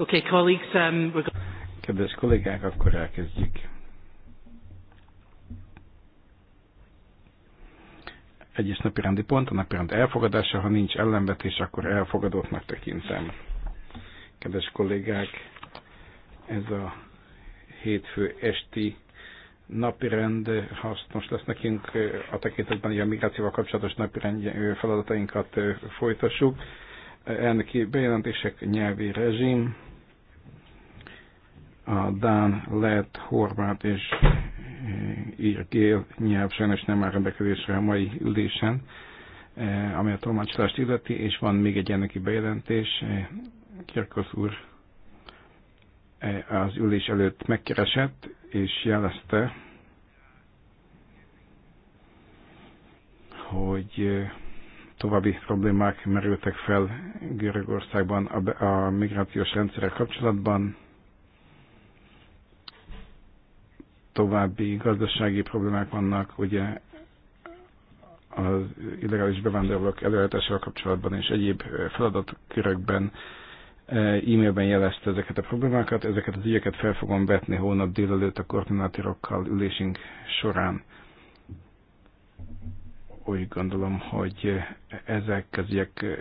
Okay, colleagues, um, we're... Kedves kollégák, akkor elkezdjük. Egyes napirendi pont, a napirend elfogadása, ha nincs ellenvetés, akkor elfogadottnak tekintem. Kedves kollégák, ez a hétfő esti napirend hasznos lesz nekünk a tekintetben, hogy a migrációval kapcsolatos napirend feladatainkat folytassuk elnöki bejelentések, nyelvi rezsim, a Dán, Lett, Horvát és eh, Írgél nyelv sajnos nem áll rendelkezésre a mai ülésen, eh, ami a tolmácsolást illeti, és van még egy elnöki bejelentés. Eh, Kirkosz úr az ülés előtt megkeresett, és jelezte, hogy további problémák merültek fel Görögországban a, a migrációs rendszerrel kapcsolatban, további gazdasági problémák vannak, ugye az illegális bevándorlók előállítással kapcsolatban és egyéb feladatkörökben e, e-mailben jelezte ezeket a problémákat. Ezeket az ügyeket fel fogom vetni hónap délelőtt a koordinátorokkal ülésünk során. Úgy gondolom, hogy ezek az ügyek e,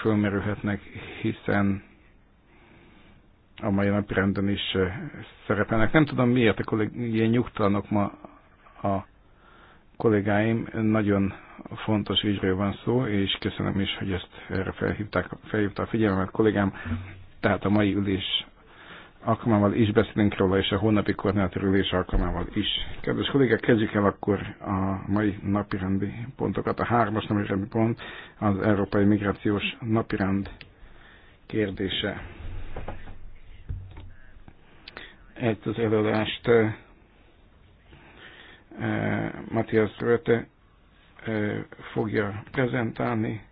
fölmerülhetnek, hiszen a mai napirenden is eh, szerepelnek. Nem tudom miért a kollég, ilyen nyugtalanok ma a kollégáim, nagyon fontos ügyről van szó, és köszönöm is, hogy ezt erre felhívták, felhívta a figyelmemet kollégám. Tehát a mai ülés alkalmával is beszélünk róla, és a hónapi koordinátor ülés alkalmával is. Kedves kollégák, kezdjük el akkor a mai napirendi pontokat. A hármas napirendi pont az Európai Migrációs Napirend kérdése. Ezt az előadást Matthias Röte fogja prezentálni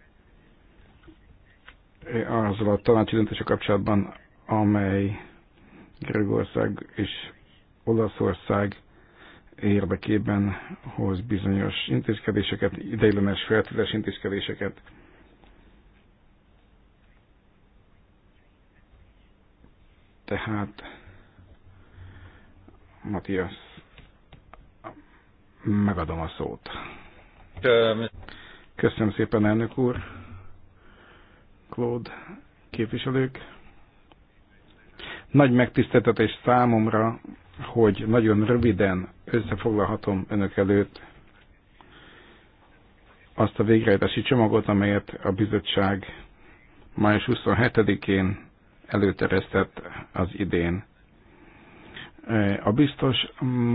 azzal a tanácsi döntése kapcsolatban, amely Görögország és Olaszország érdekében hoz bizonyos intézkedéseket, ideiglenes feltételes intézkedéseket. Tehát Matthias, megadom a szót. Köszönöm szépen, elnök úr, Claude, képviselők. Nagy megtiszteltetés számomra, hogy nagyon röviden összefoglalhatom önök előtt azt a végrehajtási csomagot, amelyet a bizottság május 27-én előteresztett az idén Eh, a biztos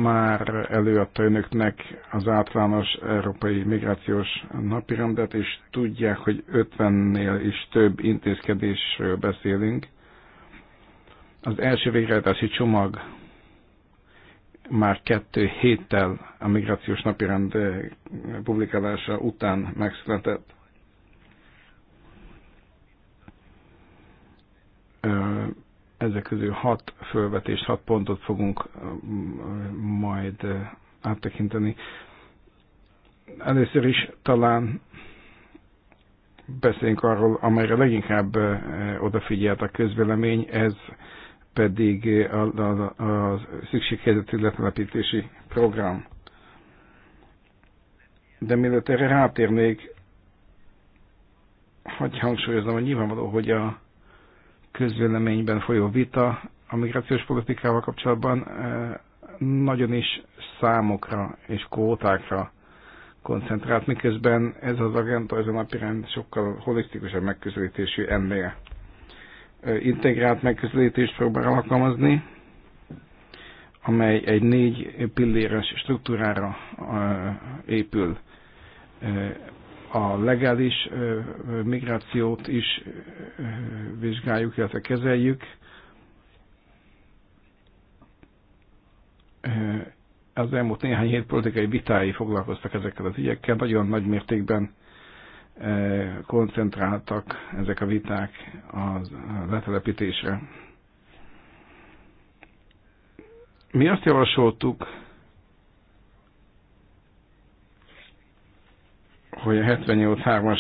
már előadta önöknek az általános európai migrációs napirendet, és tudják, hogy 50-nél is több intézkedésről beszélünk. Az első végrehajtási csomag már kettő héttel a migrációs napirend eh, publikálása után megszületett. Ö eh, ezek közül hat fölvetést, hat pontot fogunk majd áttekinteni. Először is talán beszéljünk arról, amelyre leginkább odafigyelt a közvélemény, ez pedig a, a, a, a szükséghelyzetű letelepítési program. De mielőtt erre rátérnék, hagyj hangsúlyozom, hogy nyilvánvaló, hogy a közvéleményben folyó vita a migrációs politikával kapcsolatban eh, nagyon is számokra és kvótákra koncentrált, miközben ez az agenda, ez a napirend sokkal holisztikusabb megközelítésű ennél. Eh, integrált megközelítést próbál alkalmazni, amely egy négy pilléres struktúrára eh, épül a legális migrációt is vizsgáljuk, illetve kezeljük. Az elmúlt néhány hét politikai vitái foglalkoztak ezekkel az ügyekkel, nagyon nagy mértékben koncentráltak ezek a viták a letelepítésre. Mi azt javasoltuk, hogy a 78.3-as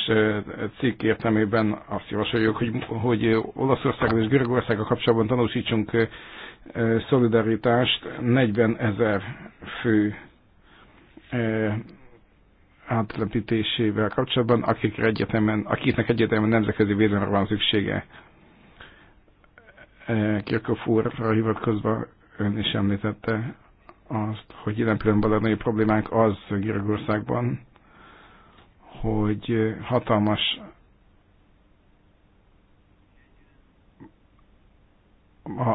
cikk értelmében azt javasoljuk, hogy, hogy Olaszország és a kapcsolatban tanúsítsunk szolidaritást 40 ezer fő átlepítésével kapcsolatban, akik egyetemen, akiknek egyetemen nemzetközi védelemre van szüksége. Kirchhoff úrra hivatkozva ön is említette azt, hogy jelen pillanatban a legnagyobb problémánk az Görögországban, hogy hatalmas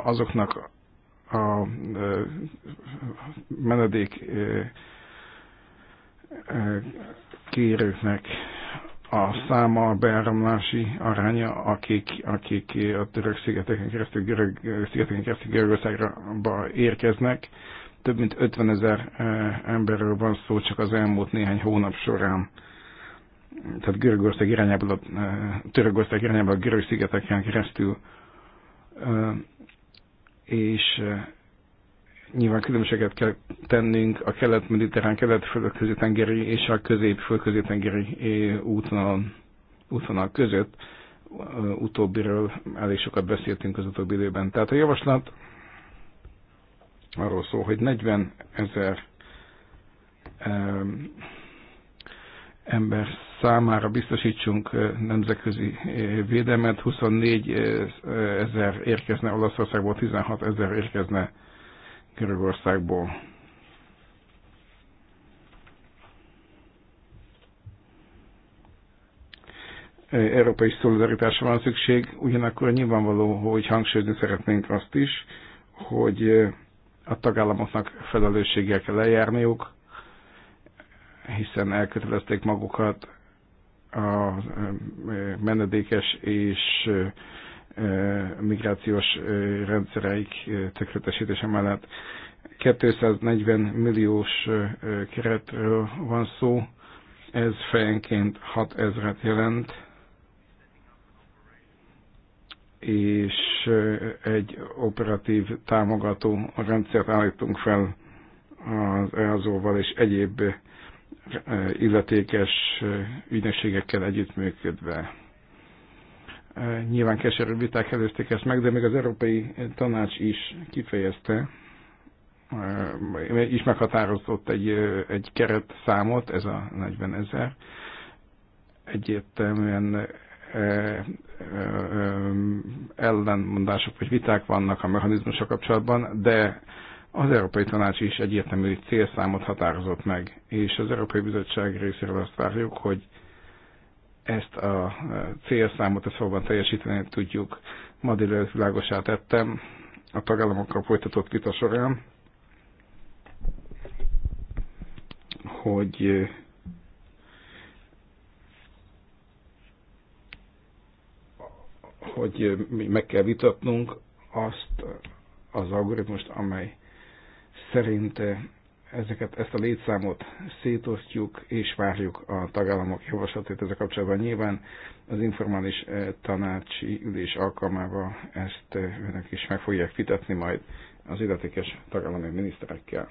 azoknak a menedék kérőknek a száma, a beáramlási aránya, akik, akik a török szigeteken keresztül, görög szigeteken keresztül Görögországra érkeznek. Több mint 50 ezer emberről van szó csak az elmúlt néhány hónap során tehát Görögország irányából, a, e, irányából a görög szigeteken keresztül, e, és e, nyilván különbséget kell tennünk a kelet-mediterrán, kelet-földközi tengeri és a közép-földközi tengeri útvonal, útvonal között. Utóbbiről elég sokat beszéltünk az utóbbi időben. Tehát a javaslat arról szól, hogy 40 ezer ember számára biztosítsunk nemzetközi védelmet. 24 ezer érkezne Olaszországból, 16 ezer érkezne Görögországból. Európai szolidaritásra van szükség, ugyanakkor nyilvánvaló, hogy hangsúlyozni szeretnénk azt is, hogy a tagállamoknak felelősséggel kell eljárniuk, hiszen elkötelezték magukat a menedékes és migrációs rendszereik tökéletesítése mellett. 240 milliós keretről van szó, ez fejenként 6 ezret jelent, és egy operatív támogató rendszert állítunk fel az EASO-val és egyéb illetékes ügynökségekkel együttműködve. Nyilván keserű viták előzték ezt meg, de még az Európai Tanács is kifejezte, is meghatározott egy, egy számot, ez a 40 ezer. Egyértelműen ellenmondások vagy viták vannak a mechanizmusok kapcsolatban, de az Európai Tanács is egyértelmű célszámot határozott meg, és az Európai Bizottság részéről azt várjuk, hogy ezt a eh, célszámot a szóban teljesíteni tudjuk. Ma délelőtt világosá tettem a tagállamokkal folytatott vita során, hogy eh, hogy meg kell vitatnunk azt az algoritmust, amely szerint eh, ezeket, ezt a létszámot szétosztjuk, és várjuk a tagállamok javaslatét ezzel kapcsolatban. Nyilván az informális eh, tanácsi ülés alkalmával ezt eh, önök is meg fogják fitetni majd az illetékes tagállami miniszterekkel.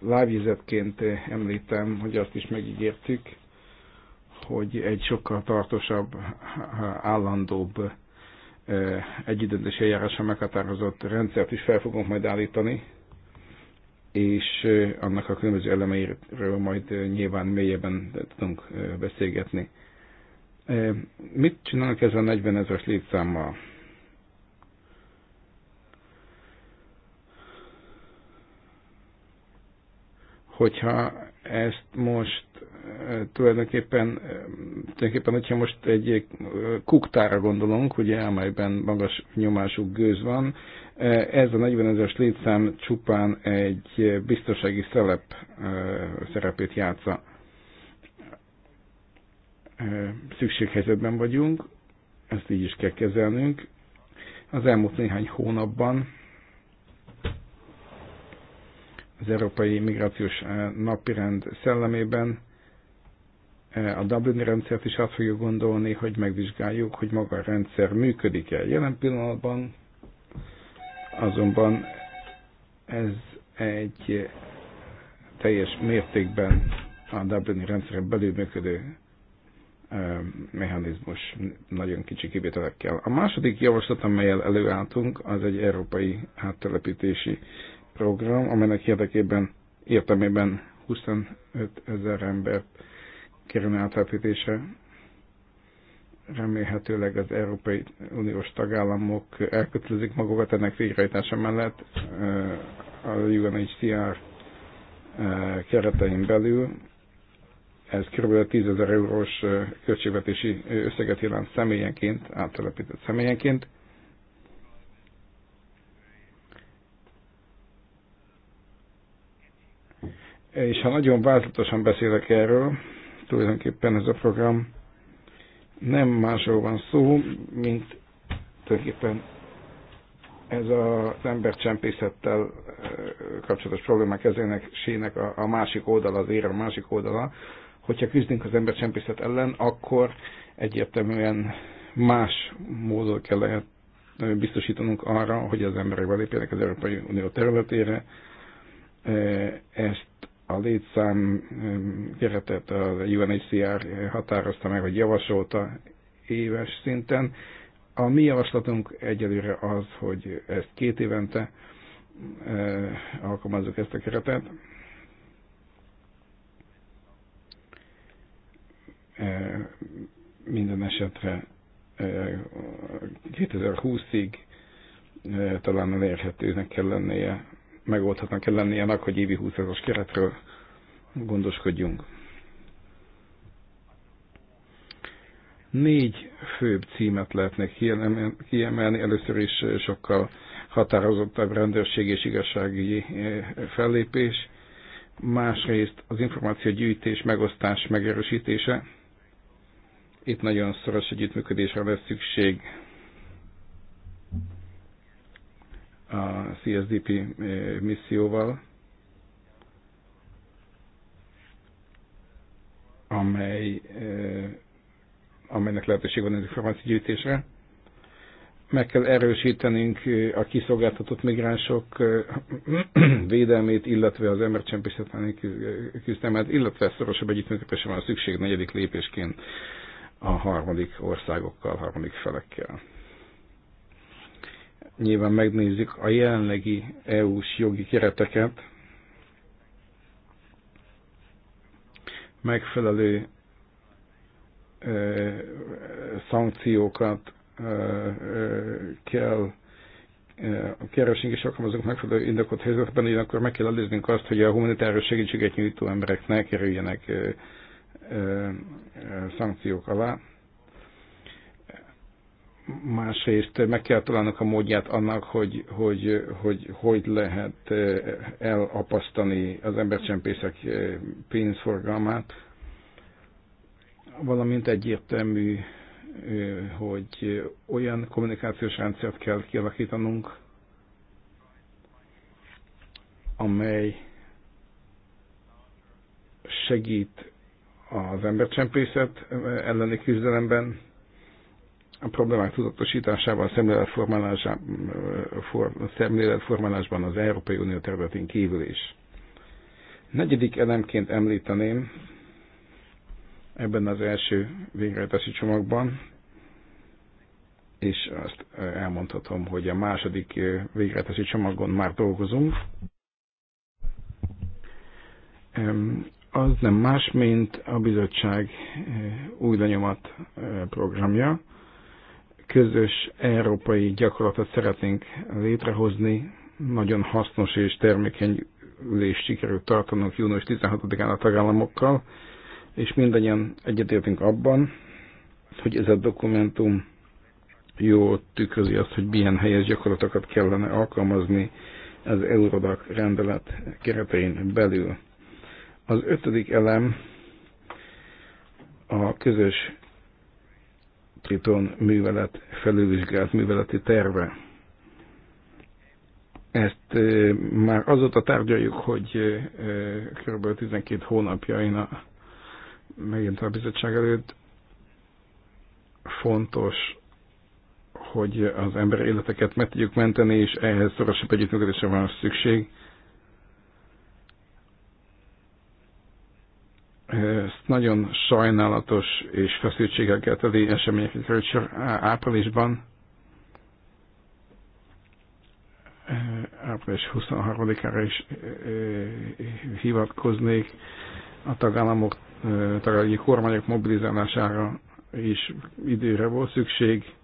Lávizetként említem, hogy azt is megígértük, hogy egy sokkal tartosabb, állandóbb Eh, egyidöntési eljárása meghatározott rendszert is fel fogunk majd állítani, és eh, annak a különböző elemeiről majd eh, nyilván mélyebben tudunk beszélgetni. Mit csinálnak ezzel a 40 ezeres létszámmal? Hogyha ezt most tulajdonképpen, tulajdonképpen, hogyha most egy kuktára gondolunk, ugye, amelyben magas nyomású gőz van, ez a 40 ezeres létszám csupán egy biztonsági szelep szerepét játsza. Szükséghelyzetben vagyunk, ezt így is kell kezelnünk. Az elmúlt néhány hónapban az Európai Migrációs Napirend szellemében a Dublin rendszert is át fogjuk gondolni, hogy megvizsgáljuk, hogy maga a rendszer működik-e. Jelen pillanatban azonban ez egy teljes mértékben a Dublini rendszeren belül működő mechanizmus nagyon kicsi kivételekkel. A második javaslat, amelyel előálltunk, az egy európai áttelepítési program, amelynek érdekében értelmében 25 ezer embert kerülne áttelepítése. Remélhetőleg az Európai Uniós tagállamok elkötelezik magukat ennek végrehajtása mellett a UNHCR keretein belül. Ez kb. 10 ezer eurós költségvetési összeget jelent személyenként, áttelepített személyenként. és ha nagyon változatosan beszélek erről, Tulajdonképpen ez a program nem másról van szó, mint tulajdonképpen ez az embercsempészettel eh, kapcsolatos problémák ezének sének a, a másik oldala, az a másik oldala. Hogyha küzdünk az embercsempészet ellen, akkor egyértelműen más módon kell lehet eh, biztosítanunk arra, hogy az emberek belépjenek az Európai Unió területére. Eh, ezt a létszám keretet a UNHCR határozta meg, vagy javasolta éves szinten. A mi javaslatunk egyelőre az, hogy ezt két évente alkalmazzuk ezt a keretet. Minden esetre 2020-ig talán elérhetőnek kell lennie megoldhatnak kell lenni annak, hogy évi 20 ezeres keretről gondoskodjunk. Négy főbb címet lehetne kiemelni, először is sokkal határozottabb rendőrség és igazságügyi eh, fellépés, másrészt az információ gyűjtés, megosztás megerősítése. Itt nagyon szoros együttműködésre lesz szükség a CSDP eh, misszióval, amely, eh, amelynek lehetőség van az gyűjtésre, Meg kell erősítenünk eh, a kiszolgáltatott migránsok védelmét, illetve az embercsempészet küzdelmet, illetve szorosabb együttműködésre van a szükség negyedik lépésként a harmadik országokkal, harmadik felekkel nyilván megnézzük a jelenlegi EU-s jogi kereteket, megfelelő ö, szankciókat ö, ö, kell keresünk és alkalmazunk megfelelő indokot helyzetben, akkor meg kell előznünk azt, hogy a humanitárius segítséget nyújtó emberek ne kerüljenek ö, ö, szankciók alá másrészt meg kell találnunk a módját annak, hogy hogy, hogy, hogy lehet eh, elapasztani az embercsempészek eh, pénzforgalmát, valamint egyértelmű, eh, hogy olyan kommunikációs rendszert kell kialakítanunk, amely segít az embercsempészet elleni küzdelemben, a problémák tudatosításával, szemléletformálásban az Európai Unió területén kívül is. Negyedik elemként említeném ebben az első végrehajtási csomagban, és azt elmondhatom, hogy a második végrehajtási csomagon már dolgozunk. Az nem más, mint a bizottság új lenyomat programja, közös európai gyakorlatot szeretnénk létrehozni. Nagyon hasznos és termékeny ülést sikerült tartanunk június 16-án a tagállamokkal, és mindannyian egyetértünk abban, hogy ez a dokumentum jó tükrözi azt, hogy milyen helyes gyakorlatokat kellene alkalmazni az Eurodac rendelet keretein belül. Az ötödik elem a közös Triton művelet felülvizsgált műveleti terve. Ezt már azóta tárgyaljuk, hogy kb. 12 hónapja én a, megint a bizottság előtt fontos, hogy az ember életeket meg tudjuk menteni, és ehhez szorosabb együttműködésre van szükség Ezt nagyon sajnálatos és feszültségeket teli események került áprilisban, április 23-ára is hivatkoznék a tagállamok, tagállami kormányok mobilizálására is időre volt szükség.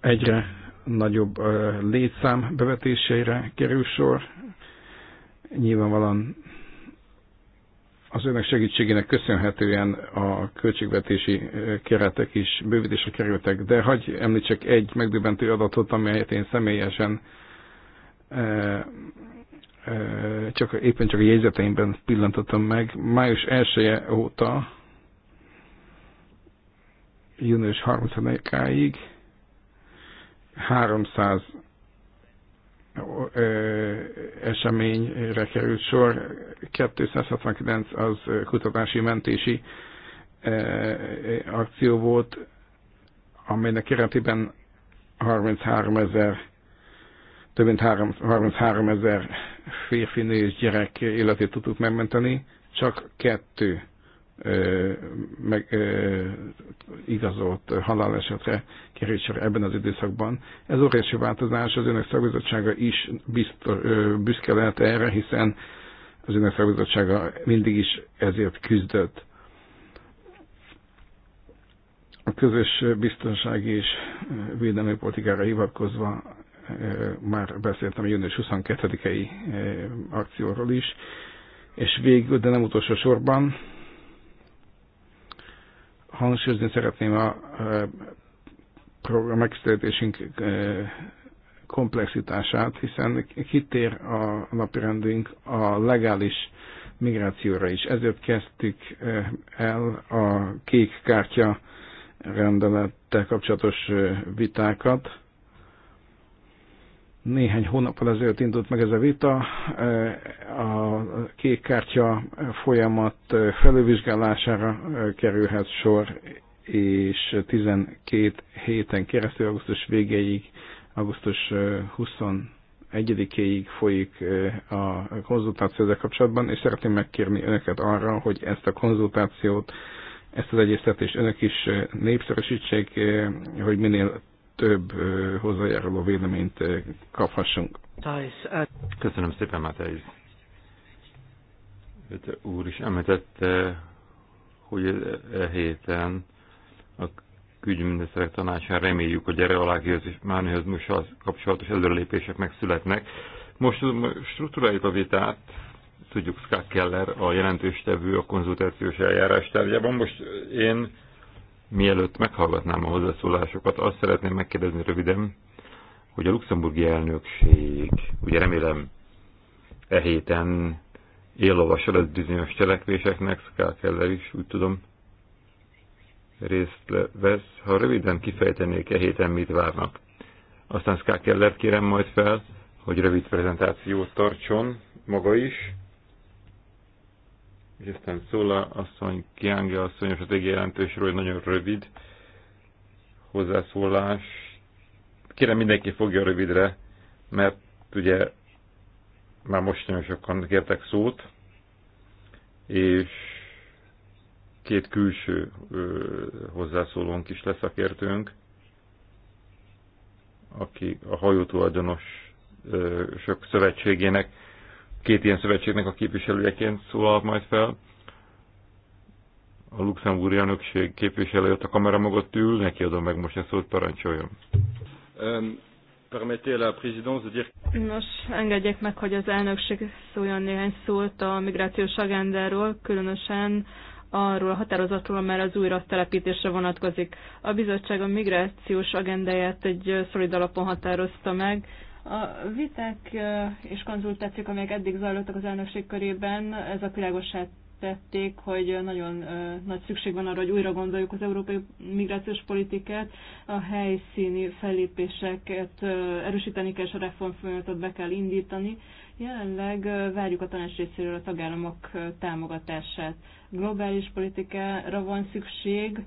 Egyre nagyobb létszám bevetéseire kerül sor. Nyilvánvalóan az önök segítségének köszönhetően a költségvetési keretek is bővítésre kerültek, de hagy említsek egy megdöbbentő adatot, amelyet én személyesen csak, éppen csak a jegyzeteimben pillantottam meg. Május 1 -e óta június 30 ig 300 eseményre került sor, 269 az kutatási mentési akció volt, amelynek keretében 33 ezer több mint 33 ezer férfi, nő és gyerek életét tudtuk megmenteni, csak kettő meg, ö, igazolt halálesetre került sor ebben az időszakban. Ez óriási változás, az önök szakbizottsága is biztos, ö, büszke lehet erre, hiszen az önök szakbizottsága mindig is ezért küzdött. A közös biztonsági és védelmi politikára hivatkozva ö, már beszéltem a június 22-i akcióról is, és végül, de nem utolsó sorban, hangsúlyozni szeretném a program megszületésünk komplexitását, hiszen kitér a napirendünk a legális migrációra is. Ezért kezdtük el a kék kártya rendelettel kapcsolatos vitákat, néhány hónappal ezelőtt indult meg ez a vita, e, a kék kártya folyamat felülvizsgálására e, kerülhet sor, és 12 héten keresztül augusztus végéig, augusztus 21-ig e, folyik a konzultáció ezzel kapcsolatban, és szeretném megkérni önöket arra, hogy ezt a konzultációt ezt az egyeztetést önök is népszerűsítsék, hogy minél több hozzájáruló véleményt kaphassunk. Köszönöm szépen, Matthijs. Úr is említette, hogy e, e héten a külügyminiszterek tanácsán reméljük, hogy erre realágihoz és mánihozmussal kapcsolatos előrelépések megszületnek. Most struktúráljuk a vitát, tudjuk Scott Keller a jelentős tevő a konzultációs eljárás tárgyában. Most én Mielőtt meghallgatnám a hozzászólásokat, azt szeretném megkérdezni röviden, hogy a luxemburgi elnökség, ugye remélem e héten éllovas lesz bizonyos cselekvéseknek, Skál Keller is úgy tudom részt vesz. Ha röviden kifejtenék e héten, mit várnak. Aztán Skál Keller kérem majd fel, hogy rövid prezentációt tartson maga is, és aztán Szóla asszony, Kiángja asszony, a stratégia jelentősről egy nagyon rövid hozzászólás. Kérem mindenki fogja rövidre, mert ugye már most nagyon sokan kértek szót, és két külső ö, hozzászólónk is lesz a kértőnk, aki a hajótulajdonos sok szövetségének két ilyen szövetségnek a képviselőjeként szólal majd fel. A luxemburgi elnökség képviselő ott a kamera mögött ül, neki adom meg most ezt szót, parancsoljon. Um, Nos, engedjék meg, hogy az elnökség szóljon néhány szót a migrációs agendáról, különösen arról a határozatról, amely az újra telepítésre vonatkozik. A bizottság a migrációs agendáját egy szolid alapon határozta meg, a viták és konzultációk, amelyek eddig zajlottak az elnökség körében, a világosá tették, hogy nagyon nagy szükség van arra, hogy újra gondoljuk az európai migrációs politikát, a helyszíni fellépéseket erősíteni kell, és a reformfolyamatot be kell indítani. Jelenleg várjuk a tanács részéről a tagállamok támogatását. Globális politikára van szükség,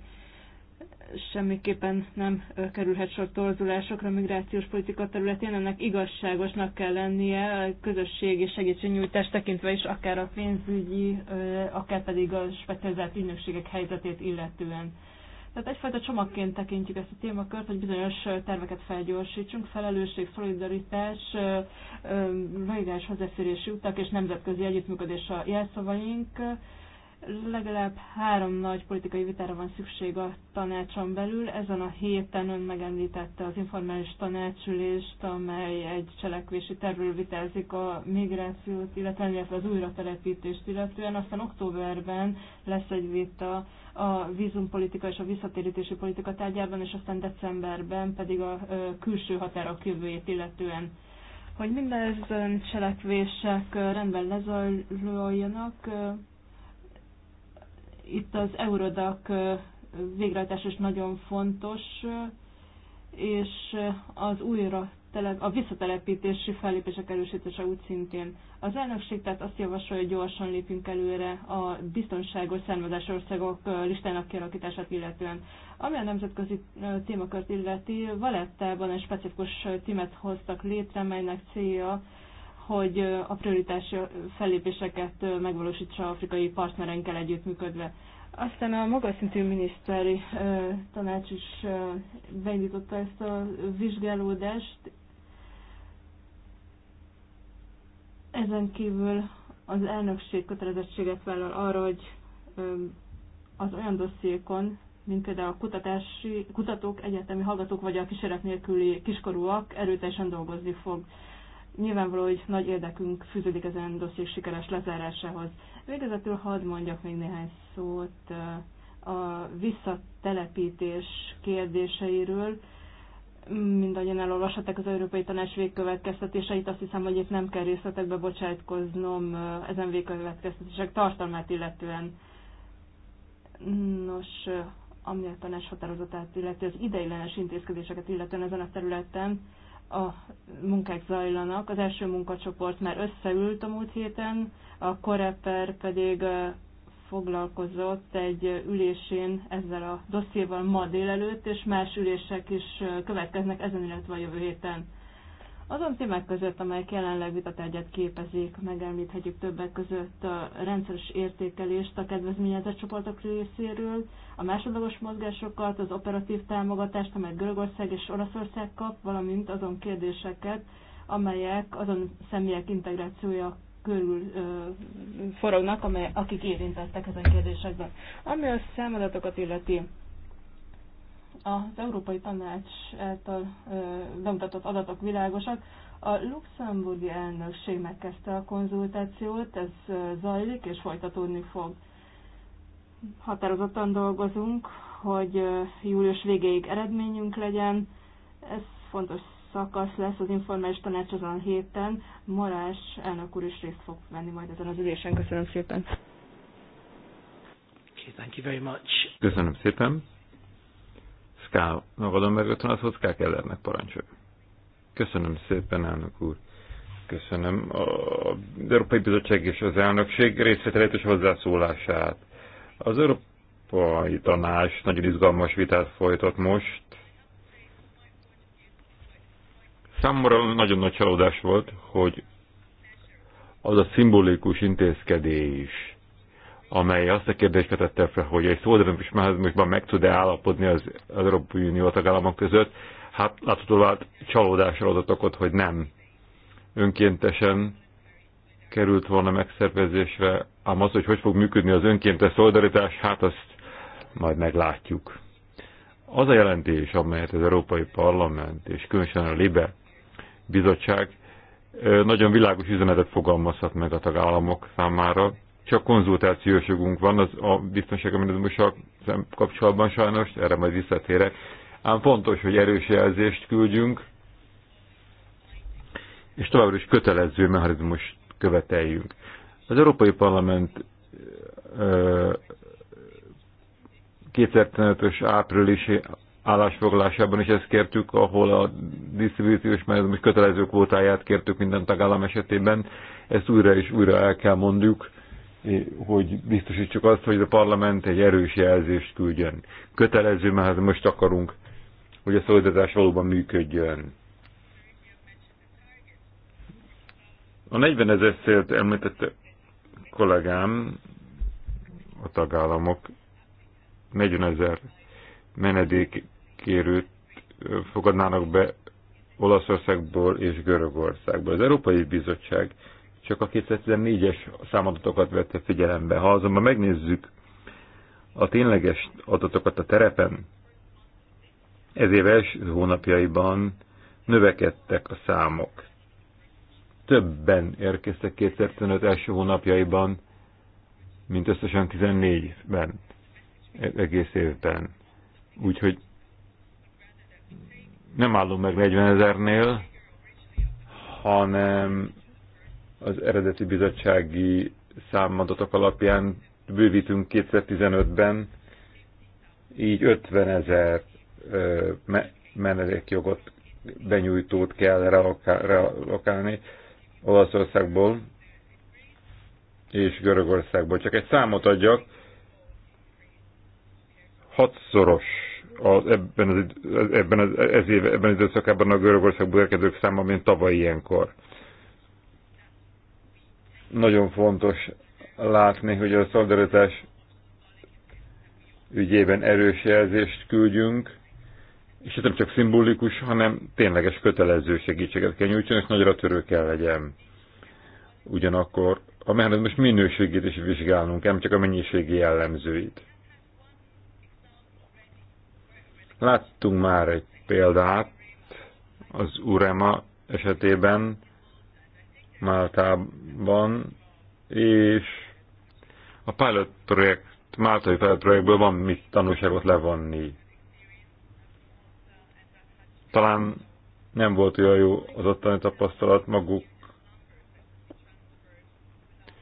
semmiképpen nem kerülhet sor torzulásokra a migrációs politika területén, ennek igazságosnak kell lennie a közösségi segítségnyújtás tekintve is, akár a pénzügyi, akár pedig a specializált ügynökségek helyzetét illetően. Tehát egyfajta csomagként tekintjük ezt a témakört, hogy bizonyos terveket felgyorsítsunk, felelősség, szolidaritás, legális hozzáférési utak és nemzetközi együttműködés a jelszavaink legalább három nagy politikai vitára van szükség a tanácson belül. Ezen a héten ön megemlítette az informális tanácsülést, amely egy cselekvési tervről vitázik a migrációt, illetve, illetve az újratelepítést, illetően aztán októberben lesz egy vita a vízumpolitika és a visszatérítési politika tárgyában, és aztán decemberben pedig a külső határok jövőjét illetően hogy mindezen cselekvések rendben lezajljanak, itt az Eurodac végrehajtás is nagyon fontos, és az újra tele a visszatelepítési fellépések erősítése úgy szintén. Az elnökség tehát azt javasolja, hogy gyorsan lépjünk előre a biztonságos származás országok listának kialakítását illetően. Ami a nemzetközi témakört illeti, Valettában egy specifikus tímet hoztak létre, melynek célja hogy a prioritás fellépéseket megvalósítsa afrikai partnerenkkel együttműködve. Aztán a magas szintű miniszteri tanács is beindította ezt a vizsgálódást. Ezen kívül az elnökség kötelezettséget vállal arra, hogy az olyan dossziékon, mint például a kutatási, kutatók, egyetemi hallgatók vagy a kísérlet nélküli kiskorúak erőteljesen dolgozni fog nyilvánvaló, hogy nagy érdekünk fűződik ezen dosszié sikeres lezárásához. Végezetül hadd mondjak még néhány szót a visszatelepítés kérdéseiről. Mindannyian elolvashatták az Európai Tanács végkövetkeztetéseit, azt hiszem, hogy itt nem kell részletekbe bocsátkoznom ezen végkövetkeztetések tartalmát illetően. Nos, ami a tanács határozatát illeti, az ideiglenes intézkedéseket illetően ezen a területen, a munkák zajlanak. Az első munkacsoport már összeült a múlt héten, a Koreper pedig foglalkozott egy ülésén ezzel a dosszéval ma délelőtt, és más ülések is következnek ezen, illetve a jövő héten. Azon témák között, amelyek jelenleg vitatárgyat képezik, megemlíthetjük többek között a rendszeres értékelést a kedvezményezett csoportok részéről, a másodlagos mozgásokat, az operatív támogatást, amelyet Görögország és Oroszország kap, valamint azon kérdéseket, amelyek azon személyek integrációja körül ö, forognak, amely, akik érintettek ezen kérdésekben. Ami a számadatokat illeti, az Európai Tanács által bemutatott adatok világosak. A luxemburgi elnökség megkezdte a konzultációt, ez zajlik és folytatódni fog. Határozottan dolgozunk, hogy július végéig eredményünk legyen. Ez fontos szakasz lesz az informális tanács azon a héten. Marás elnök úr is részt fog venni majd ezen az ülésen. Köszönöm szépen. Okay, thank you very much. Köszönöm szépen. Szkálnak adom meg a szkák ellernek parancsok. Köszönöm szépen, elnök úr. Köszönöm a Európai Bizottság és az elnökség és hozzászólását. Az Európai Tanács nagyon izgalmas vitát folytat most. Számomra nagyon nagy csalódás volt, hogy az a szimbolikus intézkedés, amely azt a kérdést vetette fel, hogy egy szódöntés mechanizmusban meg tud-e állapodni az, az Európai Unió tagállamok között, hát láthatóan hát csalódásra adott okot, hogy nem önkéntesen került volna megszervezésre, ám az, hogy hogy fog működni az önkéntes szolidaritás, hát azt majd meglátjuk. Az a jelentés, amelyet az Európai Parlament és különösen a LIBE bizottság nagyon világos üzenetet fogalmazhat meg a tagállamok számára, csak konzultációs jogunk van az, a biztonságmechanizmussal kapcsolatban sajnos, erre majd visszatérek. Ám fontos, hogy erős jelzést küldjünk, és továbbra is kötelező mechanizmust követeljünk. Az Európai Parlament 2015-ös áprilisi állásfoglalásában is ezt kértük, ahol a disztribúciós mechanizmus kötelező kvótáját kértük minden tagállam esetében. Ezt újra és újra el kell mondjuk hogy biztosítsuk azt, hogy a parlament egy erős jelzést küldjön. Kötelező, mert hát most akarunk, hogy a szolidatás valóban működjön. A 40 ezer szélt említette kollégám, a tagállamok 40 ezer menedékkérőt fogadnának be Olaszországból és Görögországból. Az Európai Bizottság csak a 2014-es számadatokat vette figyelembe. Ha azonban megnézzük a tényleges adatokat a terepen, ez év első hónapjaiban növekedtek a számok. Többen érkeztek 2015 első hónapjaiban, mint összesen 14-ben, egész évben. Úgyhogy nem állunk meg 40 ezernél, hanem az eredeti bizottsági számadatok alapján bővítünk 2015-ben, így 50 ezer menedékjogot benyújtót kell relokálni Olaszországból és Görögországból. Csak egy számot adjak, hatszoros az, ebben, az, ebben, az, ez éve, ebben az időszakában a Görögországból érkezők száma, mint tavaly ilyenkor. Nagyon fontos látni, hogy a szolidaritás ügyében erős jelzést küldjünk, és ez nem csak szimbolikus, hanem tényleges kötelező segítséget kell nyújtson, és nagyra törő kell legyen. Ugyanakkor a mechanizmus minőségét is vizsgálnunk, nem csak a mennyiségi jellemzőit. Láttunk már egy példát az Urema esetében, Máltában, és a pilot projekt, máltai pilot projektből van mit tanulságot levonni. Talán nem volt olyan jó az ottani tapasztalat maguk.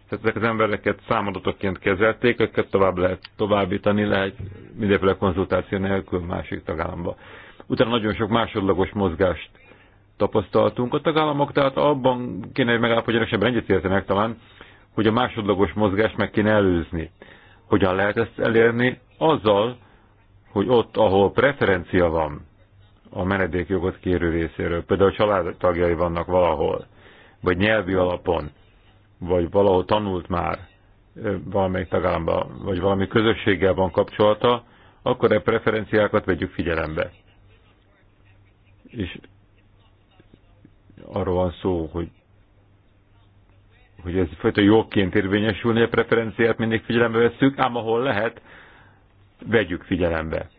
Tehát ezek az embereket számadatokként kezelték, őket tovább lehet továbbítani, lehet mindenféle konzultáció nélkül másik tagállamba. Utána nagyon sok másodlagos mozgást tapasztaltunk. A tagállamok tehát abban kéne, hogy megállapodjanak, ebben egyetértenek talán, hogy a másodlagos mozgást meg kéne előzni. Hogyan lehet ezt elérni? Azzal, hogy ott, ahol preferencia van a menedékjogot kérő részéről, például a családtagjai vannak valahol, vagy nyelvi alapon, vagy valahol tanult már valamelyik tagállamban, vagy valami közösséggel van kapcsolata, akkor e preferenciákat vegyük figyelembe. És arról van szó, hogy hogy ez fajta jogként érvényesülni a preferenciát mindig figyelembe vesszük, ám ahol lehet, vegyük figyelembe.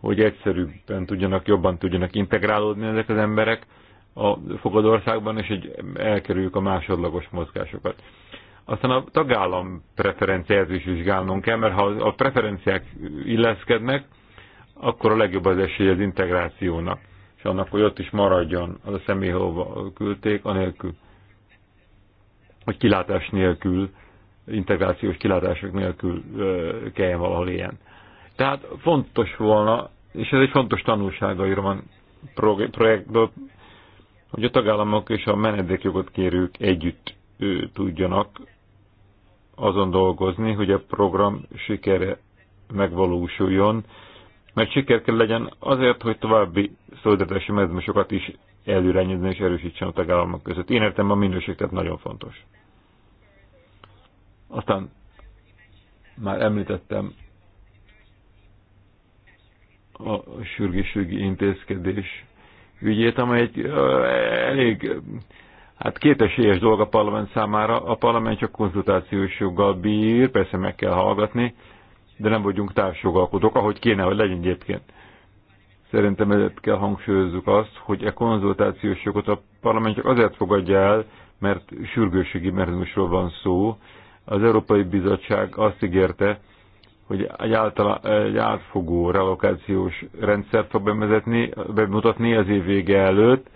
Hogy egyszerűbben tudjanak, jobban tudjanak integrálódni ezek az emberek a fogadországban, és hogy elkerüljük a másodlagos mozgásokat. Aztán a tagállam preferenciát is vizsgálnunk kell, mert ha a preferenciák illeszkednek, akkor a legjobb az esély az integrációnak annak, hogy ott is maradjon az a személy, hova küldték, anélkül, hogy kilátás nélkül, integrációs kilátások nélkül kelljen valahol ilyen. Tehát fontos volna, és ez egy fontos tanulsága a Irman projektből, hogy a tagállamok és a menedékjogot kérők együtt tudjanak azon dolgozni, hogy a program sikere megvalósuljon, mert siker kell legyen azért, hogy további szolidaritási mezmusokat is előrenyezni és erősítsen a tagállamok között. Én értem, a minőség tehát nagyon fontos. Aztán már említettem a sürgésügyi intézkedés ügyét, amely egy elég hát kétesélyes dolog a parlament számára. A parlament csak konzultációs joggal bír, persze meg kell hallgatni, de nem vagyunk társjogalkotók, ahogy kéne, hogy legyen egyébként. Szerintem ezért kell hangsúlyozzuk azt, hogy e konzultációs jogot a parlament csak azért fogadja el, mert sürgőségi mechanizmusról van szó. Az Európai Bizottság azt ígérte, hogy egy, általá, egy átfogó relokációs rendszert fog bevezetni, bemutatni az év vége előtt.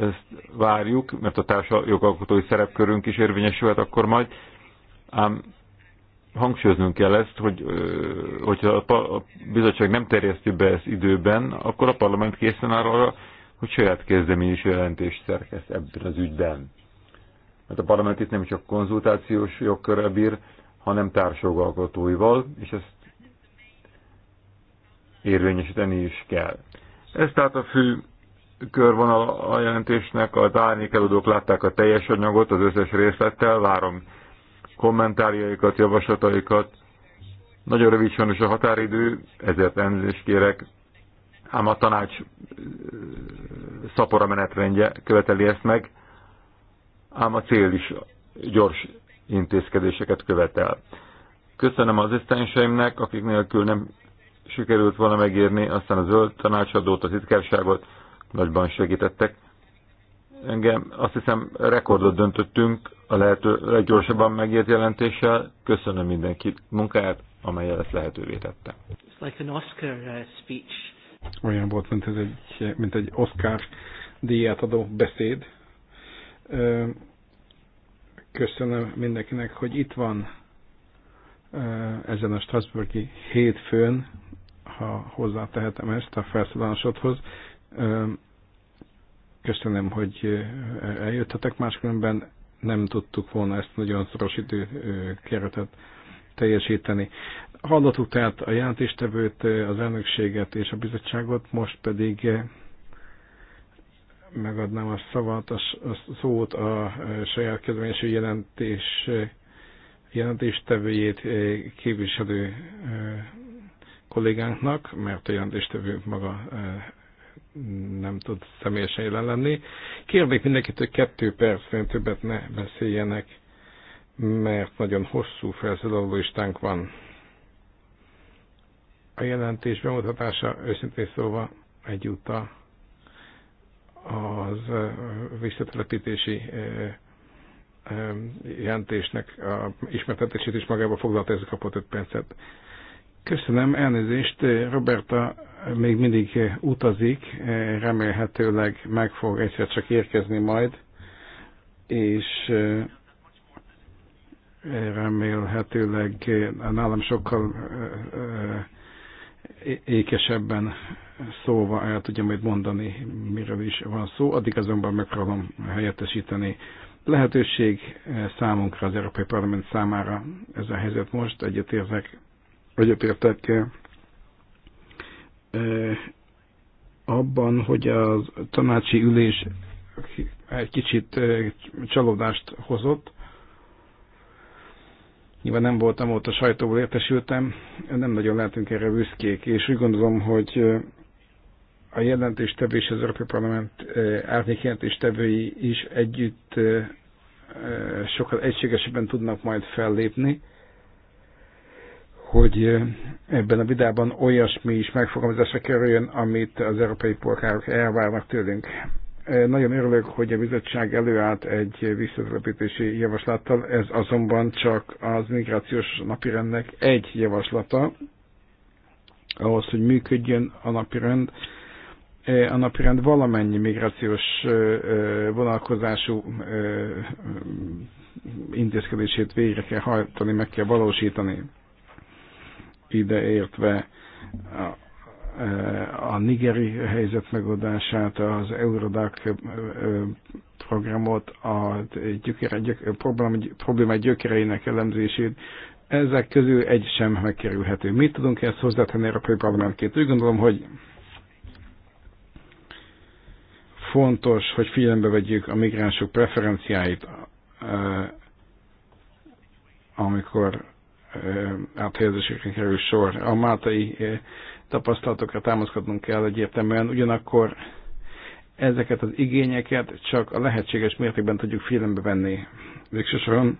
Ezt várjuk, mert a társa jogalkotói szerepkörünk is érvényesülhet akkor majd. Ám hangsúlyoznunk kell ezt, hogy hogyha a bizottság nem terjeszti be ezt időben, akkor a parlament készen áll arra, hogy saját kezdeményező jelentést szerkeszt ebben az ügyben. Mert hát a parlament itt nem csak konzultációs jogkörrel bír, hanem társjogalkotóival, és ezt érvényesíteni is kell. Ez tehát a fő körvonal a jelentésnek, az árnyékelődők látták a teljes anyagot az összes részlettel, várom kommentárjaikat, javaslataikat. Nagyon rövid sajnos a határidő, ezért elnézést kérek, ám a tanács szapora menetrendje követeli ezt meg, ám a cél is gyors intézkedéseket követel. Köszönöm az esztenseimnek, akik nélkül nem sikerült volna megírni, aztán a zöld tanácsadót, a titkárságot nagyban segítettek engem azt hiszem rekordot döntöttünk a lehető leggyorsabban megért jelentéssel. Köszönöm mindenki munkáját, amelyel ezt lehetővé tette. It's like an Oscar uh, speech. Olyan volt, mint ez egy, mint egy Oscar díját adó beszéd. Köszönöm mindenkinek, hogy itt van ezen a Strasburgi hétfőn, ha hozzátehetem ezt a felszólalásodhoz Köszönöm, hogy eljöttetek, máskülönben nem tudtuk volna ezt nagyon szoros időkeretet teljesíteni. Hallottuk tehát a jelentéstevőt, az elnökséget és a bizottságot, most pedig megadnám a szavat, a szót a saját kezdeményező jelentés jelentéstevőjét képviselő kollégánknak, mert a jelentéstevő maga nem tud személyesen jelen lenni. Kérnék mindenkitől kettő percnél többet ne beszéljenek, mert nagyon hosszú felszólaló listánk van. A jelentés bemutatása őszintén szólva egyúttal az visszatelepítési jelentésnek a ismertetését is magába foglalta, ez kapott öt percet. Köszönöm, elnézést. Roberta még mindig utazik, remélhetőleg meg fog egyszer csak érkezni majd, és eh, remélhetőleg nálam sokkal eh, eh, ékesebben szóva el tudja majd mondani, miről is van szó, addig azonban megpróbálom helyettesíteni. Lehetőség számunkra, az Európai Parlament számára ez a helyzet most, egyetérzek egyetértek eh, abban, hogy a tanácsi ülés egy kicsit eh, csalódást hozott. Nyilván nem voltam ott, a sajtóból értesültem, nem nagyon lehetünk erre büszkék, és úgy gondolom, hogy eh, a jelentéstevő és az Európai Parlament árnyék jelentéstevői is együtt sokkal egységesebben tudnak majd fellépni hogy ebben a vidában olyasmi is megfogalmazásra kerüljön, amit az európai polgárok elvárnak tőlünk. Nagyon örülök, hogy a bizottság előállt egy visszatelepítési javaslattal, ez azonban csak az migrációs napirendnek egy javaslata, ahhoz, hogy működjön a napirend. A napirend valamennyi migrációs vonalkozású intézkedését végre kell hajtani, meg kell valósítani ideértve a, e, a nigeri helyzet megoldását, az Eurodac e, e, programot, a gyökere, gyök, probléma, probléma gyökereinek elemzését, ezek közül egy sem megkerülhető. Mit tudunk ezt hozzátenni Európai Parlamentként? Úgy gondolom, hogy fontos, hogy figyelembe vegyük a migránsok preferenciáit, amikor áthelyezésekre kerül sor. A máltai tapasztalatokra támaszkodnunk kell egyértelműen, ugyanakkor ezeket az igényeket csak a lehetséges mértékben tudjuk figyelembe venni. Végsősoron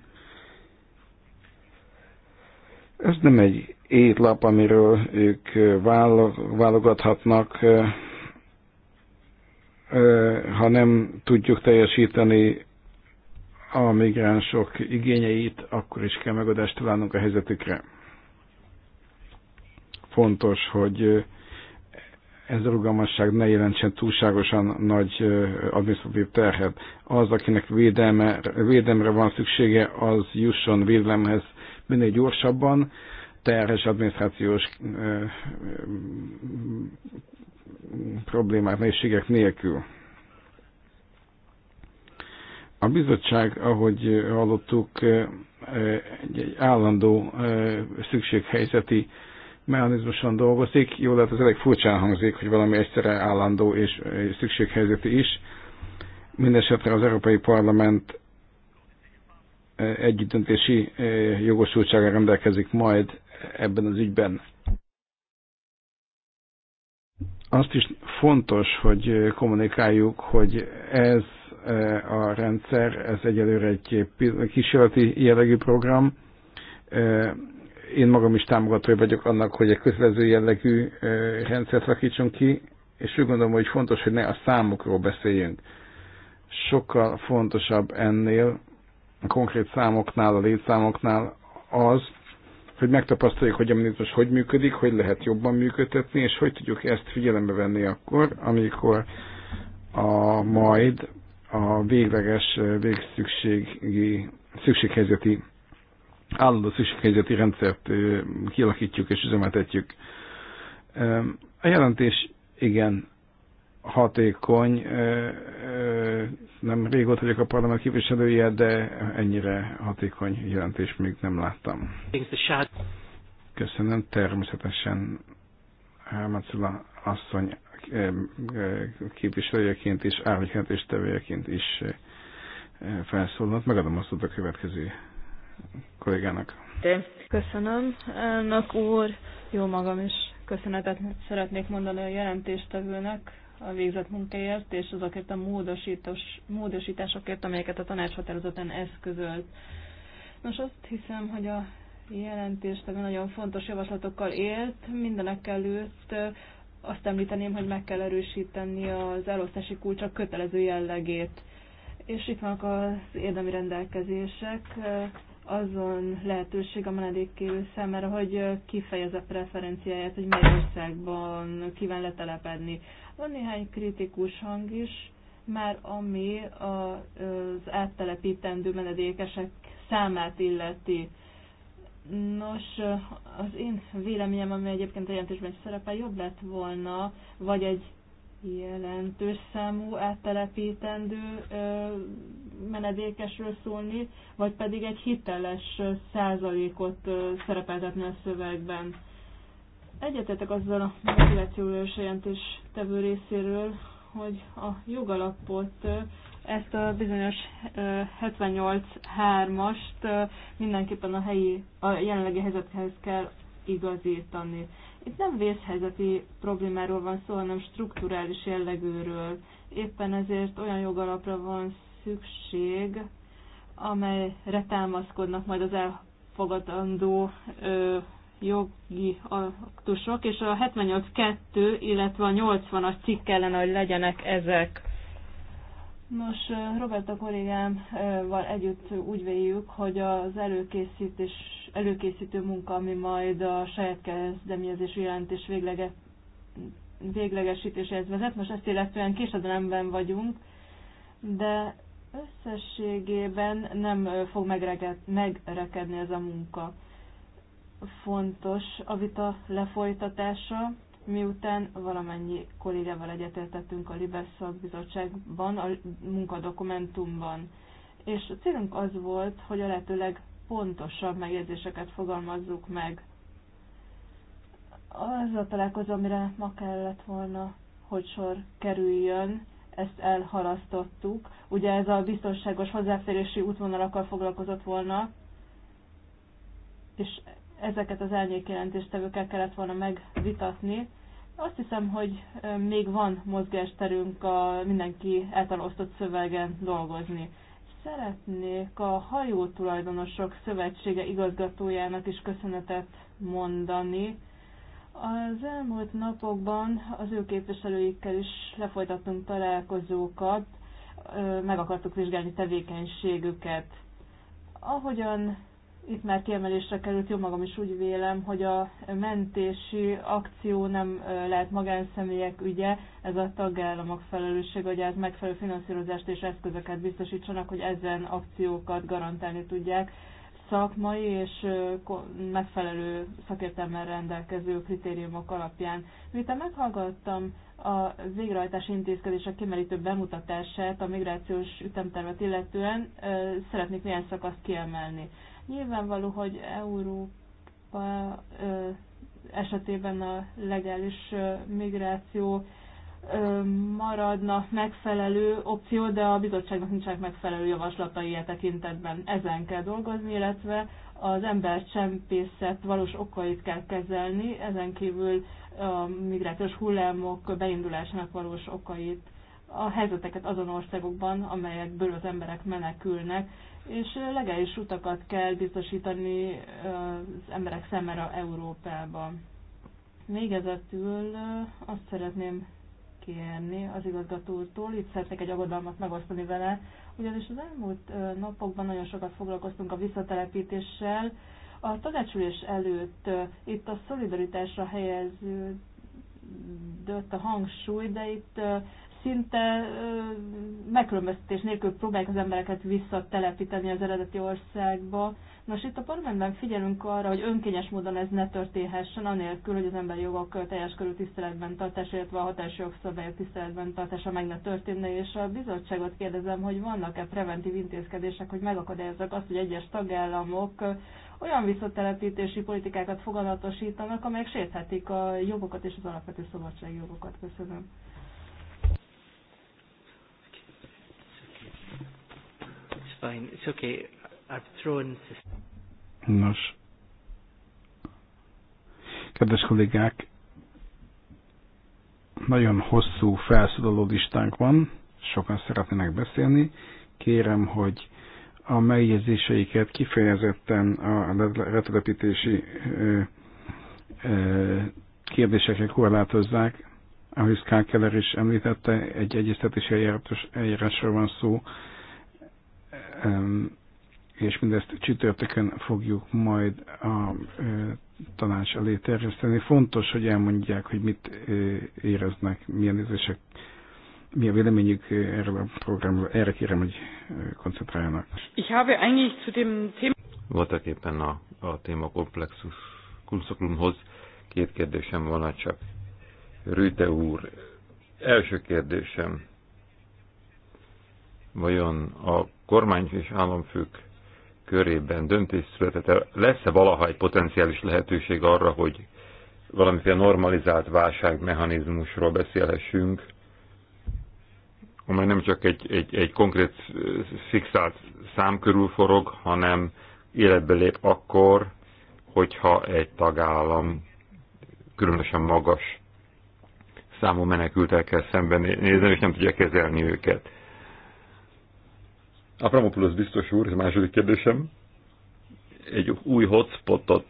ez nem egy étlap, amiről ők válogathatnak, ha nem tudjuk teljesíteni a migránsok igényeit, akkor is kell megoldást találnunk a helyzetükre. Fontos, hogy ez a rugalmasság ne jelentsen túlságosan nagy adminisztratív terhet. Az, akinek védelme, védelmre van szüksége, az jusson védelemhez minél gyorsabban, terhes adminisztrációs problémák, nehézségek nélkül. A bizottság, ahogy eh, hallottuk, eh, egy, egy állandó eh, szükséghelyzeti mechanizmuson dolgozik. Jó, lehet az elég furcsán hangzik, hogy valami egyszerre állandó és szükséghelyzeti is. Mindenesetre az Európai Parlament együttdöntési jogosultsága rendelkezik majd ebben az ügyben. Azt is fontos, hogy kommunikáljuk, hogy ez a rendszer, ez egyelőre egy kísérleti jellegű program. Én magam is támogatója vagyok annak, hogy egy kötelező jellegű rendszert alakítsunk ki, és úgy gondolom, hogy fontos, hogy ne a számokról beszéljünk. Sokkal fontosabb ennél, a konkrét számoknál, a létszámoknál az, hogy megtapasztaljuk, hogy a mechanizmus hogy működik, hogy lehet jobban működtetni, és hogy tudjuk ezt figyelembe venni akkor, amikor a majd a végleges, végszükségi, szükséghelyzeti, állandó szükséghelyzeti rendszert kialakítjuk és üzemeltetjük. A jelentés igen hatékony, nem régóta vagyok a parlament képviselője, de ennyire hatékony jelentés még nem láttam. Köszönöm természetesen Hámacula asszony képviselőjeként is, árnyékentéstevőjeként is felszólalt. Megadom azt a következő kollégának. Köszönöm, elnök úr. Jó magam is köszönetet szeretnék mondani a jelentéstevőnek a végzett munkáért, és azokért a módosítos módosításokért, amelyeket a határozatán eszközölt. Nos, azt hiszem, hogy a jelentéstevő nagyon fontos javaslatokkal élt, mindenek előtt azt említeném, hogy meg kell erősíteni az elosztási kulcsok kötelező jellegét. És itt vannak az érdemi rendelkezések, azon lehetőség a menedékkérő számára, hogy kifejez a preferenciáját, hogy mely országban kíván letelepedni. Van néhány kritikus hang is, már ami az áttelepítendő menedékesek számát illeti. Nos, az én véleményem, ami egyébként a jelentésben is szerepel, jobb lett volna, vagy egy jelentős számú áttelepítendő menedékesről szólni, vagy pedig egy hiteles százalékot szerepeltetni a szövegben. Egyetetek azzal a motivációs jelentés tevő részéről, hogy a jogalapot ezt a bizonyos 3 ast mindenképpen a helyi, a jelenlegi helyzethez kell igazítani. Itt nem vészhelyzeti problémáról van szó, hanem strukturális jellegűről. Éppen ezért olyan jogalapra van szükség, amelyre támaszkodnak majd az elfogadandó ö, jogi aktusok, és a 78.2, illetve a 80-as cikk kellene, hogy legyenek ezek. Nos, Robert a kollégámval együtt úgy véljük, hogy az előkészítés, előkészítő munka, ami majd a saját kezdeményezésű jelentés véglege, véglegesítéséhez vezet, most ezt illetően késedelemben vagyunk, de összességében nem fog megreked, megrekedni ez a munka. Fontos a vita lefolytatása, miután valamennyi kollégával egyetértettünk a Libes bizottságban, a munkadokumentumban. És a célunk az volt, hogy a lehetőleg pontosabb megjegyzéseket fogalmazzuk meg. Az a találkozó, amire ma kellett volna, hogy sor kerüljön, ezt elhalasztottuk. Ugye ez a biztonságos hozzáférési útvonalakkal foglalkozott volna, és ezeket az árnyékjelentéstevőkkel kellett volna megvitatni. Azt hiszem, hogy még van mozgásterünk a mindenki által osztott szövegen dolgozni. Szeretnék a hajó tulajdonosok szövetsége igazgatójának is köszönetet mondani. Az elmúlt napokban az ő képviselőikkel is lefolytattunk találkozókat, meg akartuk vizsgálni tevékenységüket. Ahogyan itt már kiemelésre került, jó magam is úgy vélem, hogy a mentési akció nem lehet magánszemélyek ügye, ez a tagállamok felelőssége, hogy ez megfelelő finanszírozást és eszközöket biztosítsanak, hogy ezen akciókat garantálni tudják szakmai és megfelelő szakértelmel rendelkező kritériumok alapján. Miután meghallgattam a végrehajtási a kimerítő bemutatását a migrációs ütemtervet illetően, szeretnék néhány szakaszt kiemelni. Nyilvánvaló, hogy Európa esetében a legális migráció maradna megfelelő opció, de a bizottságnak nincsenek megfelelő javaslatai ilyen tekintetben. Ezen kell dolgozni, illetve az csempészet valós okait kell kezelni, ezen kívül a migrációs hullámok beindulásának valós okait, a helyzeteket azon országokban, amelyekből az emberek menekülnek, és legális utakat kell biztosítani az emberek számára Európában. Végezetül azt szeretném kérni az igazgatótól, itt szeretnék egy aggodalmat megosztani vele, ugyanis az elmúlt napokban nagyon sokat foglalkoztunk a visszatelepítéssel. A tanácsülés előtt itt a szolidaritásra helyeződött a hangsúly, de itt szinte megkülönböztetés nélkül próbálják az embereket visszatelepíteni az eredeti országba. Nos, itt a parlamentben figyelünk arra, hogy önkényes módon ez ne történhessen, anélkül, hogy az emberi jogok teljes körű tiszteletben tartása, illetve a hatási jogszabályok tiszteletben tartása meg ne történne, és a bizottságot kérdezem, hogy vannak-e preventív intézkedések, hogy megakadályozzak azt, hogy egyes tagállamok olyan visszatelepítési politikákat fogalmatosítanak, amelyek sérthetik a jogokat és az alapvető szabadságjogokat. Köszönöm. fine. It's okay. I've thrown... Nos. Kedves kollégák, nagyon hosszú felszólaló listánk van, sokan szeretnének beszélni. Kérem, hogy a megjegyzéseiket kifejezetten a letelepítési kérdésekre korlátozzák. Ahogy Skákeller is említette, egy egyeztetési eljárásról van szó, és mindezt csütörtökön fogjuk majd a e, tanács elé terjeszteni. Fontos, hogy elmondják, hogy mit e, éreznek, milyen érzések, mi a véleményük erről a programról. Erre kérem, hogy e, koncentráljanak. Ich habe eigentlich zu dem Thema... a képen a, a téma komplexus kunszoklumhoz két kérdésem van, csak Rüte úr, első kérdésem, vajon a kormány és államfők körében döntés született, lesz-e valaha egy potenciális lehetőség arra, hogy valamiféle normalizált válságmechanizmusról beszélhessünk, amely nem csak egy, egy, egy konkrét fixált szám körül forog, hanem életbe lép akkor, hogyha egy tagállam különösen magas számú menekültel kell szembenézni, és nem tudja kezelni őket. Avramopoulos biztos úr, ez a második kérdésem, egy új hotspotot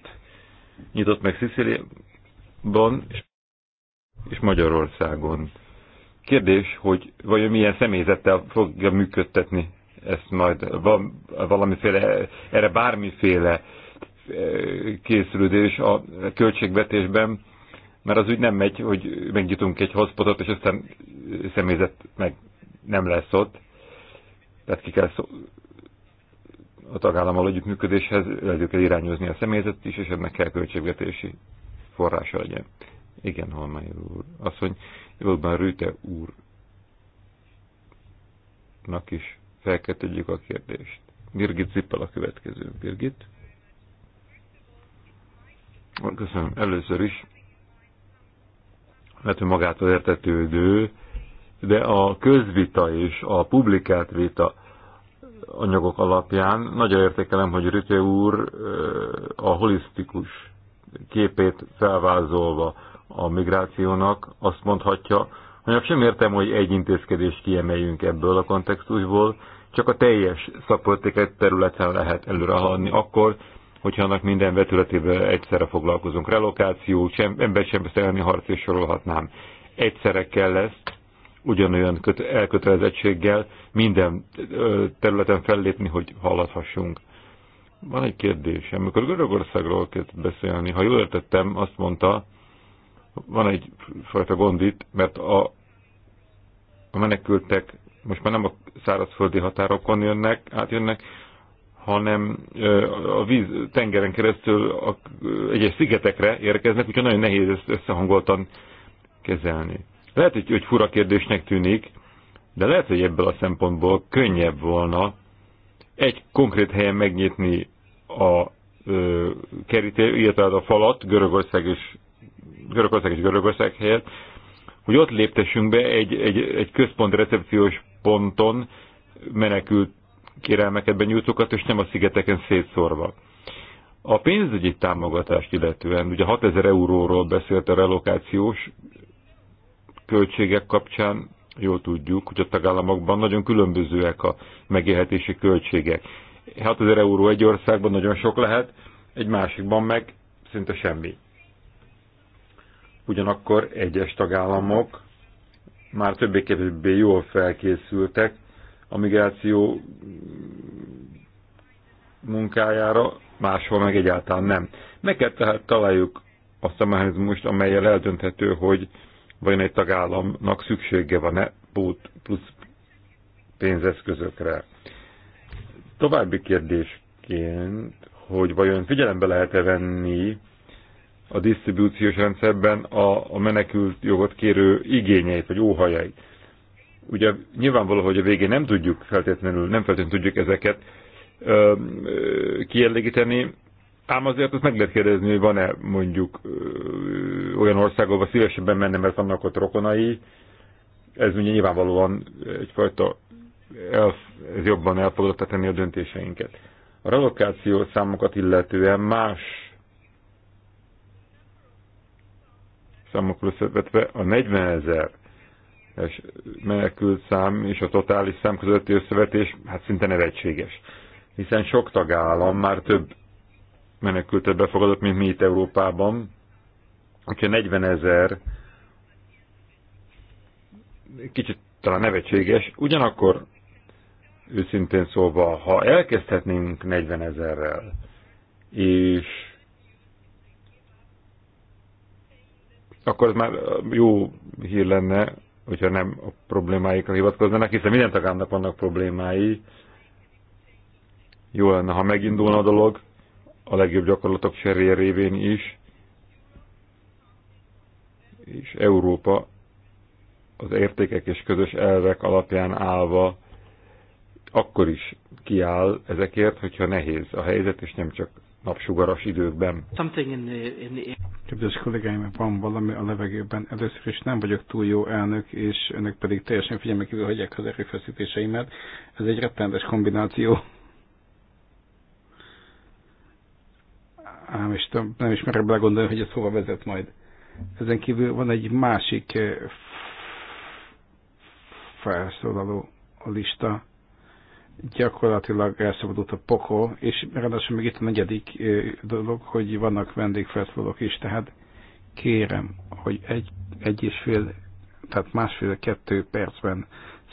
nyitott meg Sziciliában és Magyarországon. Kérdés, hogy vajon milyen személyzettel fogja működtetni ezt majd? Van valamiféle, erre bármiféle eh, készülődés a költségvetésben, mert az úgy nem megy, hogy megnyitunk egy hotspotot, és aztán személyzet meg nem lesz ott. Tehát ki kell szó, a tagállammal együttműködéshez elő kell irányozni a személyzet is, és ennek kell költségvetési forrása legyen. Igen, Holmai úr. Azt, hogy valóban Rüte úrnak is fel kell tegyük a kérdést. Birgit Zippel a következő. Birgit. Köszönöm. Először is, mert magától értetődő, de a közvita és a publikált vita anyagok alapján nagyon értékelem, hogy Rüte úr a holisztikus képét felvázolva a migrációnak azt mondhatja, hogy sem értem, hogy egy intézkedést kiemeljünk ebből a kontextusból, csak a teljes szakpolitikai területen lehet előre haladni akkor, hogyha annak minden vetületével egyszerre foglalkozunk. Relokáció, sem, beszélni harc és sorolhatnám. Egyszerre kell ezt ugyanolyan elkötelezettséggel minden területen fellépni, hogy haladhassunk. Van egy kérdésem. Amikor Görögországról kezd beszélni, ha jól értettem, azt mondta, van egy fajta gond itt, mert a, a menekültek most már nem a szárazföldi határokon jönnek, átjönnek, hanem a víz tengeren keresztül egyes szigetekre érkeznek, úgyhogy nagyon nehéz ezt összehangoltan kezelni. Lehet, hogy, hogy fura kérdésnek tűnik, de lehet, hogy ebből a szempontból könnyebb volna egy konkrét helyen megnyitni a ö, kerítő, illetve a falat Görögország és Görögország és Görögország helyett, hogy ott léptessünk be egy, egy, egy központ recepciós ponton menekült kérelmeket benyújtókat, és nem a szigeteken szétszórva. A pénzügyi támogatást illetően, ugye 6000 euróról beszélt a relokációs költségek kapcsán jól tudjuk, hogy a tagállamokban nagyon különbözőek a megélhetési költségek. 6000 hát euró egy országban nagyon sok lehet, egy másikban meg szinte semmi. Ugyanakkor egyes tagállamok már többé-kevésbé jól felkészültek a migráció munkájára, máshol meg egyáltalán nem. Meg kell tehát találjuk azt a mechanizmust, amelyel eldönthető, hogy vajon egy tagállamnak szüksége van-e pót plusz pénzeszközökre. További kérdésként, hogy vajon figyelembe lehet-e venni a disztribúciós rendszerben a, a menekült jogot kérő igényeit vagy óhajait. Ugye nyilvánvaló, hogy a végén nem tudjuk feltétlenül, nem feltétlenül tudjuk ezeket kielégíteni, Ám azért azt meg lehet kérdezni, hogy van-e mondjuk ö, olyan országokba szívesebben menne, mert vannak ott rokonai. Ez ugye nyilvánvalóan egyfajta el, ez jobban elfogadta tenni a döntéseinket. A relokáció számokat illetően más számokról összevetve a 40 ezer menekült szám és a totális szám közötti összevetés hát szinte nevetséges, hiszen sok tagállam már több menekültet befogadott, mint mi itt Európában. aki 40 ezer kicsit talán nevetséges. Ugyanakkor őszintén szólva, ha elkezdhetnénk 40 ezerrel, és akkor ez már jó hír lenne, hogyha nem a problémáikra hivatkoznának, hiszen minden tagámnak vannak problémái. Jó lenne, ha megindulna a dolog, a legjobb gyakorlatok cseréje révén is, és Európa az értékek és közös elvek alapján állva akkor is kiáll ezekért, hogyha nehéz a helyzet, és nem csak napsugaras időkben. Kedves kollégáim, van valami a levegőben. Először is nem vagyok túl jó elnök, és önök pedig teljesen figyelme kívül hagyják az erőfeszítéseimet. Ez egy rettenetes kombináció. ám és nem is merem belegondolni, hogy ez hova vezet majd. Ezen kívül van egy másik eh, felszólaló lista, gyakorlatilag elszabadult a pokol, és ráadásul még itt a negyedik eh, dolog, hogy vannak vendégfelszólalók is, tehát kérem, hogy egy, egy és fél, tehát másfél-kettő percben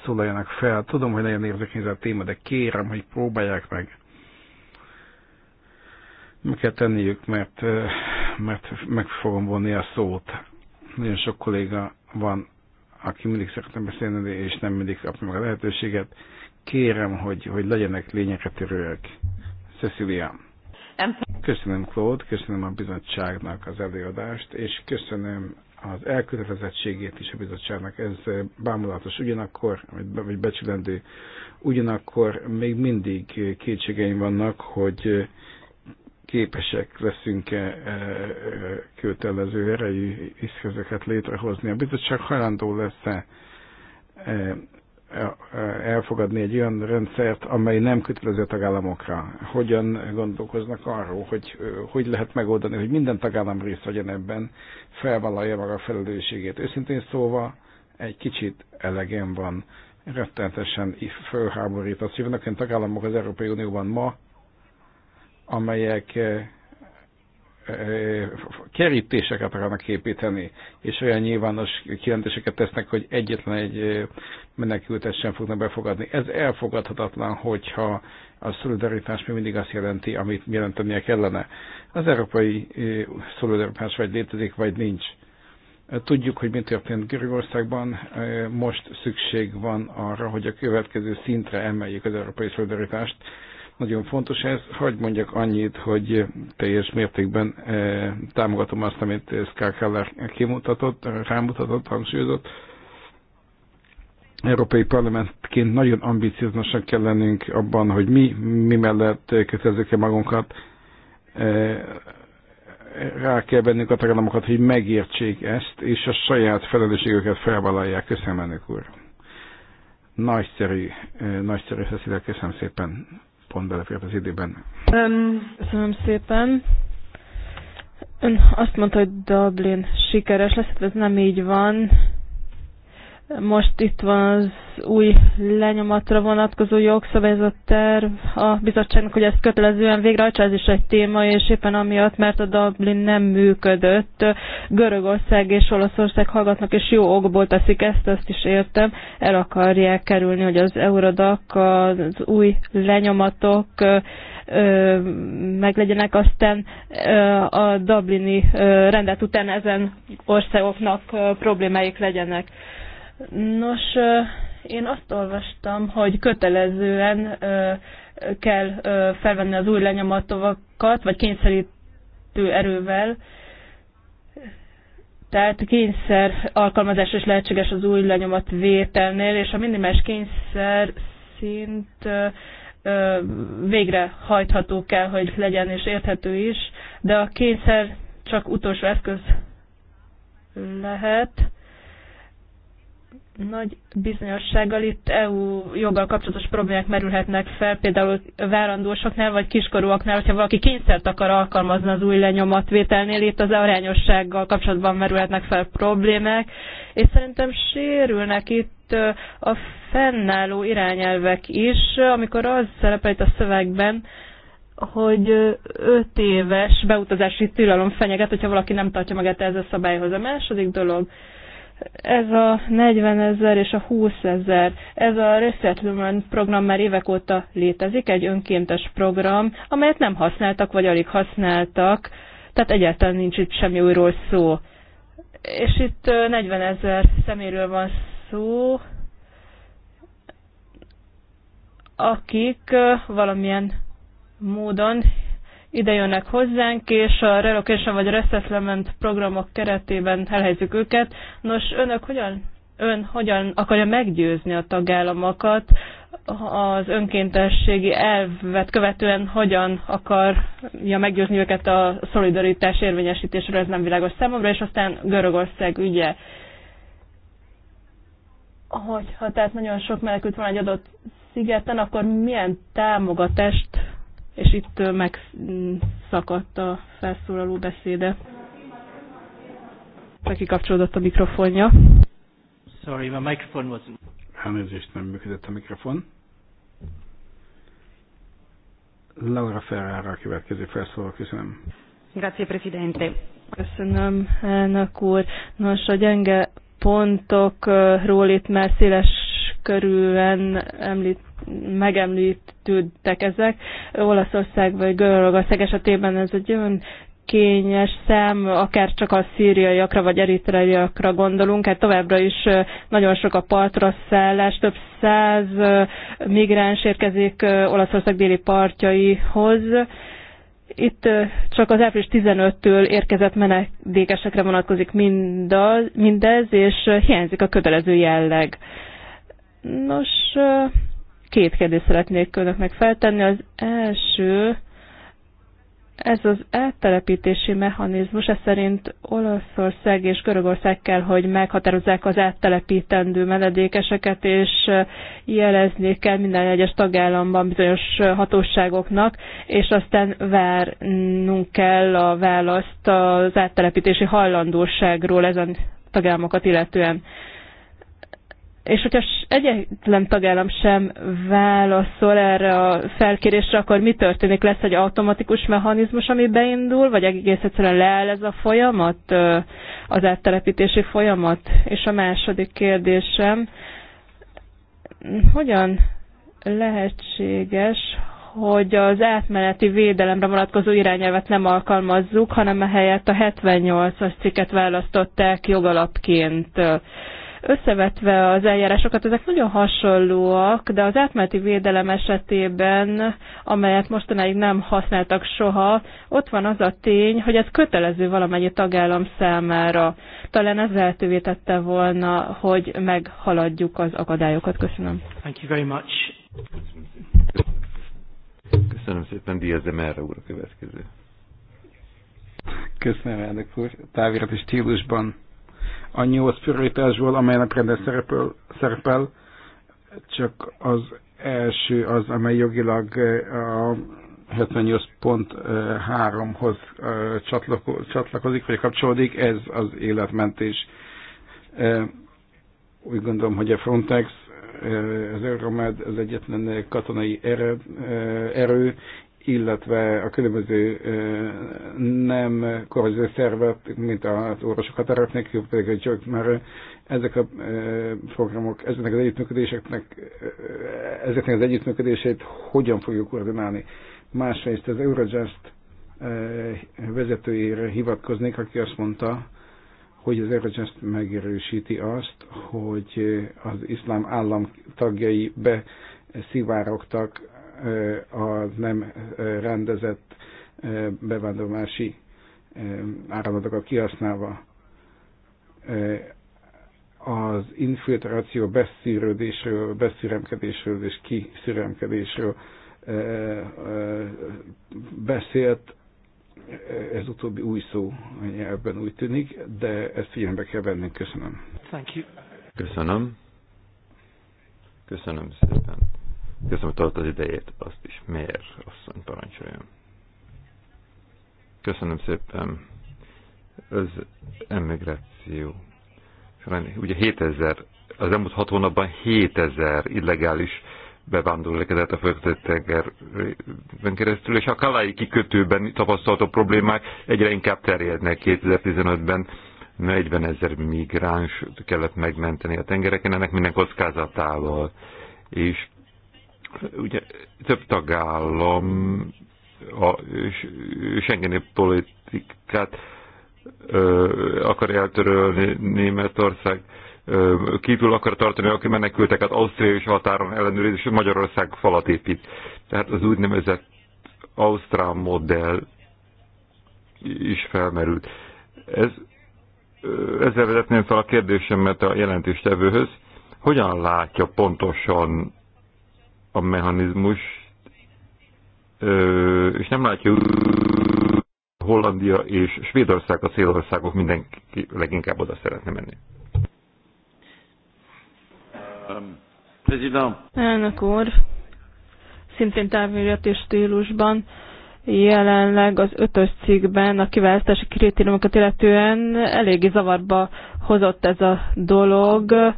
szólaljanak fel. Tudom, hogy nagyon érzékeny ez a téma, de kérem, hogy próbálják meg mi kell tenniük, mert, mert meg fogom vonni a szót. Nagyon sok kolléga van, aki mindig szeretne beszélni, és nem mindig kapja meg a lehetőséget. Kérem, hogy, hogy legyenek lényeket törőek. Cecilia. Köszönöm Claude, köszönöm a bizottságnak az előadást, és köszönöm az elkötelezettségét is a bizottságnak. Ez bámulatos ugyanakkor, vagy becsülendő. Ugyanakkor még mindig kétségeim vannak, hogy képesek leszünk-e e, kötelező erejű iszközöket létrehozni. A bizottság hajlandó lesz-e e, e, elfogadni egy olyan rendszert, amely nem kötelező tagállamokra. Hogyan gondolkoznak arról, hogy hogy lehet megoldani, hogy minden tagállam részt vegyen ebben, felvallalja maga a felelősségét. Őszintén szóval egy kicsit elegem van, rettenetesen fölháborít a szívnek, olyan tagállamok az Európai Unióban ma, amelyek eh, eh, kerítéseket akarnak építeni, és olyan nyilvános kijelentéseket tesznek, hogy egyetlen egy eh, menekültet sem fognak befogadni. Ez elfogadhatatlan, hogyha a szolidaritás még mindig azt jelenti, amit jelentenie kellene. Az európai szolidaritás vagy létezik, vagy nincs. Tudjuk, hogy mi történt Görögországban, most szükség van arra, hogy a következő szintre emeljük az európai szolidaritást, nagyon fontos ez. hogy mondjak annyit, hogy teljes mértékben eh, támogatom azt, amit Skál Keller kimutatott, rámutatott, hangsúlyozott. Európai Parlamentként nagyon ambicióznosak kell lennünk abban, hogy mi, mi mellett kötelezzük -e magunkat, eh, rá kell bennünk a tagállamokat, hogy megértsék ezt, és a saját felelősségüket felvállalják. Köszönöm, elnök úr. Nagyszerű, eh, nagyszerű, Cecilia, köszönöm szépen pont belefért az időben. Köszönöm szépen. Ön azt mondta, hogy Dublin sikeres lesz, hát ez nem így van. Most itt van az új lenyomatra vonatkozó jogszabályzat terv a bizottságnak, hogy ezt kötelezően végrehajtsa, ez is egy téma, és éppen amiatt, mert a Dublin nem működött, Görögország és Olaszország hallgatnak, és jó okból teszik ezt, azt is értem, el akarják kerülni, hogy az Eurodak, az új lenyomatok meglegyenek, aztán a Dublini rendet után ezen országoknak problémáik legyenek. Nos, én azt olvastam, hogy kötelezően kell felvenni az új lenyomatokat, vagy kényszerítő erővel, tehát kényszer alkalmazás is lehetséges az új lenyomat vételnél, és a minimális kényszer szint végrehajtható kell, hogy legyen és érthető is, de a kényszer csak utolsó eszköz lehet nagy bizonyossággal itt EU joggal kapcsolatos problémák merülhetnek fel, például várandósoknál vagy kiskorúaknál, hogyha valaki kényszert akar alkalmazni az új lenyomatvételnél, itt az arányossággal kapcsolatban merülhetnek fel problémák, és szerintem sérülnek itt a fennálló irányelvek is, amikor az szerepel itt a szövegben, hogy öt éves beutazási tilalom fenyeget, hogyha valaki nem tartja magát ez a szabályhoz. A második dolog, ez a 40 ezer és a 20 ezer, ez a Resettlement program már évek óta létezik, egy önkéntes program, amelyet nem használtak, vagy alig használtak, tehát egyáltalán nincs itt semmi újról szó. És itt 40 ezer szeméről van szó, akik valamilyen módon ide jönnek hozzánk, és a relocation vagy resettlement programok keretében elhelyezzük őket. Nos, önök hogyan, ön hogyan akarja meggyőzni a tagállamokat az önkéntességi elvet követően hogyan akarja meggyőzni őket a szolidaritás érvényesítésről, ez nem világos számomra, és aztán Görögország ügye hogyha tehát nagyon sok menekült van egy adott szigeten, akkor milyen támogatást és itt megszakadt a felszólaló beszéde. Neki kapcsolódott a mikrofonja. Sorry, my microphone was... Elnézést, nem működött a mikrofon. Laura Ferrara a következő felszólaló, köszönöm. Grazie, Presidente. Köszönöm, elnök úr. Nos, a gyenge pontokról itt már széles körülön említ, megemlítődtek ezek. Olaszország vagy Görögország esetében ez egy olyan kényes szem, akár csak a szíriaiakra vagy eritreiakra gondolunk, hát továbbra is nagyon sok a partra szállás, több száz migráns érkezik Olaszország déli partjaihoz. Itt csak az április 15-től érkezett menedékesekre vonatkozik mindaz, mindez, és hiányzik a kötelező jelleg. Nos, két kérdést szeretnék önöknek feltenni. Az első, ez az áttelepítési mechanizmus, ez szerint Olaszország és Görögország kell, hogy meghatározzák az áttelepítendő menedékeseket, és jelezni kell minden egyes tagállamban bizonyos hatóságoknak, és aztán várnunk kell a választ az áttelepítési hajlandóságról ezen tagállamokat illetően és hogyha egyetlen tagállam sem válaszol erre a felkérésre, akkor mi történik? Lesz egy automatikus mechanizmus, ami beindul, vagy egész egyszerűen leáll ez a folyamat, az áttelepítési folyamat? És a második kérdésem, hogyan lehetséges, hogy az átmeneti védelemre vonatkozó irányelvet nem alkalmazzuk, hanem helyett a 78-as cikket választották jogalapként Összevetve az eljárásokat, ezek nagyon hasonlóak, de az átmeneti védelem esetében, amelyet mostanáig nem használtak soha, ott van az a tény, hogy ez kötelező valamennyi tagállam számára. Talán ez lehetővé tette volna, hogy meghaladjuk az akadályokat. Köszönöm. Thank you very much. Köszönöm szépen, Díaz de Merre úr a következő. Köszönöm, elnök úr. és stílusban a nyolc prioritásból, amelynek rendet szerepel, szerepel, csak az első az, amely jogilag eh, a 78.3-hoz eh, csatlakozik, vagy kapcsolódik, ez az életmentés. Eh, úgy gondolom, hogy a Frontex, az Euromed az egyetlen katonai erő illetve a különböző nem kormányzó szervet, mint az orvosok határok jó pedig a mert ezek a programok, ezeknek az együttműködéseknek, ezeknek az együttműködését hogyan fogjuk koordinálni. Másrészt az Eurojust vezetőjére hivatkoznék, aki azt mondta, hogy az Eurojust megerősíti azt, hogy az iszlám állam tagjai be szivárogtak a nem rendezett bevándorlási áramlatokat kihasználva az infiltráció beszűrődésről, beszűremkedésről és kiszűremkedésről beszélt, ez utóbbi új szó a nyelvben úgy tűnik, de ezt figyelembe kell venni Köszönöm. Thank you. Köszönöm. Köszönöm szépen. Köszönöm, hogy tartott az idejét, azt is miért, asszony parancsoljon. Köszönöm szépen. Az emigráció. Ugye 7000, az elmúlt hat hónapban 7000 illegális bevándorló lekedett a Földtengerben keresztül, és a Kalai kikötőben tapasztalható problémák egyre inkább terjednek. 2015-ben 40 ezer migráns kellett megmenteni a tengereken, ennek minden kockázatával. És ugye több tagállam a Schengeni politikát ö, akar eltörölni Németország, ö, kívül akar tartani, aki menekülteket Ausztria és határon ellenőriz, és Magyarország falat épít. Tehát az úgynevezett Ausztrál modell is felmerült. Ez, ezzel vezetném fel a kérdésemet a jelentéstevőhöz. Hogyan látja pontosan a mechanizmus, és nem látja Hollandia és Svédország a célországok mindenki leginkább oda szeretne menni. Um, Elnök úr, szintén távirati stílusban jelenleg az ötös cikkben a kiválasztási kritériumokat illetően eléggé zavarba hozott ez a dolog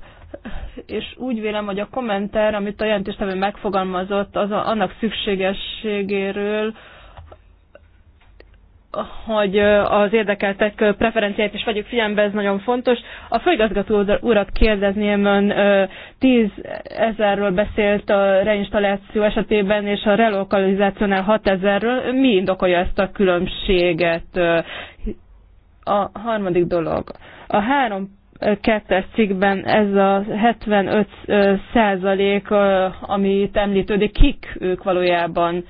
és úgy vélem, hogy a kommenter, amit a jelentéstevő megfogalmazott, az a, annak szükségességéről, hogy az érdekeltek preferenciáit is vegyük figyelembe, ez nagyon fontos. A főigazgató urat kérdezném, ön 10 ezerről beszélt a reinstalláció esetében, és a relokalizációnál 6 ezerről. Mi indokolja ezt a különbséget? A harmadik dolog. A három kettes cikkben ez a 75 százalék, ami itt említődik, kik ők valójában.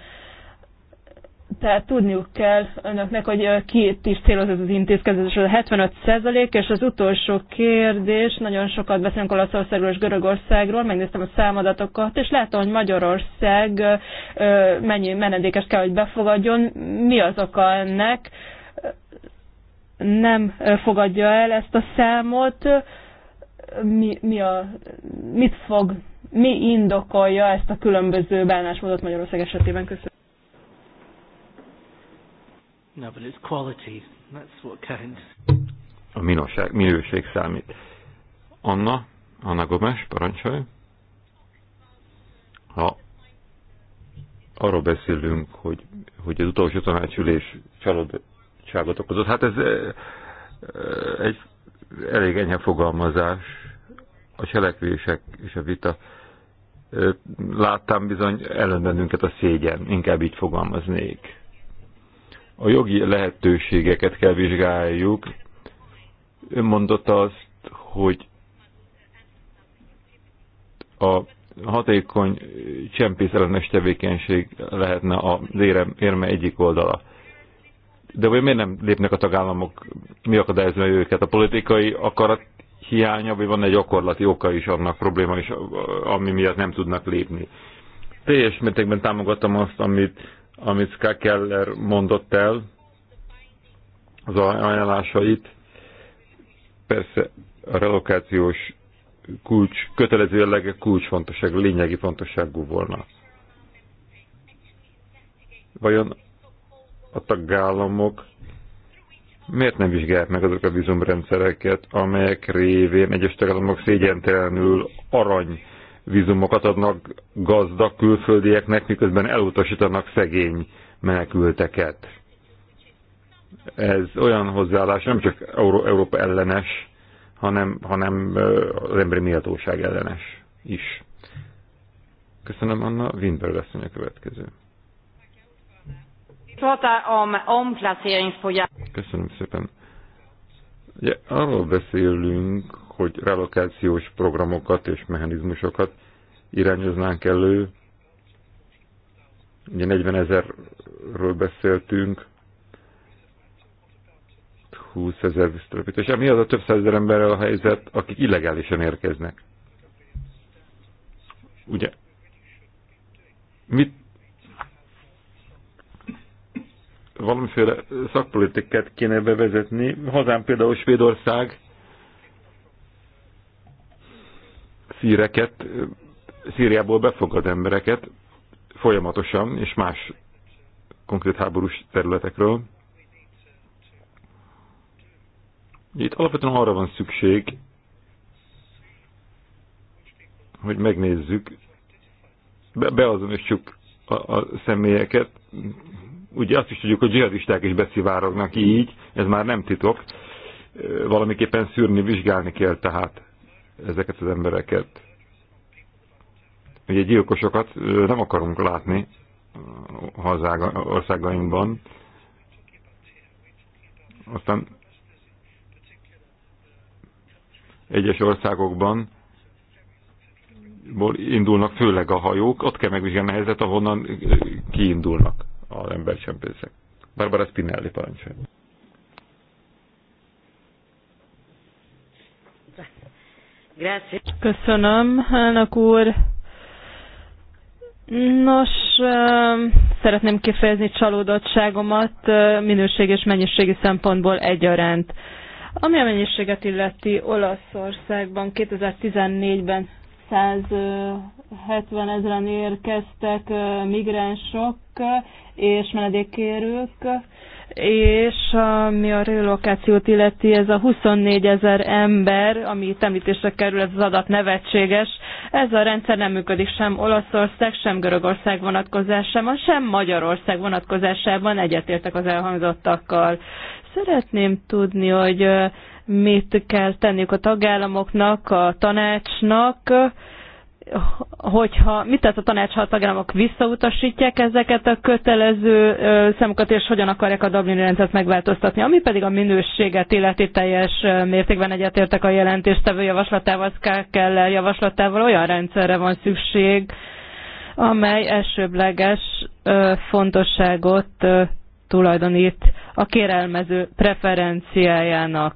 Tehát tudniuk kell önöknek, hogy ki is céloz ez az intézkedés, a 75 százalék, és az utolsó kérdés, nagyon sokat beszélünk Olaszországról és Görögországról, megnéztem a számadatokat, és látom, hogy Magyarország mennyi menedékes kell, hogy befogadjon, mi az oka ennek, nem fogadja el ezt a számot, mi, mi a, mit fog, mi indokolja ezt a különböző bánásmódot Magyarország esetében? Köszönöm. No, but it's quality. That's what counts. A minőség, minőség számít. Anna, Anna Gomes, parancsolj. Ha arról beszélünk, hogy, hogy az utolsó tanácsülés csalódott, bizottságot okozott. Hát ez egy elég enyhe fogalmazás. A cselekvések és a vita láttam bizony ellen bennünket a szégyen, inkább így fogalmaznék. A jogi lehetőségeket kell vizsgáljuk. Ön mondott azt, hogy a hatékony csempész tevékenység lehetne az érem, érme egyik oldala. De vagy miért nem lépnek a tagállamok, mi akadályozni őket? A politikai akarat hiánya, vagy van egy gyakorlati oka is annak probléma is, ami miatt nem tudnak lépni. Teljes mértékben támogatom azt, amit, amit Ska Keller mondott el, az ajánlásait. Persze a relokációs kulcs, kötelező jellege kulcsfontosságú, lényegi fontosságú volna. Vajon a tagállamok miért nem vizsgálják meg azok a vízumrendszereket, amelyek révén egyes tagállamok szégyentelenül arany vízumokat adnak gazdag külföldieknek, miközben elutasítanak szegény menekülteket. Ez olyan hozzáállás nem csak Euró Európa ellenes, hanem, hanem az emberi méltóság ellenes is. Köszönöm, Anna. Windberg lesz a következő. Köszönöm szépen. Ugye arról beszélünk, hogy relokációs programokat és mechanizmusokat irányoznánk elő. Ugye 40 ezerről beszéltünk, 20 ezer visszatelepítés. Mi az a több százezer emberrel a helyzet, akik illegálisan érkeznek? Ugye, mit valamiféle szakpolitikát kéne bevezetni. Hazán például Svédország szíreket, Szíriából befogad embereket folyamatosan, és más konkrét háborús területekről. Itt alapvetően arra van szükség, hogy megnézzük, be, beazonosítsuk a, a személyeket, Ugye azt is tudjuk, hogy zsihadisták is beszivárognak így, ez már nem titok. Valamiképpen szűrni, vizsgálni kell tehát ezeket az embereket. Ugye gyilkosokat nem akarunk látni hazága, országainkban. Aztán egyes országokban indulnak főleg a hajók, ott kell megvizsgálni a helyzet, ahonnan kiindulnak az embercsempészek. Barbara Spinelli parancsolja. Köszönöm, elnök úr. Nos, szeretném kifejezni csalódottságomat minőség és mennyiségi szempontból egyaránt. Ami a mennyiséget illeti Olaszországban 2014-ben 170 ezeren érkeztek migránsok és menedékkérők, és ami a relokációt illeti, ez a 24 ezer ember, ami itt említésre kerül, ez az adat nevetséges. Ez a rendszer nem működik sem Olaszország, sem Görögország vonatkozásában, sem Magyarország vonatkozásában egyetértek az elhangzottakkal. Szeretném tudni, hogy mit kell tenniük a tagállamoknak, a tanácsnak, hogyha mit tesz a tanács, ha a tagállamok visszautasítják ezeket a kötelező számokat, és hogyan akarják a Dublin rendszert megváltoztatni. Ami pedig a minőséget illeti teljes mértékben egyetértek a jelentéstevő javaslatával, kell javaslatával, olyan rendszerre van szükség, amely elsőbleges fontosságot tulajdonít a kérelmező preferenciájának.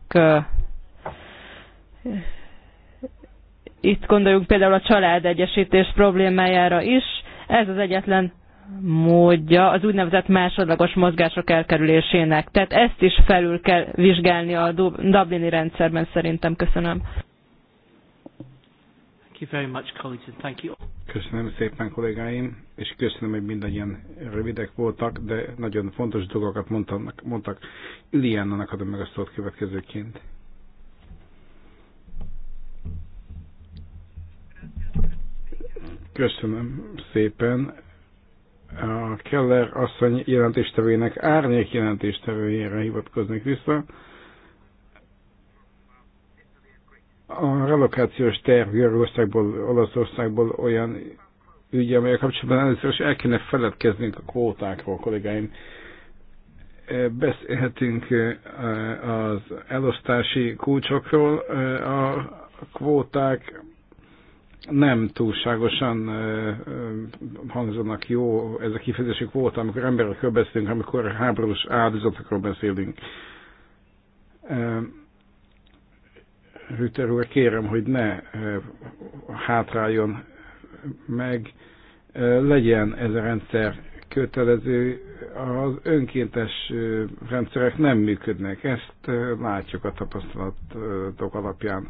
Itt gondoljunk például a családegyesítés problémájára is. Ez az egyetlen módja az úgynevezett másodlagos mozgások elkerülésének. Tehát ezt is felül kell vizsgálni a Dublini rendszerben szerintem. Köszönöm. Thank you very much, colleagues, and thank you. Köszönöm szépen, kollégáim, és köszönöm, hogy mindannyian rövidek voltak, de nagyon fontos dolgokat mondtak. mondtak. Iliánának adom meg a szót következőként. Köszönöm szépen. A Keller asszony jelentéstevőjének árnyék jelentéstevőjére hivatkoznék vissza. a relokációs terv Görögországból, Olaszországból olyan ügy, amely kapcsolatban először is el kéne feledkeznünk a kvótákról, kollégáim. Beszélhetünk az elosztási kulcsokról. A kvóták nem túlságosan hangzanak jó, ez a kifejezési kvóta, amikor emberekről beszélünk, amikor háborús áldozatokról beszélünk Rüter úr, kérem, hogy ne hátráljon meg, legyen ez a rendszer kötelező, az önkéntes rendszerek nem működnek, ezt látjuk a tapasztalatok alapján.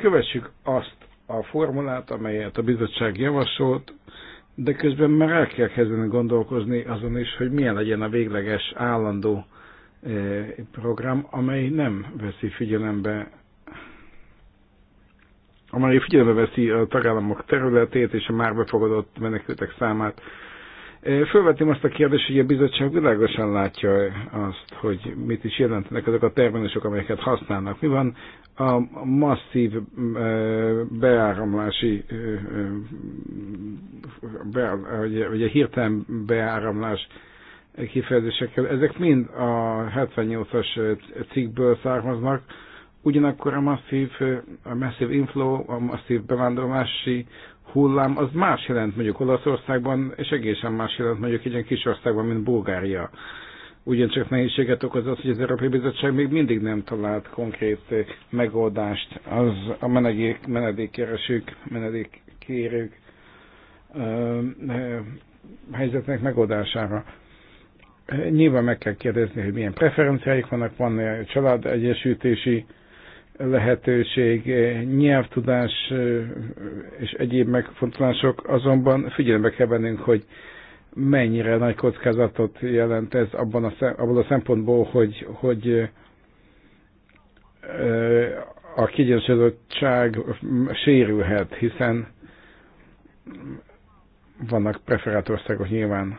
Kövessük azt a formulát, amelyet a bizottság javasolt, de közben már el kell kezdeni gondolkozni azon is, hogy milyen legyen a végleges állandó program, amely nem veszi figyelembe amely figyelembe veszi a tagállamok területét és a már befogadott menekültek számát. Fölvetném azt a kérdést, hogy a bizottság világosan látja azt, hogy mit is jelentenek ezek a terminusok, amelyeket használnak. Mi van a masszív beáramlási, be, a ugye hirtelen beáramlás kifejezésekkel. Ezek mind a 78-as cikkből származnak, ugyanakkor a masszív, a masszív inflow, a masszív bevándorlási hullám az más jelent mondjuk Olaszországban, és egészen más jelent mondjuk egy ilyen kis országban, mint Bulgária. Ugyancsak nehézséget okoz az, hogy az Európai Bizottság még mindig nem talált konkrét megoldást az a menedék, menedékkeresők, menedékkérők helyzetnek megoldására. Nyilván meg kell kérdezni, hogy milyen preferenciáik vannak, van -e családegyesítési lehetőség, nyelvtudás és egyéb megfontolások, azonban figyelembe kell vennünk, hogy mennyire nagy kockázatot jelent ez abban a, abban a szempontból, hogy, hogy a kiegyensúlyozottság sérülhet, hiszen vannak preferált országok nyilván,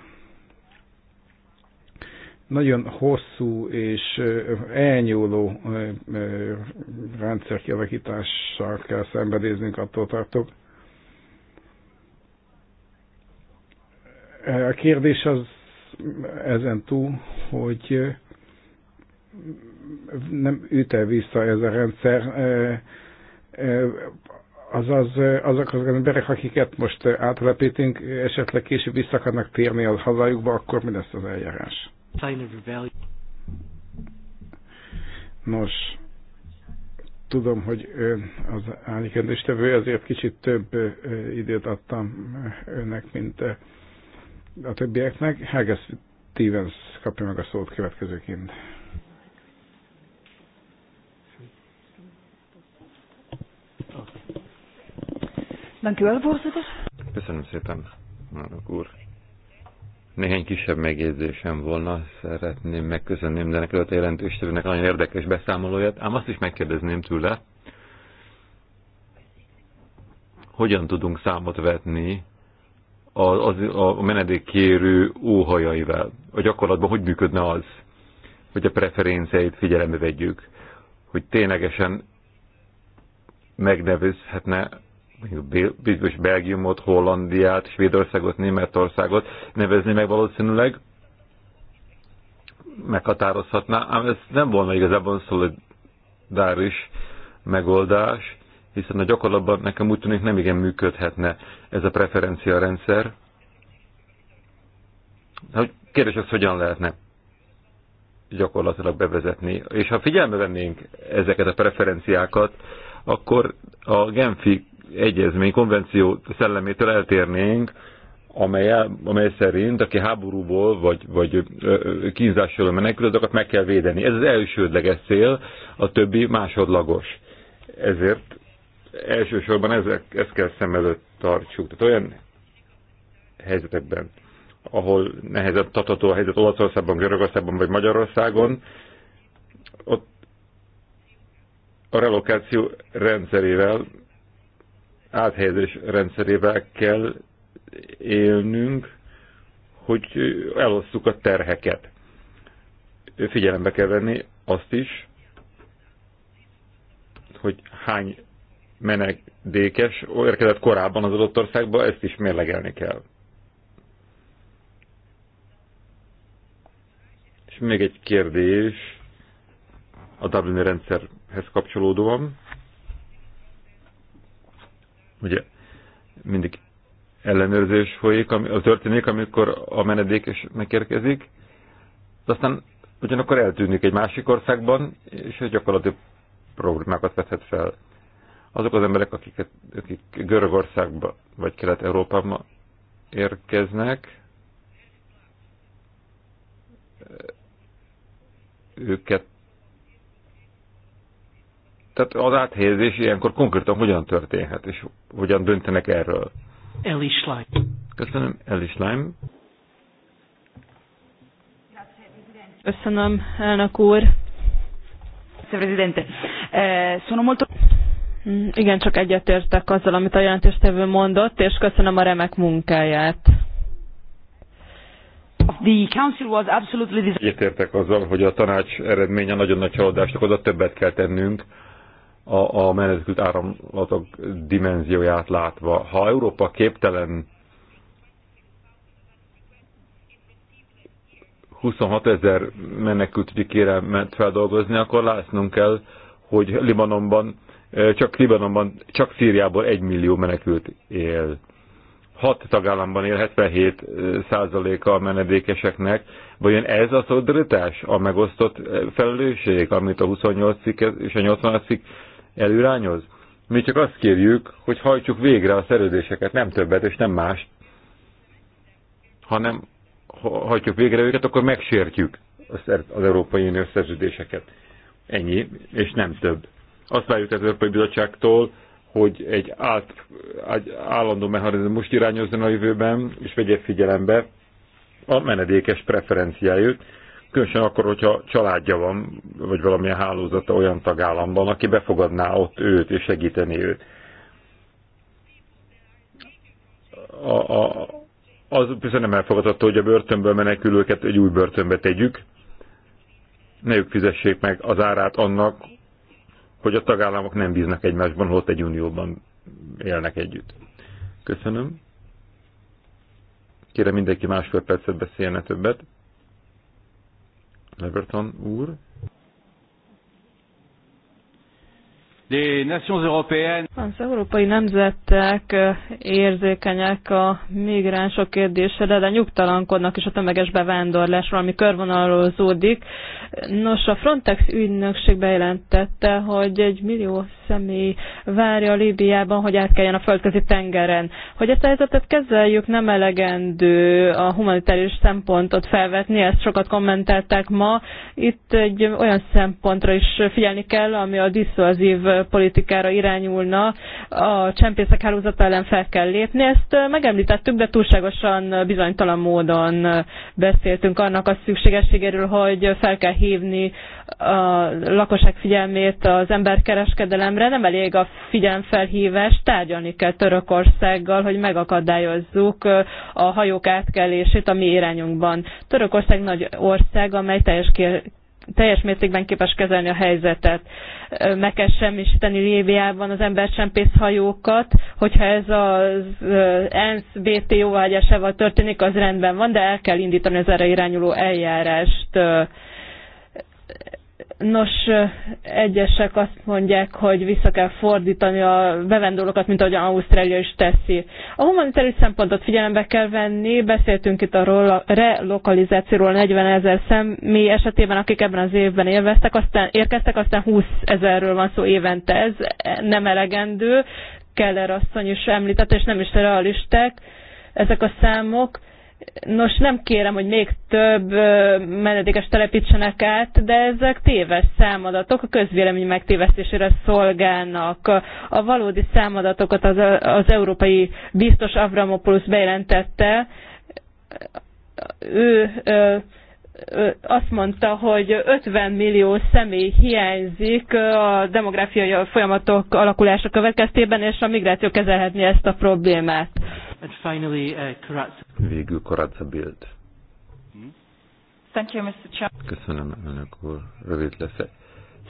nagyon hosszú és elnyúló rendszerkialakítással kell szembenéznünk, attól tartok. A kérdés az ezen túl, hogy nem üte vissza ez a rendszer, azaz azok az emberek, akiket most átlepítünk, esetleg később vissza akarnak térni a hazájukba, akkor mi lesz az eljárás? Nos, tudom, hogy ön az állíkentéstevő, ezért kicsit több időt adtam önnek, mint a többieknek. Helge Stevens kapja meg a szót következőként. Köszönöm szépen, Márok úr. Néhány kisebb megjegyzésem volna, szeretném megköszönni mindenek előtt a jelentőstevőnek nagyon érdekes beszámolóját, ám azt is megkérdezném tőle, hogyan tudunk számot vetni a, az, a menedékkérő óhajaival. A gyakorlatban hogy működne az, hogy a preferenciáit figyelembe vegyük, hogy ténylegesen megnevezhetne bizonyos Belgiumot, Hollandiát, Svédországot, Németországot nevezni meg valószínűleg, meghatározhatná, ám ez nem volna igazából szolidáris megoldás, hiszen a gyakorlatban nekem úgy tűnik nem igen működhetne ez a preferencia rendszer. Hogy kérdés az, hogyan lehetne gyakorlatilag bevezetni. És ha figyelme vennénk ezeket a preferenciákat, akkor a Genfi egyezmény, konvenció szellemétől eltérnénk, amely, amely szerint, aki háborúból vagy, vagy kínzásról menekül, azokat meg kell védeni. Ez az elsődleges cél, a többi másodlagos. Ezért elsősorban ezek, ezt kell szem előtt tartsuk. Tehát olyan helyzetekben, ahol nehezebb tartható a helyzet Olaszországban, Görögországban vagy Magyarországon, ott a relokáció rendszerével áthelyezés rendszerével kell élnünk, hogy elosszuk a terheket. Figyelembe kell venni azt is, hogy hány menedékes érkezett korábban az adott országba, ezt is mérlegelni kell. És még egy kérdés a Dublini rendszerhez kapcsolódóan. Ugye mindig ellenőrzés folyik, ami, az történik, amikor a menedékes megérkezik, de aztán ugyanakkor eltűnik egy másik országban, és egy gyakorlati problémákat vethet fel. Azok az emberek, akiket, akik Görögországba vagy Kelet-Európába érkeznek, őket tehát az áthelyezés ilyenkor konkrétan hogyan történhet, és hogyan döntenek erről? Eli Schleim. Köszönöm, Eli Schleim. Köszönöm, elnök úr. Presidente. Eh, sono molto... Mm, igen, csak egyetértek azzal, amit a jelentéstevő mondott, és köszönöm a remek munkáját. The council was absolutely Egyetértek azzal, hogy a tanács eredménye nagyon nagy csalódást okozott, többet kell tennünk a, a menekült áramlatok dimenzióját látva. Ha Európa képtelen 26 ezer menekültügyi kérelmet feldolgozni, akkor látnunk kell, hogy Libanonban, e, csak Libanonban, csak Szíriából 1 millió menekült él. 6 tagállamban él 77 e, százaléka a menedékeseknek. Vajon ez a szolidaritás, a megosztott e, felelősség, amit a 28 cikk és a 80 cikk előrányoz. Mi csak azt kérjük, hogy hajtsuk végre a szerződéseket, nem többet és nem mást, hanem ha hajtjuk végre őket, akkor megsértjük az Európai Unió szerződéseket. Ennyi, és nem több. Azt várjuk az Európai Bizottságtól, hogy egy, át, egy állandó mechanizmust irányozzon a jövőben, és vegye figyelembe a menedékes preferenciájuk különösen akkor, hogyha családja van, vagy valamilyen hálózata olyan tagállamban, aki befogadná ott őt és segíteni őt. A, a, az persze nem elfogadható, hogy a börtönből menekülőket egy új börtönbe tegyük, ne ők fizessék meg az árát annak, hogy a tagállamok nem bíznak egymásban, holott egy unióban élnek együtt. Köszönöm. Kérem mindenki másfél percet beszélne többet. Everton úr. Az európai nemzetek érzékenyek a migránsok kérdésére, de nyugtalankodnak és a tömeges valami ami körvonalozódik. Nos, a Frontex ügynökség bejelentette, hogy egy millió személy várja Líbiában, hogy átkeljen a földközi tengeren. Hogy ezt a helyzetet kezeljük, nem elegendő a humanitárius szempontot felvetni, ezt sokat kommentelták ma. Itt egy olyan szempontra is figyelni kell, ami a diszolzív politikára irányulna, a csempészek hálózata ellen fel kell lépni. Ezt megemlítettük, de túlságosan bizonytalan módon beszéltünk annak a szükségességéről, hogy fel kell hívni a lakosság figyelmét az emberkereskedelemre. Nem elég a figyelemfelhívás, tárgyalni kell Törökországgal, hogy megakadályozzuk a hajók átkelését a mi irányunkban. Törökország nagy ország, amely teljes teljes mértékben képes kezelni a helyzetet. Meg kell semmisíteni Líbiában az hajókat, hogyha ez az ENSZ BT jóvágyásával történik, az rendben van, de el kell indítani az erre irányuló eljárást Nos, egyesek azt mondják, hogy vissza kell fordítani a bevándorlókat, mint ahogy Ausztrália is teszi. A humanitárius szempontot figyelembe kell venni, beszéltünk itt a relokalizációról 40 ezer személy esetében, akik ebben az évben élveztek, aztán érkeztek, aztán 20 ezerről van szó évente, ez nem elegendő, Keller asszony is említett, és nem is realisták ezek a számok Nos, nem kérem, hogy még több menedékes telepítsenek át, de ezek téves számadatok, a közvélemény megtévesztésére szolgálnak. A valódi számadatokat az, az európai biztos Avramopoulos bejelentette. Ő ö, azt mondta, hogy 50 millió személy hiányzik a demográfiai folyamatok alakulása következtében, és a migráció kezelhetni ezt a problémát. And finally, uh, Végül Karatza Bild. Hmm? Thank you, Mr. Köszönöm, elnök úr. Rövid lesz.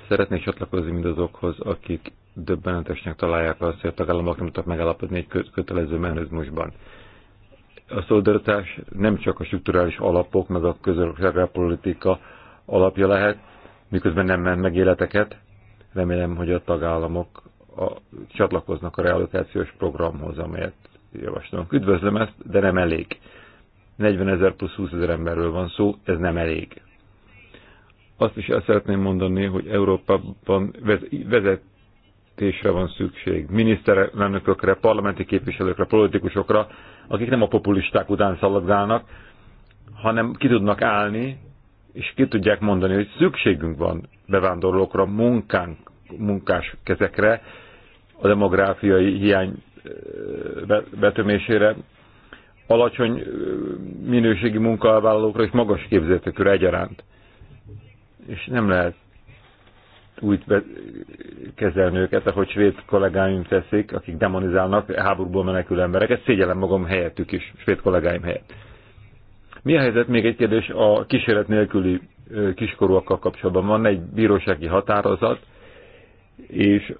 Szeretnék csatlakozni mindazokhoz, akik döbbenetesnek találják azt, hogy a tagállamok nem tudtak megállapodni egy kötelező mechanizmusban. A szolidaritás nem csak a strukturális alapok, meg a politika alapja lehet, miközben nem ment meg életeket. Remélem, hogy a tagállamok a, csatlakoznak a realokációs programhoz, amelyet javaslom. Üdvözlöm ezt, de nem elég. 40 ezer plusz 20 ezer emberről van szó, ez nem elég. Azt is el szeretném mondani, hogy Európában vezetésre van szükség. Miniszterelnökökre, parlamenti képviselőkre, politikusokra, akik nem a populisták után szaladgálnak, hanem ki tudnak állni, és ki tudják mondani, hogy szükségünk van bevándorlókra, munkánk, munkás kezekre, a demográfiai hiány betömésére, alacsony minőségi munkavállalókra és magas képzetőkre egyaránt. És nem lehet úgy kezelni őket, ahogy svéd kollégáim teszik, akik demonizálnak háborúból menekül embereket, szégyellem magam helyettük is, svéd kollégáim helyett. Mi a helyzet, még egy kérdés, a kísérlet nélküli kiskorúakkal kapcsolatban van egy bírósági határozat, és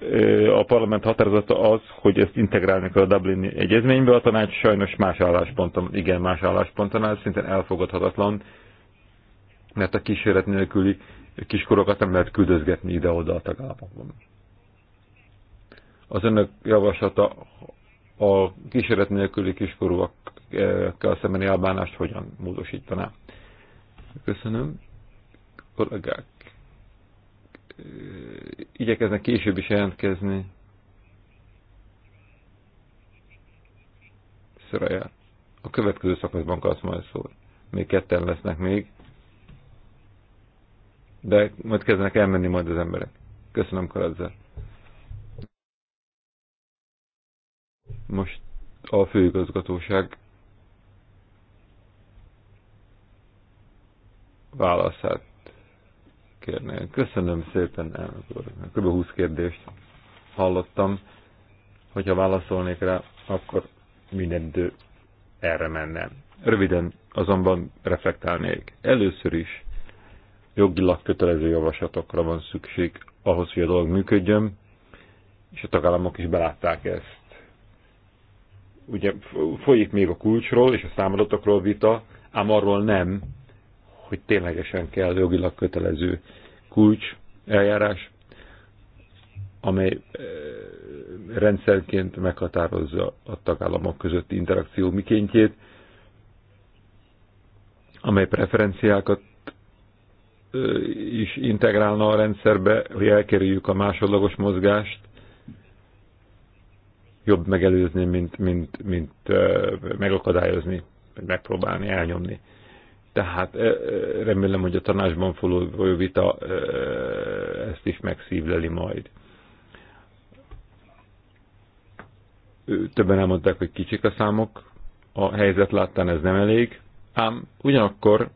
a parlament határozata az, hogy ezt integrálni kell a Dublini egyezménybe, a tanács sajnos más állásponton, igen, más állásponton áll, szintén elfogadhatatlan, mert a kísérlet nélküli kiskorokat nem lehet küldözgetni ide-oda a tagállamokban. Az önök javaslata a kísérlet nélküli kiskorúakkal szembeni elbánást hogyan módosítaná? Köszönöm. Kollégák, igyekeznek később is jelentkezni. Szöraját. A következő szakaszban kapsz majd szól. Még ketten lesznek még. De majd kezdenek elmenni majd az emberek. Köszönöm Karadzer. Most a főigazgatóság válaszát kérni. Köszönöm szépen, elnök úr. Kb. 20 kérdést hallottam. Hogyha válaszolnék rá, akkor minden idő erre menne. Röviden azonban reflektálnék. Először is jogilag kötelező javaslatokra van szükség ahhoz, hogy a dolog működjön, és a tagállamok is belátták ezt. Ugye folyik még a kulcsról és a számadatokról vita, ám arról nem, hogy ténylegesen kell jogilag kötelező kulcs eljárás, amely eh, rendszerként meghatározza a tagállamok közötti interakció mikéntjét, amely preferenciákat eh, is integrálna a rendszerbe, hogy elkerüljük a másodlagos mozgást, jobb megelőzni, mint, mint, mint eh, megakadályozni, megpróbálni elnyomni. Tehát remélem, hogy a tanácsban folyó vita ezt is megszívleli majd. Többen elmondták, hogy kicsik a számok, a helyzet láttán ez nem elég, ám ugyanakkor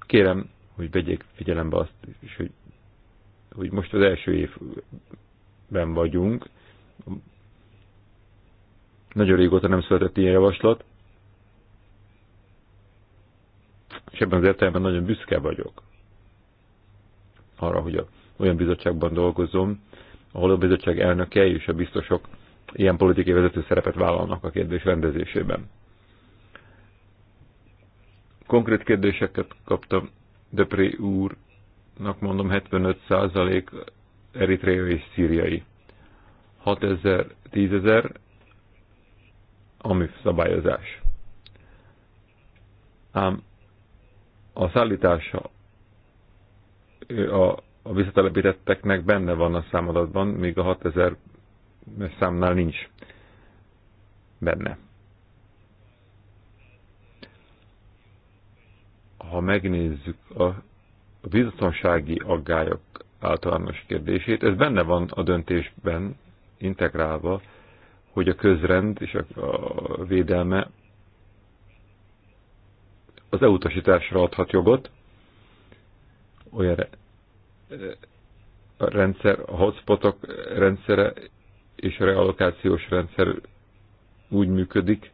kérem, hogy vegyék figyelembe azt is, hogy, hogy most az első évben vagyunk. Nagyon régóta nem született ilyen javaslat, És ebben az értelemben nagyon büszke vagyok arra, hogy a, olyan bizottságban dolgozom, ahol a bizottság elnöke és a biztosok ilyen politikai vezető szerepet vállalnak a kérdés rendezésében. Konkrét kérdéseket kaptam Depré úrnak, mondom 75% eritreai és szíriai. 6000-10000, ami szabályozás. Ám a szállítása a, a visszatelepítetteknek benne van a számadatban, míg a 6000 számnál nincs benne. Ha megnézzük a biztonsági aggályok általános kérdését, ez benne van a döntésben integrálva, hogy a közrend és a, a védelme az elutasításra adhat jogot, olyan a rendszer, a hotspotok rendszere és a realokációs rendszer úgy működik,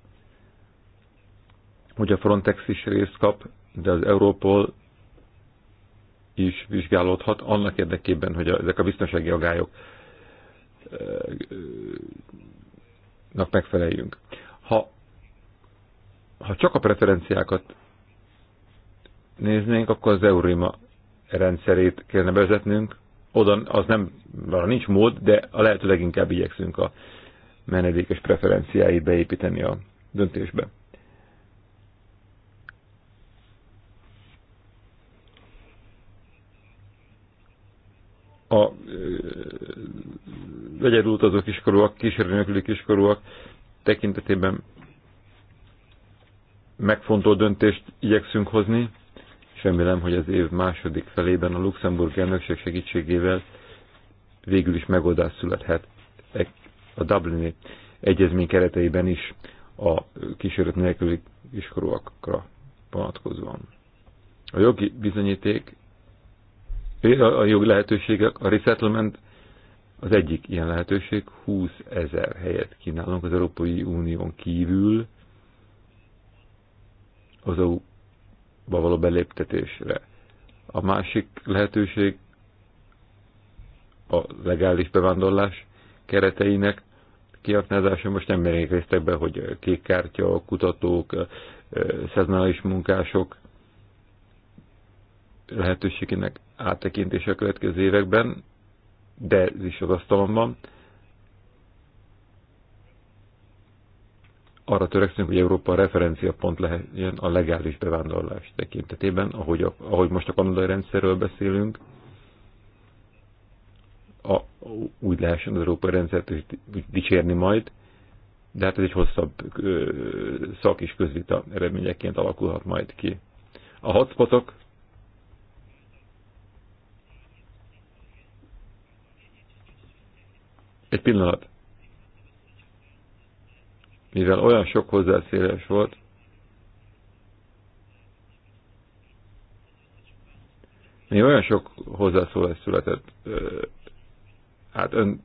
hogy a Frontex is részt kap, de az Europol is vizsgálódhat annak érdekében, hogy a, ezek a biztonsági agályok megfeleljünk. Ha, ha csak a preferenciákat néznénk, akkor az Eurima rendszerét kellene bevezetnünk. Oda az nem, arra nincs mód, de a lehető leginkább igyekszünk a menedékes preferenciáit beépíteni a döntésbe. a legyedül utazó kiskorúak, kísérő nélküli kiskorúak tekintetében megfontolt döntést igyekszünk hozni és remélem, hogy az év második felében a Luxemburg elnökség segítségével végül is megoldás születhet e- a Dublini egyezmény kereteiben is a kísérlet nélküli iskorúakra vonatkozóan. A jogi bizonyíték, a jogi lehetőségek, a resettlement az egyik ilyen lehetőség, 20 ezer helyet kínálunk az Európai Unión kívül, az EU való beléptetésre. A másik lehetőség a legális bevándorlás kereteinek kiaknázása. Most nem mernék be, hogy kékkártya, kutatók, szeznális munkások lehetőségének áttekintése a következő években, de ez is az asztalon van. arra törekszünk, hogy Európa referencia pont legyen a legális bevándorlás tekintetében, ahogy, a, ahogy most a kanadai rendszerről beszélünk, a, úgy lehessen az európai rendszert is dicsérni majd, de hát ez egy hosszabb ö, szak és közvita eredményeként alakulhat majd ki. A hotspotok egy pillanat mivel olyan sok hozzászélés volt, még olyan sok hozzászólás született, hát ön,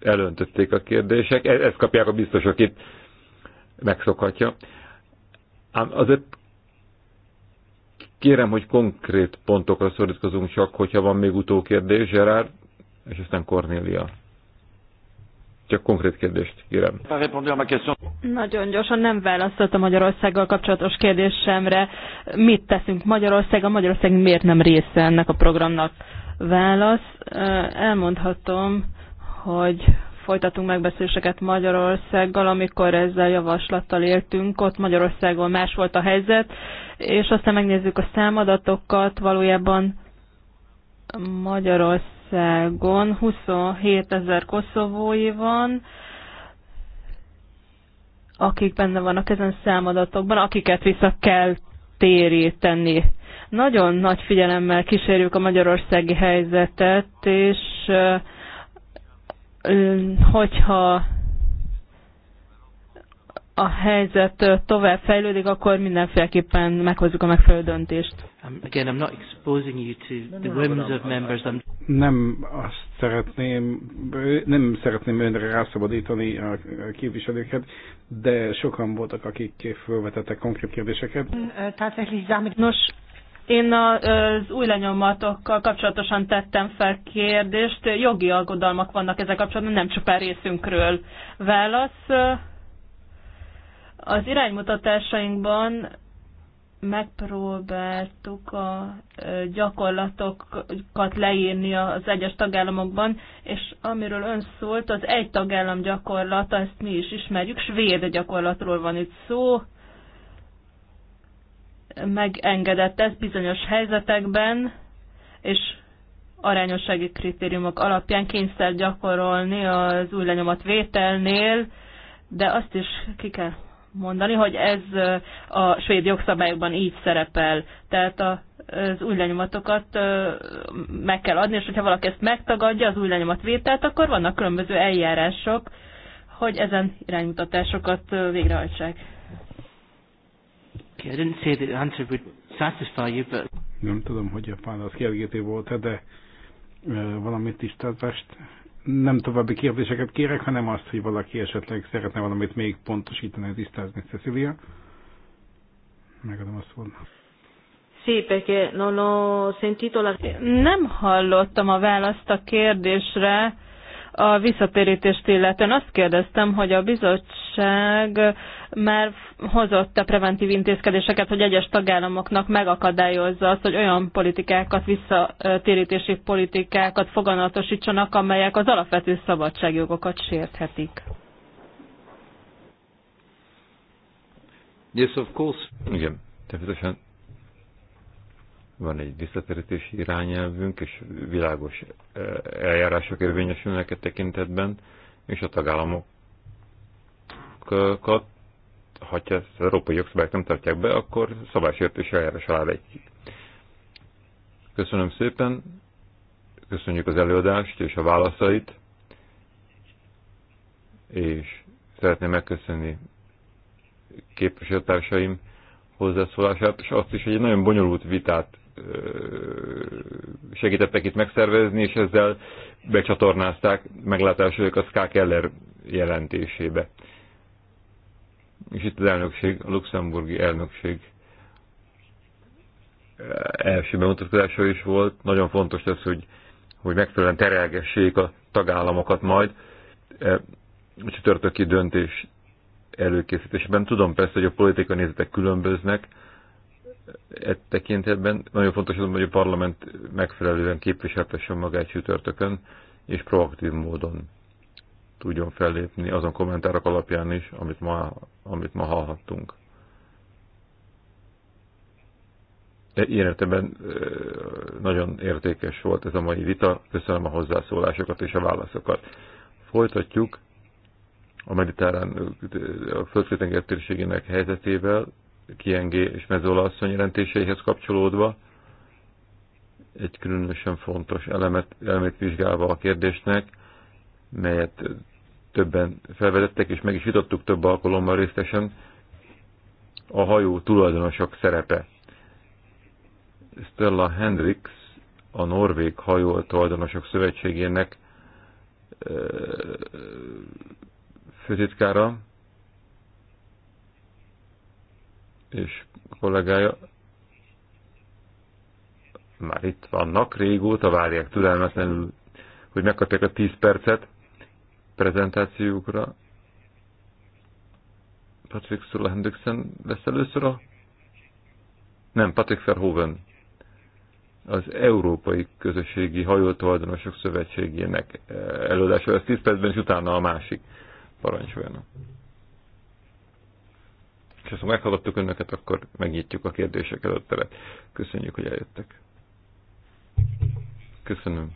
elöntötték a kérdések, e-, ezt kapják a biztos, akit megszokhatja. Ám azért kérem, hogy konkrét pontokra szorítkozunk csak, hogyha van még utókérdés, Gerard, és aztán Cornélia. Csak konkrét kérdést kérem. Nagyon gyorsan nem válaszoltam Magyarországgal kapcsolatos kérdésemre. Mit teszünk A Magyarország miért nem része ennek a programnak? Válasz. Elmondhatom, hogy folytatunk megbeszéléseket Magyarországgal, amikor ezzel javaslattal éltünk, ott Magyarországon más volt a helyzet, és aztán megnézzük a számadatokat, valójában Magyarország Magyarországon 27 ezer koszovói van, akik benne vannak ezen számadatokban, akiket vissza kell téríteni. Nagyon nagy figyelemmel kísérjük a magyarországi helyzetet, és hogyha a helyzet tovább fejlődik, akkor mindenféleképpen meghozzuk a megfelelő döntést. Um, again, I'm not exposing you to the whims of members. Nem azt szeretném, nem szeretném önre rászabadítani a képviselőket, de sokan voltak, akik felvetettek konkrét kérdéseket. Nos, én az új lenyomatokkal kapcsolatosan tettem fel kérdést. Jogi aggodalmak vannak ezzel kapcsolatban, nem csupán részünkről. Válasz, az iránymutatásainkban megpróbáltuk a gyakorlatokat leírni az egyes tagállamokban, és amiről ön szólt, az egy tagállam gyakorlat, ezt mi is ismerjük, svéd gyakorlatról van itt szó, megengedett ez bizonyos helyzetekben, és arányossági kritériumok alapján kényszer gyakorolni az új lenyomat vételnél, de azt is ki kell mondani, hogy ez a svéd jogszabályokban így szerepel. Tehát az új lenyomatokat meg kell adni, és hogyha valaki ezt megtagadja, az új vételt, akkor vannak különböző eljárások, hogy ezen iránymutatásokat végrehajtsák. Nem tudom, hogy a válasz kielgítő volt -e, de valamit tisztázást nem további kérdéseket kérek, hanem azt, hogy valaki esetleg szeretne valamit még pontosítani, tisztázni, Cecilia. Megadom a szót. Nem hallottam a választ a kérdésre, a visszatérítést illetően azt kérdeztem, hogy a bizottság már hozott a preventív intézkedéseket, hogy egyes tagállamoknak megakadályozza azt, hogy olyan politikákat, visszatérítési politikákat foganatosítsanak, amelyek az alapvető szabadságjogokat sérthetik. Yes, of course. Igen, természetesen van egy visszatérítési irányelvünk, és világos eh, eljárások érvényesülnek egy tekintetben, és a tagállamokat, ha ezt az európai jogszabályt nem tartják be, akkor szabálysértés eljárás alá vetjük. Köszönöm szépen, köszönjük az előadást és a válaszait, és szeretném megköszönni képviselőtársaim hozzászólását, és azt is, hogy egy nagyon bonyolult vitát segítettek itt megszervezni, és ezzel becsatornázták meglátásaikat a Ska Keller jelentésébe. És itt az elnökség, a luxemburgi elnökség első bemutatkozása is volt. Nagyon fontos ez, hogy, hogy megfelelően terelgessék a tagállamokat majd a csütörtöki döntés előkészítésében. Tudom persze, hogy a politikai nézetek különböznek, e tekintetben nagyon fontos, hogy a parlament megfelelően képviseltessen magát csütörtökön, és proaktív módon tudjon fellépni azon kommentárok alapján is, amit ma, amit ma hallhattunk. E ilyen értelemben e, nagyon értékes volt ez a mai vita. Köszönöm a hozzászólásokat és a válaszokat. Folytatjuk a mediterrán e, a földkötenger térségének helyzetével, Kiengé és Mezola asszony jelentéseihez kapcsolódva egy különösen fontos elemet, elemét vizsgálva a kérdésnek, melyet többen felvetettek, és meg is vitattuk több alkalommal résztesen, a hajó tulajdonosok szerepe. Stella Hendricks, a Norvég hajó tulajdonosok szövetségének főtitkára, és kollégája már itt vannak, régóta várják türelmetlenül, hogy megkapják a 10 percet prezentációkra. Patrick Sula Hendrickson lesz először a... Nem, Patrick Verhoeven, az Európai Közösségi Hajótoldonosok Szövetségének eh, előadása lesz 10 percben, és utána a másik parancsoljanak. És ha meghallottuk önöket, akkor megnyitjuk a kérdések előtt teret. Köszönjük, hogy eljöttek. Köszönöm.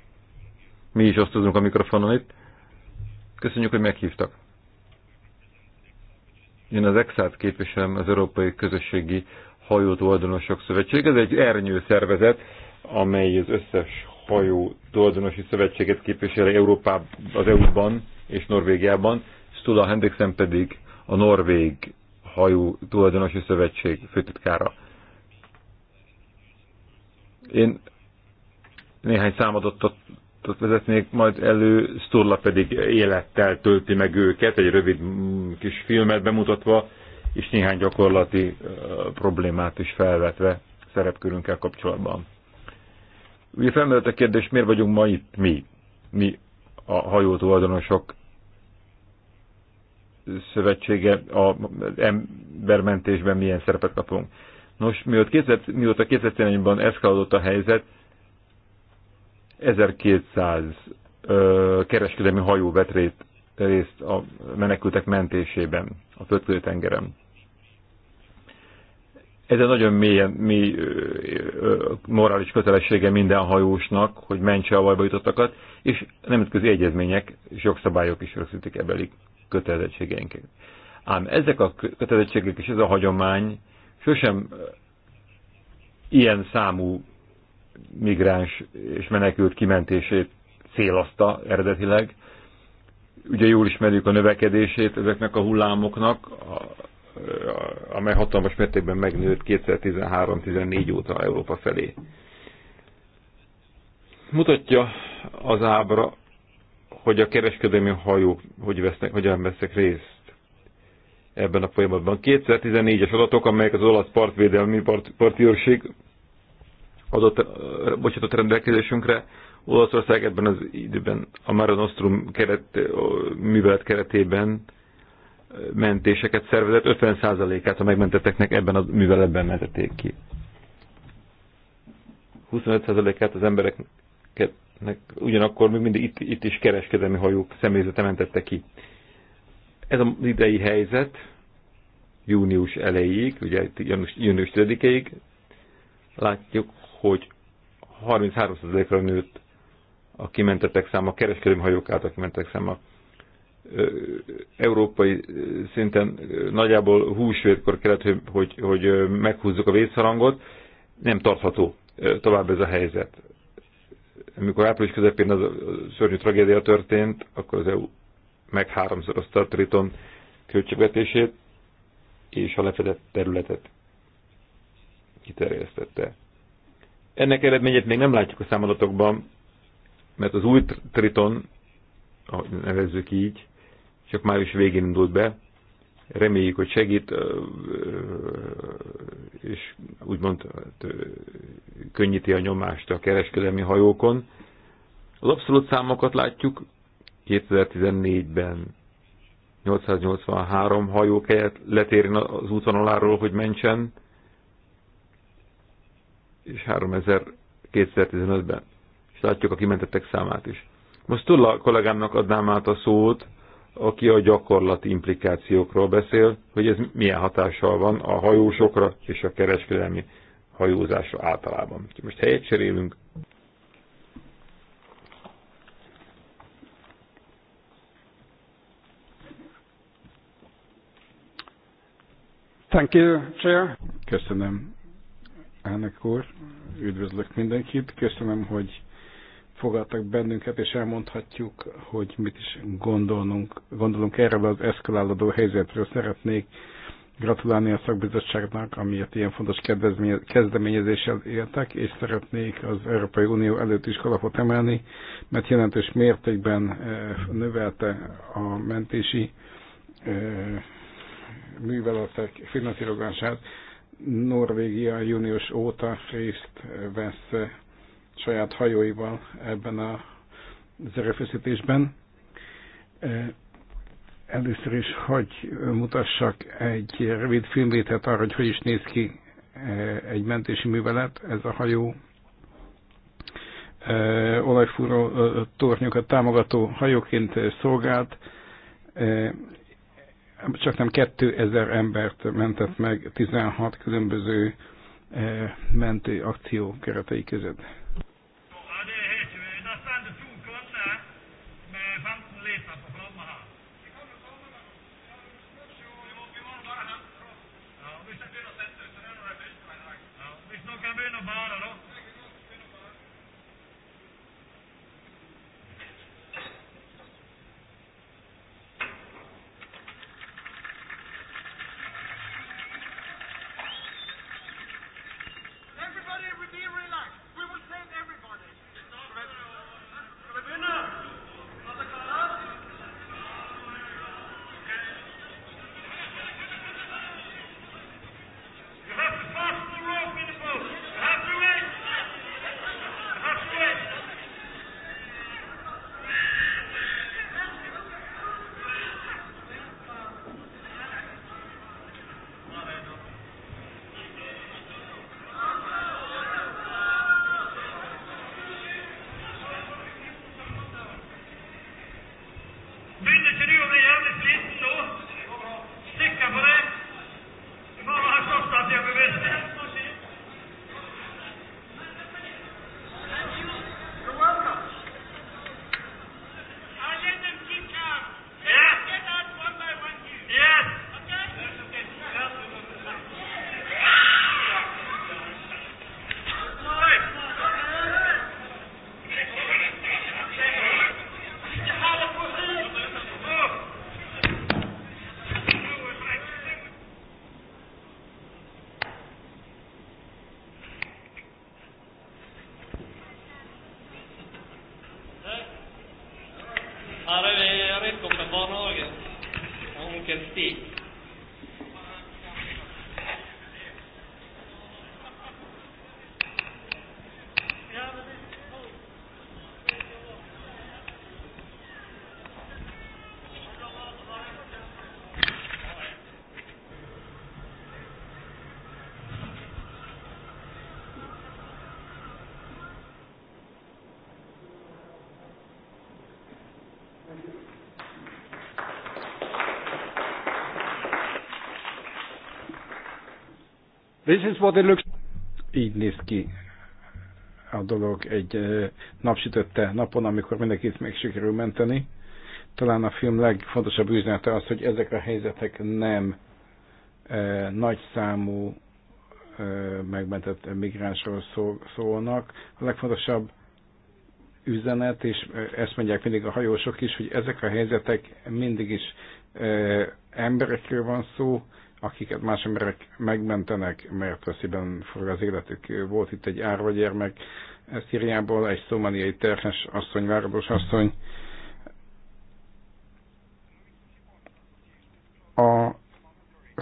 Mi is osztozunk a mikrofonon itt. Köszönjük, hogy meghívtak. Én az EXÁT képviselem, az Európai Közösségi Hajót Tulajdonosok Szövetség. Ez egy ernyő szervezet, amely az összes hajó tulajdonosi szövetséget képviseli Európában, az EU-ban és Norvégiában. Stula Hendriksen pedig a norvég hajó tulajdonosi szövetség főtitkára. Én néhány számadatot vezetnék majd elő, Sturla pedig élettel tölti meg őket, egy rövid mm, kis filmet bemutatva, és néhány gyakorlati problémát is felvetve szerepkörünkkel kapcsolatban. Ugye felmerült a kérdés, miért vagyunk ma itt mi, mi a hajó tulajdonosok Szövetsége a embermentésben milyen szerepet kapunk. Nos, mióta 2011-ben eszkalódott a helyzet, 1200 ö, kereskedelmi hajó vett részt a menekültek mentésében a földközi tengeren. Ez egy nagyon mély, mély morális kötelessége minden hajósnak, hogy mentse a bajba jutottakat, és nemzetközi egyezmények és jogszabályok is rögzítik ebeli kötelezettségeinket. Ám ezek a kötelezettségek és ez a hagyomány sosem ilyen számú migráns és menekült kimentését célazta eredetileg. Ugye jól ismerjük a növekedését ezeknek a hullámoknak, amely hatalmas mértékben megnőtt 2013-14 óta Európa felé. Mutatja az ábra, hogy a kereskedelmi hajók hogy vesznek, hogyan vesznek részt ebben a folyamatban. 2014-es adatok, amelyek az olasz partvédelmi part, partiőrség adott, bocsátott rendelkezésünkre, Olaszország ebben az időben a Mare Nostrum keret, művelet keretében mentéseket szervezett, 50%-át a megmentetteknek ebben a műveletben mentették ki. 25%-át az embereknek ugyanakkor még mindig itt, itt is kereskedelmi hajók személyzete mentette ki. Ez az idei helyzet június elejéig, ugye itt június, 10-ig látjuk, hogy 33%-ra nőtt a kimentettek száma, a kereskedelmi hajók által kimentettek száma európai szinten nagyjából húsvétkor kellett, hogy, hogy, hogy meghúzzuk a vészharangot, nem tartható tovább ez a helyzet. Amikor április közepén az a szörnyű tragédia történt, akkor az EU meg háromszorozta a Triton költségvetését, és a lefedett területet kiterjesztette. Ennek eredményét még nem látjuk a számadatokban, mert az új Triton, ahogy nevezzük így, csak május végén indult be. Reméljük, hogy segít, és úgymond könnyíti a nyomást a kereskedelmi hajókon. Az abszolút számokat látjuk 2014-ben 883 hajó kellett letérni az útvonaláról, hogy mentsen, és 3000 2015-ben. És látjuk a kimentettek számát is. Most a kollégámnak adnám át a szót, aki a gyakorlati implikációkról beszél, hogy ez milyen hatással van a hajósokra és a kereskedelmi hajózásra általában. Most helyet cserélünk. Thank you, Chair. Köszönöm, elnök úr. Üdvözlök mindenkit. Köszönöm, hogy fogadtak bennünket, és elmondhatjuk, hogy mit is gondolunk, gondolunk erről az eszkalálódó helyzetről. Szeretnék gratulálni a szakbizottságnak, amiért ilyen fontos kezdeményezéssel éltek, és szeretnék az Európai Unió előtt is kalapot emelni, mert jelentős mértékben eh, növelte a mentési eh, műveletek finanszírozását. Norvégia június óta részt vesz saját hajóival ebben a erőfeszítésben. Először is, hogy mutassak egy rövid filmvételt arra, hogy hogy is néz ki egy mentési művelet. Ez a hajó olajfúró tornyokat támogató hajóként szolgált, csak nem 2000 embert mentett meg 16 különböző mentő akció keretei között. This is what it looks... Így néz ki a dolog egy napsütötte napon, amikor mindenkit meg sikerül menteni. Talán a film legfontosabb üzenete az, hogy ezek a helyzetek nem e, nagy számú e, megmentett migránsról szól, szólnak. A legfontosabb üzenet, és ezt mondják mindig a hajósok is, hogy ezek a helyzetek mindig is e, emberekről van szó, akiket más emberek megmentenek, mert veszélyben forog az életük. Volt itt egy árva gyermek Szíriából, egy szomáliai terhes asszony, várados asszony. A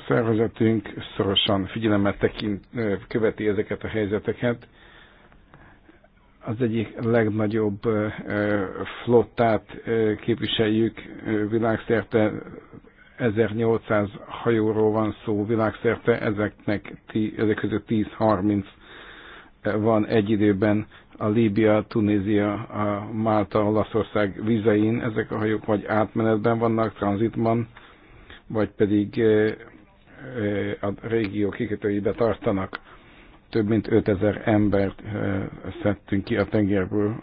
szervezetünk szorosan figyelemmel tekint, követi ezeket a helyzeteket. Az egyik legnagyobb flottát képviseljük világszerte 1800 hajóról van szó világszerte, ezeknek, ezek között 10-30 eh, van egy időben a Líbia, Tunézia, a Málta, Olaszország vizein. Ezek a hajók vagy átmenetben vannak, tranzitban, vagy pedig eh, eh, a régió kikötőibe tartanak. Több mint 5000 embert szedtünk ki a tengerből.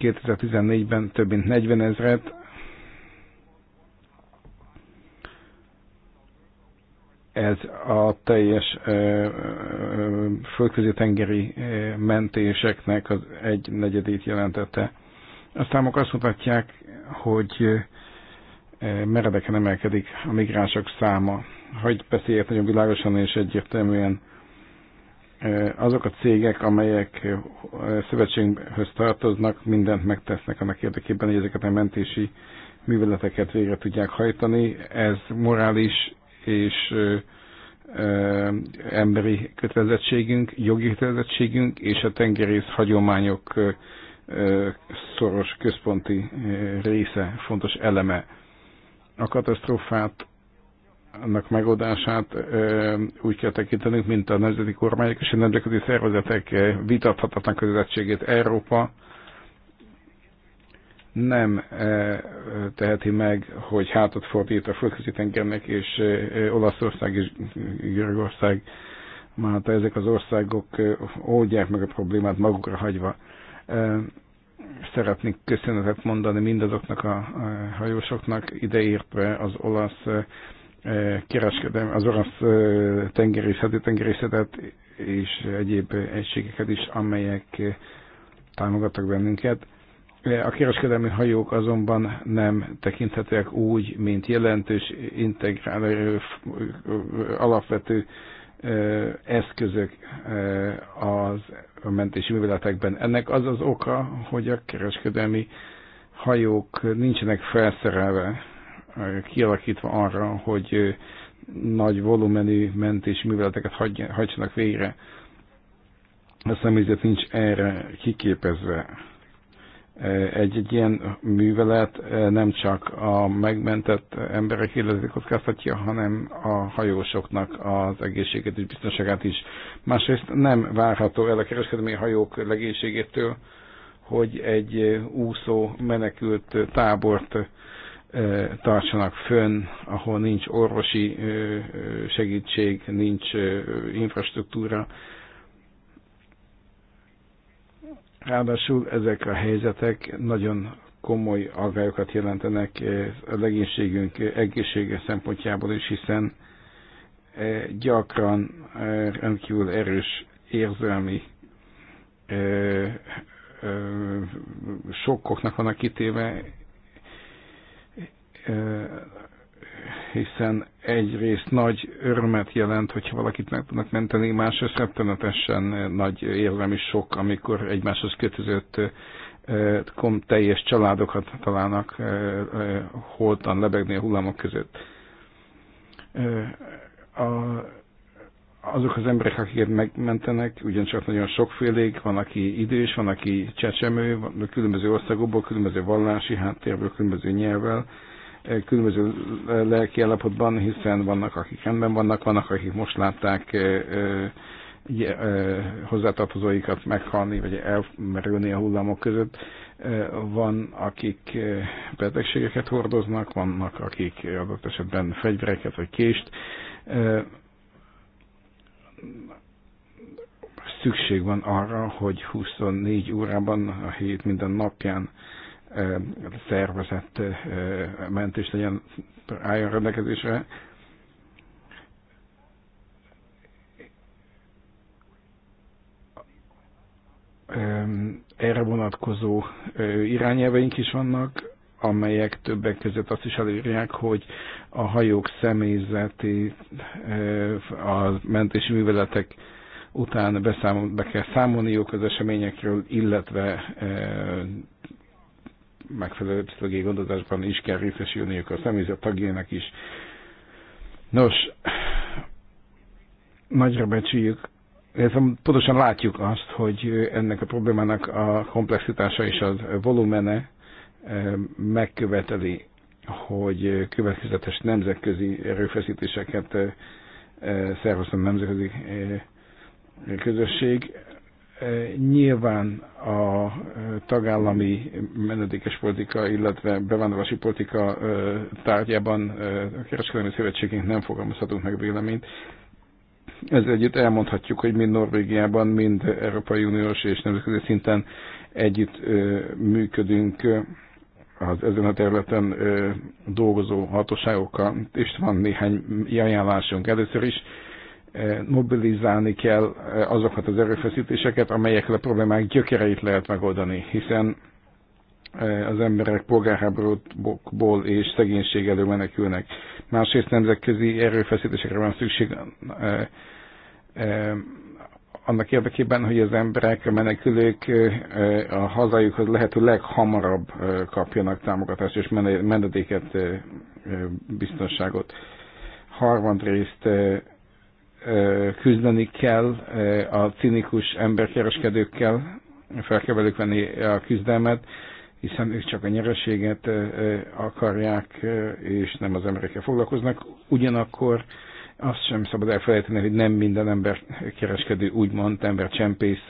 2014-ben több mint 40 ezret, ez a teljes földközi tengeri mentéseknek az egy negyedét jelentette. A számok azt mutatják, hogy meredeken emelkedik a migránsok száma. Hogy beszéljek nagyon világosan és egyértelműen, azok a cégek, amelyek szövetségünkhöz tartoznak, mindent megtesznek annak érdekében, hogy ezeket a mentési műveleteket végre tudják hajtani. Ez morális és emberi kötelezettségünk, jogi kötelezettségünk és a tengerész hagyományok szoros központi része, fontos eleme. A katasztrófát annak megoldását úgy kell tekintenünk, mint a nemzeti kormányok és a nemzetközi szervezetek vitathatatlan kötelezettségét. Európa nem e, e, teheti meg, hogy hátat fordít a földközi tengernek, és e, Olaszország és Görögország, Málta, hát ezek az országok oldják meg a problémát magukra hagyva. Szeretnék köszönetet mondani mindazoknak a hajósoknak, ideértve az olasz kereskedelmi, az orosz tengerészeti tengerészetet és egyéb egységeket is, amelyek támogattak bennünket a kereskedelmi hajók azonban nem tekinthetőek úgy, mint jelentős, integrál, alapvető eszközök az a mentési műveletekben. Ennek az az oka, hogy a kereskedelmi hajók nincsenek felszerelve, kialakítva arra, hogy nagy volumenű mentési műveleteket hagyjanak végre. A személyzet nincs erre kiképezve egy-egy ilyen művelet eh, nem csak a megmentett emberek életét kockáztatja, hanem a hajósoknak az egészséget és biztonságát is. Másrészt nem várható el a kereskedelmi hajók legénységétől, hogy egy eh, úszó menekült eh, tábort tartsanak fönn, ahol nincs orvosi segítség, nincs infrastruktúra, Ráadásul ezek a helyzetek nagyon komoly aggályokat jelentenek eh, a legénységünk egészsége szempontjából is, hiszen eh, gyakran eh, rendkívül erős érzelmi sokkoknak vannak kitéve, hiszen egyrészt nagy örömet jelent, hogyha valakit meg tudnak menteni, másrészt rettenetesen nagy is sok, amikor egymáshoz kötözött kom teljes családokat találnak holtan lebegni a hullámok között. A, azok az emberek, akiket megmentenek, ugyancsak nagyon sokfélék, van, aki idős, van, aki csecsemő, van, különböző országokból, különböző vallási háttérből, különböző nyelvvel, E, különböző lelki állapotban, hiszen vannak, akik rendben vannak, vannak, akik most látták e, e, hozzátartozóikat meghalni, vagy elmerülni a hullámok között. Van, akik betegségeket hordoznak, vannak, akik adott esetben fegyvereket vagy kést. Szükség van arra, hogy 24 órában a hét minden napján szervezett mentést legyen, álljon rendelkezésre. Erre vonatkozó irányelveink is vannak, amelyek többek között azt is elírják, hogy a hajók személyzeti, a mentési műveletek után beszámol, be kell számolniuk az eseményekről, illetve megfelelő pszichológiai gondozásban is kell részesülniük a személyzet tagjainak is. Nos, nagyra becsüljük, illetve pontosan látjuk azt, hogy ennek a problémának a komplexitása és a volumene eh, megköveteli, hogy következetes nemzetközi erőfeszítéseket eh, szervezzen nemzetközi eh, közösség. Nyilván a tagállami menedékes politika, illetve bevándorlási politika tárgyában a kereskedelmi szövetségünk nem fogalmazhatunk meg véleményt. Ezzel együtt elmondhatjuk, hogy mind Norvégiában, mind Európai Uniós és nemzetközi szinten együtt működünk az ezen a területen dolgozó hatóságokkal, és van néhány ajánlásunk. Először is E, mobilizálni kell e, azokat az erőfeszítéseket, amelyekkel a problémák gyökereit lehet megoldani, hiszen e, az emberek polgárháborúkból és szegénység elő menekülnek. Másrészt nemzetközi erőfeszítésekre van szükség annak érdekében, hogy az emberek, a menekülők a hazájukhoz lehető leghamarabb kapjanak támogatást és menedéket, biztonságot. Harmadrészt küzdeni kell a cinikus emberkereskedőkkel, fel kell velük venni a küzdelmet, hiszen ők csak a nyereséget akarják, és nem az emberekkel foglalkoznak. Ugyanakkor azt sem szabad elfelejteni, hogy nem minden ember kereskedő úgymond embercsempész,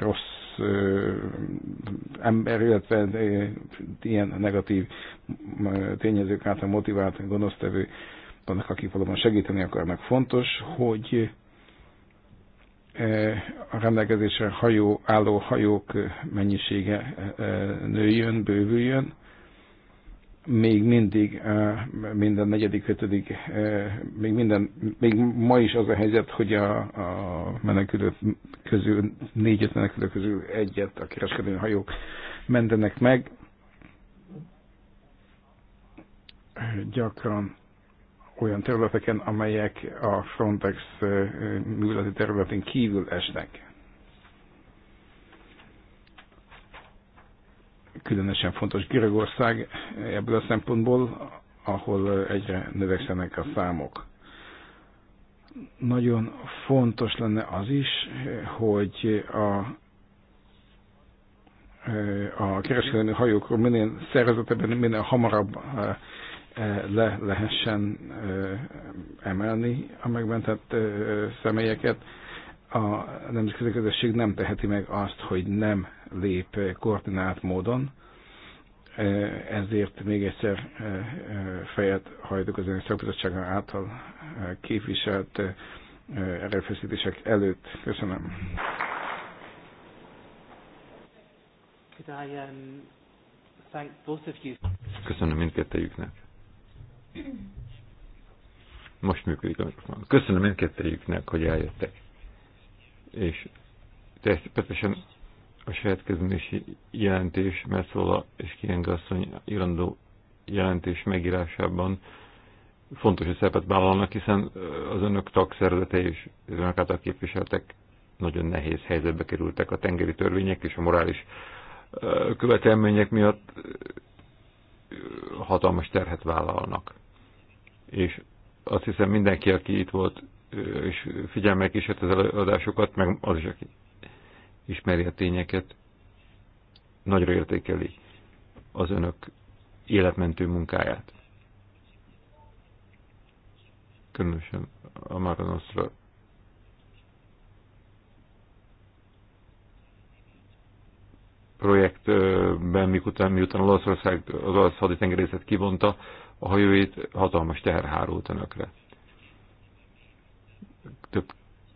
rossz ember, illetve ilyen negatív tényezők által motivált gonosztevő vannak, akik valóban segíteni akarnak. Fontos, hogy eh, a rendelkezésre hajó, álló hajók eh, mennyisége eh, nőjön, bővüljön. Még mindig minden negyedik, ötödik, még, minden, még ma is az a helyzet, hogy a, a menekülők közül, négy-öt menekülő közül egyet a kereskedő hajók mentenek meg. Gyakran olyan területeken, amelyek a Frontex műveleti területén kívül esnek. Különösen fontos Görögország ebből a szempontból, ahol egyre növekszenek a számok. Nagyon fontos lenne az is, hogy a a kereskedelmi hajókról minél szervezetebben, minél hamarabb E, le lehessen e, emelni a megmentett e, személyeket. A nemzetközi közösség nem teheti meg azt, hogy nem lép koordinált módon, ezért még egyszer fejet hajtok az önök szakbizottsága által képviselt erőfeszítések előtt. Köszönöm. Um, Köszönöm mindkettőjüknek. Most működik a mikrofon. Köszönöm mindkettőjüknek, hogy eljöttek. És természetesen a saját kezdődési jelentés, mert Messzola és Kienge asszony irandó jelentés megírásában fontos, hogy szerepet vállalnak, hiszen az önök tagszervezete és önök által képviseltek nagyon nehéz helyzetbe kerültek a tengeri törvények és a morális követelmények miatt hatalmas terhet vállalnak és azt hiszem mindenki, aki itt volt, és figyelme kísért az előadásokat, meg az is, aki ismeri a tényeket, nagyra értékeli az önök életmentő munkáját. Különösen a Mara Nostra projektben, miután miután Olaszország az olasz haditengerészet kivonta, a hajóit hatalmas teherhárult önökre. Több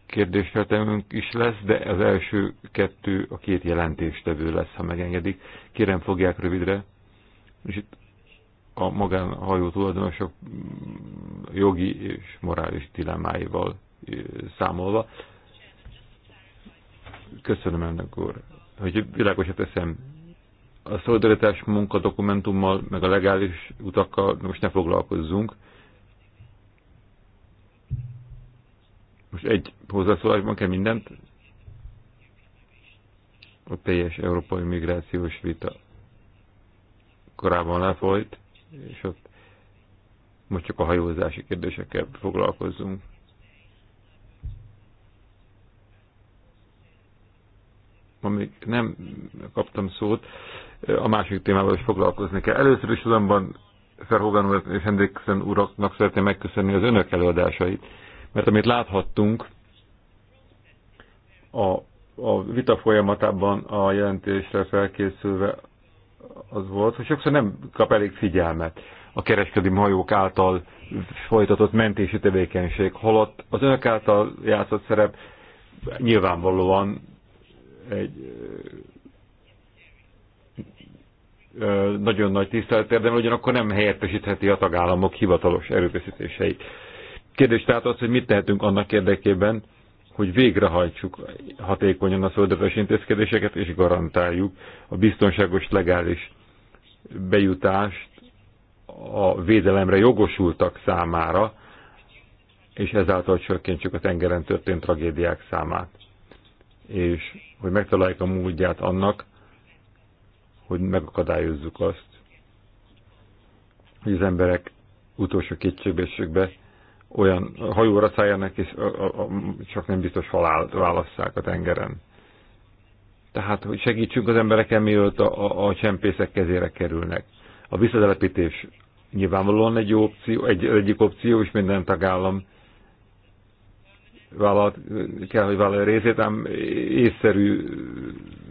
kérdésfeltemünk is lesz, de az első kettő a két jelentéstevő lesz, ha megengedik. Kérem, fogják rövidre. És itt a magánhajó tulajdonosok jogi és morális dilemmáival számolva. Köszönöm ennek úr, hogy világosat eszem a szolidaritás munkadokumentummal, meg a legális utakkal most ne foglalkozzunk. Most egy hozzászólásban kell mindent? A teljes európai migrációs vita korábban lefolyt, és ott most csak a hajózási kérdésekkel foglalkozzunk. amíg nem kaptam szót, a másik témával is foglalkozni kell. Először is azonban Ferhogan és Hendrickson uraknak szeretném megköszönni az önök előadásait, mert amit láthattunk a, a vita folyamatában a jelentésre felkészülve az volt, hogy sokszor nem kap elég figyelmet a kereskedelmi hajók által folytatott mentési tevékenység, holott az önök által játszott szerep nyilvánvalóan egy nagyon nagy tisztelet érdemel, ugyanakkor nem helyettesítheti a tagállamok hivatalos erőfeszítéseit. Kérdés tehát az, hogy mit tehetünk annak érdekében, hogy végrehajtsuk hatékonyan a szolgálatos intézkedéseket, és garantáljuk a biztonságos legális bejutást a védelemre jogosultak számára, és ezáltal csökkentsük a tengeren történt tragédiák számát. És hogy megtaláljuk a módját annak, hogy megakadályozzuk azt, hogy az emberek utolsó kétségbésükbe olyan hajóra szálljanak, és a, a, a, csak nem biztos halált válasszák a tengeren. Tehát, hogy segítsünk az embereken, mielőtt a, a, a csempészek kezére kerülnek. A visszatelepítés nyilvánvalóan egy jó opció, egy, egyik opció, és minden tagállam vállalt, kell, hogy vállalja részét, ám észszerű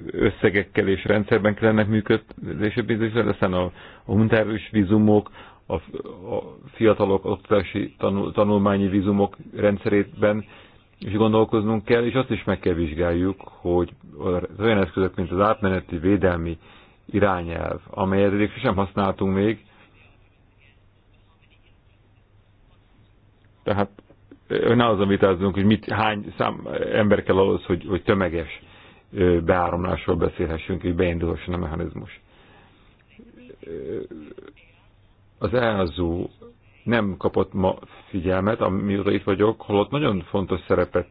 összegekkel és rendszerben kell ennek működése bizonyosan, aztán a, a humanitárius vízumok, a, a fiatalok oktatási tanul, tanulmányi vízumok rendszerétben is gondolkoznunk kell, és azt is meg kell vizsgáljuk, hogy az olyan eszközök, mint az átmeneti védelmi irányelv, amelyet eddig sem használtunk még, tehát ne azon vitázzunk, hogy mit, hány szám ember kell ahhoz, hogy, hogy tömeges beáramlásról beszélhessünk, hogy beindulhasson a mechanizmus. Az EASO nem kapott ma figyelmet, amióta itt vagyok, holott nagyon fontos szerepet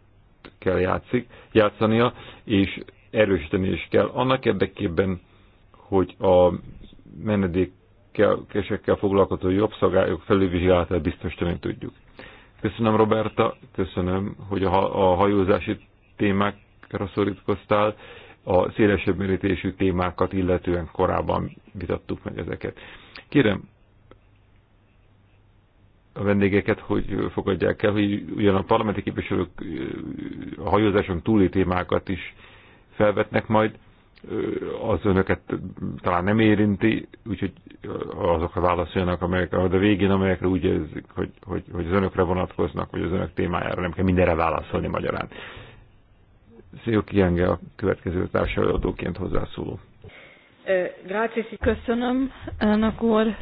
kell játszik, játszania, és erősíteni is kell. Annak érdekében, hogy a kesekkel foglalkozó jobb szagályok felülvizsgálatát biztosítani tudjuk. Köszönöm, Roberta, köszönöm, hogy a, a hajózási témákra szorítkoztál. A szélesebb merítésű témákat illetően korábban vitattuk meg ezeket. Kérem a vendégeket, hogy fogadják el, hogy ugyan a parlamenti képviselők a hajózáson túli témákat is felvetnek majd, az önöket talán nem érinti, úgyhogy azok a válaszoljanak, amelyekre, de végén, amelyekre úgy érzik, hogy, hogy, hogy az önökre vonatkoznak, vagy az önök témájára nem kell mindenre válaszolni magyarán. Szilki Enge a következő társadalmadóként hozzászóló. Köszönöm, elnök úr.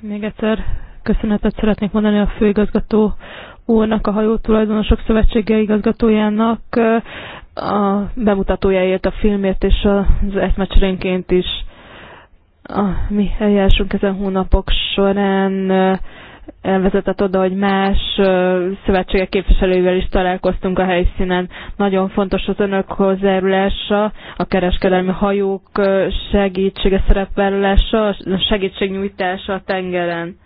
Még egyszer köszönetet szeretnék mondani a főigazgató úrnak, a hajó tulajdonosok szövetsége igazgatójának a bemutatójáért, a filmért és az eszmecserénként is. A mi eljárásunk ezen hónapok során elvezetett oda, hogy más szövetségek képviselőivel is találkoztunk a helyszínen. Nagyon fontos az önök hozzájárulása, a kereskedelmi hajók segítsége szerepvállalása, a segítségnyújtása a tengeren.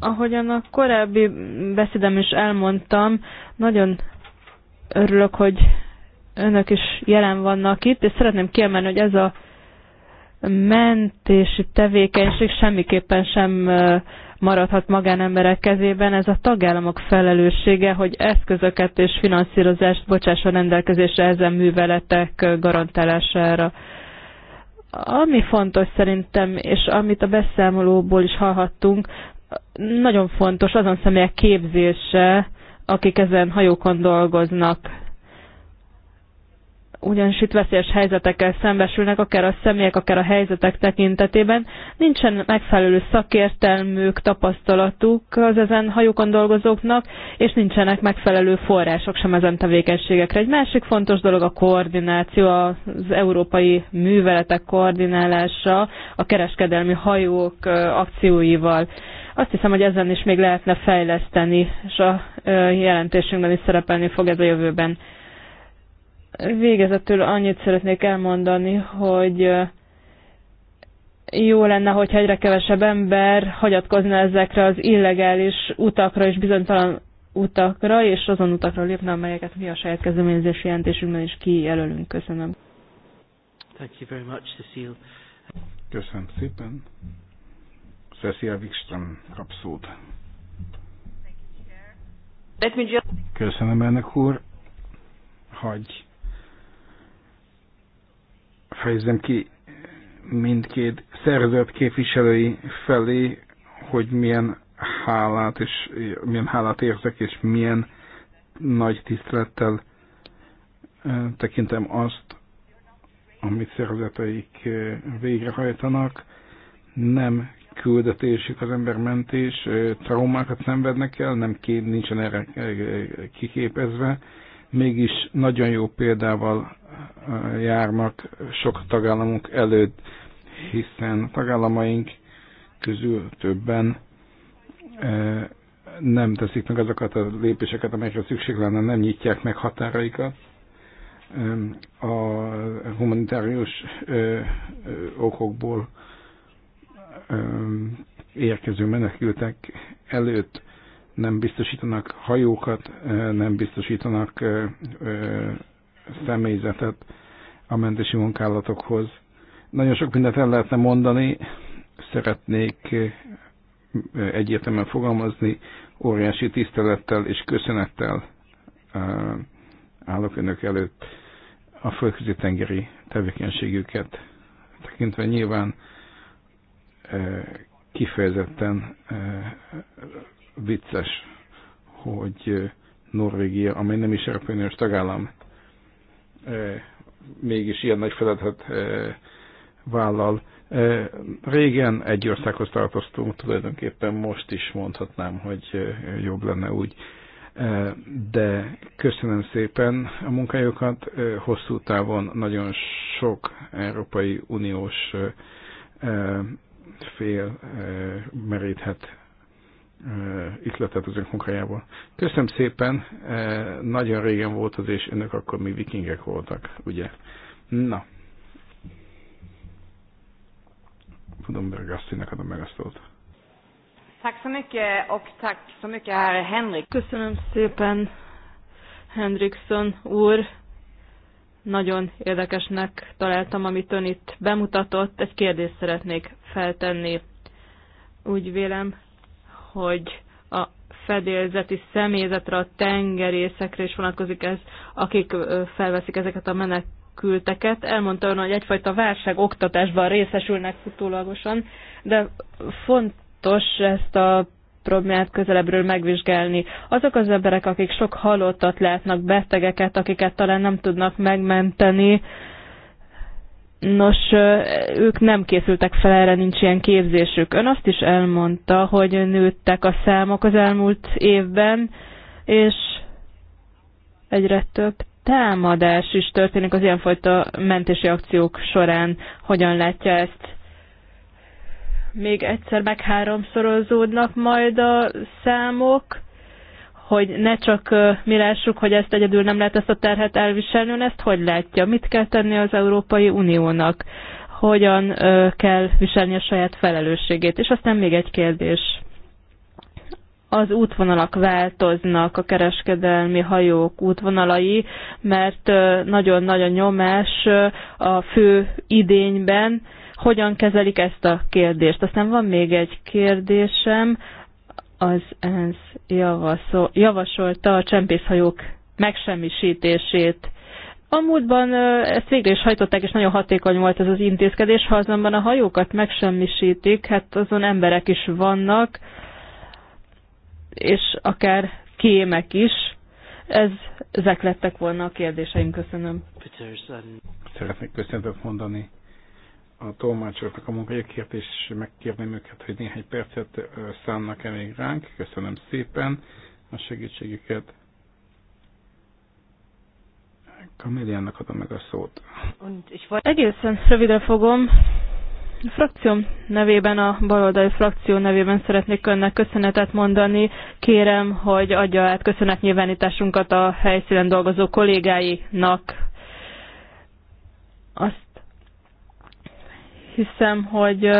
Ahogyan a korábbi beszédem is elmondtam, nagyon Örülök, hogy önök is jelen vannak itt, és szeretném kiemelni, hogy ez a mentési tevékenység semmiképpen sem maradhat magánemberek kezében. Ez a tagállamok felelőssége, hogy eszközöket és finanszírozást bocsássa rendelkezésre ezen műveletek garantálására. Ami fontos szerintem, és amit a beszámolóból is hallhattunk, nagyon fontos azon személyek képzése, akik ezen hajókon dolgoznak. Ugyanis itt veszélyes helyzetekkel szembesülnek, akár a személyek, akár a helyzetek tekintetében. Nincsen megfelelő szakértelmük, tapasztalatuk az ezen hajókon dolgozóknak, és nincsenek megfelelő források sem ezen tevékenységekre. Egy másik fontos dolog a koordináció, az európai műveletek koordinálása a kereskedelmi hajók akcióival. Azt hiszem, hogy ezen is még lehetne fejleszteni, és a jelentésünkben is szerepelni fog ez a jövőben. Végezetül annyit szeretnék elmondani, hogy jó lenne, hogyha egyre kevesebb ember hagyatkozna ezekre az illegális utakra és bizonytalan utakra, és azon utakra lépne, amelyeket mi a saját kezdeményezési jelentésünkben is kijelölünk. Köszönöm. Thank you very much, Cecile. Köszönöm szépen. Cecilia Wikström kap szót. Köszönöm ennek úr, hogy fejezem ki mindkét szerzőt képviselői felé, hogy milyen hálát és milyen hálát érzek, és milyen nagy tisztelettel tekintem azt, amit szervezeteik végrehajtanak. Nem küldetésük az embermentés, traumákat szenvednek el, nem kép, nincsen erre kiképezve, mégis nagyon jó példával járnak sok tagállamunk előtt, hiszen tagállamaink közül többen nem teszik meg azokat a lépéseket, amelyekre szükség lenne, nem nyitják meg határaikat. A humanitárius okokból érkező menekültek előtt nem biztosítanak hajókat, nem biztosítanak személyzetet a mentési munkálatokhoz. Nagyon sok mindent el lehetne mondani, szeretnék egyértelműen fogalmazni, óriási tisztelettel és köszönettel állok önök előtt a földközi tengeri tevékenységüket tekintve nyilván kifejezetten vicces, hogy Norvégia, amely nem is Európai Uniós tagállam, mégis ilyen nagy feladatot vállal. Régen egy országhoz tartoztunk, tulajdonképpen most is mondhatnám, hogy jobb lenne úgy. De köszönöm szépen a munkájukat, hosszú távon nagyon sok Európai Uniós fél meríthet ihletet az önk munkájából. Köszönöm szépen, nagyon régen volt az, és önök akkor még vikingek voltak, ugye? Na. tudom, hogy adom meg a szót. Tack så Köszönöm szépen Henriksson úr. Nagyon érdekesnek találtam, amit ön itt bemutatott. Egy kérdést szeretnék feltenni. Úgy vélem, hogy a fedélzeti személyzetre, a tengerészekre is vonatkozik ez, akik felveszik ezeket a menekülteket. Elmondta ön, hogy egyfajta válság oktatásban részesülnek futólagosan, de fontos ezt a problémát közelebbről megvizsgálni. Azok az emberek, akik sok halottat látnak, betegeket, akiket talán nem tudnak megmenteni, Nos, ők nem készültek fel erre, nincs ilyen képzésük. Ön azt is elmondta, hogy nőttek a számok az elmúlt évben, és egyre több támadás is történik az ilyenfajta mentési akciók során. Hogyan látja ezt? még egyszer meg háromszorozódnak majd a számok, hogy ne csak mi lássuk, hogy ezt egyedül nem lehet ezt a terhet elviselni, ezt hogy látja? Mit kell tenni az Európai Uniónak? Hogyan kell viselni a saját felelősségét? És aztán még egy kérdés az útvonalak változnak, a kereskedelmi hajók útvonalai, mert nagyon nagyon nyomás a fő idényben, hogyan kezelik ezt a kérdést. Aztán van még egy kérdésem, az ENSZ javasol, javasolta a csempészhajók megsemmisítését. A múltban ezt végre is hajtották, és nagyon hatékony volt ez az intézkedés, ha azonban a hajókat megsemmisítik, hát azon emberek is vannak, és akár kémek is. Ez, ezek lettek volna a kérdéseim, köszönöm. Szeretnék köszönetet mondani a tolmácsoknak a munkájukért, és megkérném őket, hogy néhány percet szánnak elég ránk. Köszönöm szépen a segítségüket. Kamiliának adom meg a szót. Egészen röviden fogom. A frakcióm nevében, a baloldali frakció nevében szeretnék önnek köszönetet mondani. Kérem, hogy adja át köszönetnyilvánításunkat a helyszínen dolgozó kollégáinak, hiszem, hogy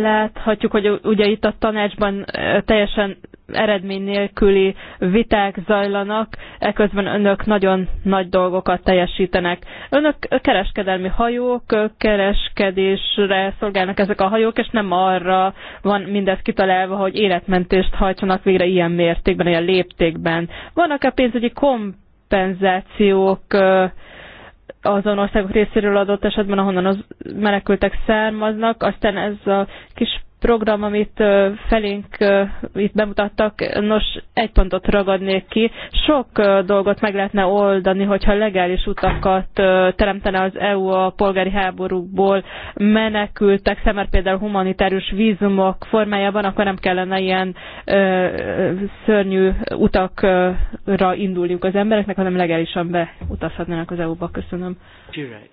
láthatjuk, hogy ugye itt a tanácsban teljesen eredmény nélküli viták zajlanak, eközben önök nagyon nagy dolgokat teljesítenek. Önök kereskedelmi hajók, kereskedésre szolgálnak ezek a hajók, és nem arra van mindez kitalálva, hogy életmentést hajtsanak végre ilyen mértékben, ilyen léptékben. Vannak-e pénzügyi kompenzációk, azon országok részéről adott esetben, ahonnan az menekültek származnak, aztán ez a kis program, amit felénk itt bemutattak, nos, egy pontot ragadnék ki. Sok dolgot meg lehetne oldani, hogyha legális utakat teremtene az EU a polgári háborúkból menekültek, szemer például humanitárius vízumok formájában, akkor nem kellene ilyen szörnyű utakra indulniuk az embereknek, hanem legálisan beutazhatnának az EU-ba. Köszönöm. Gyurek.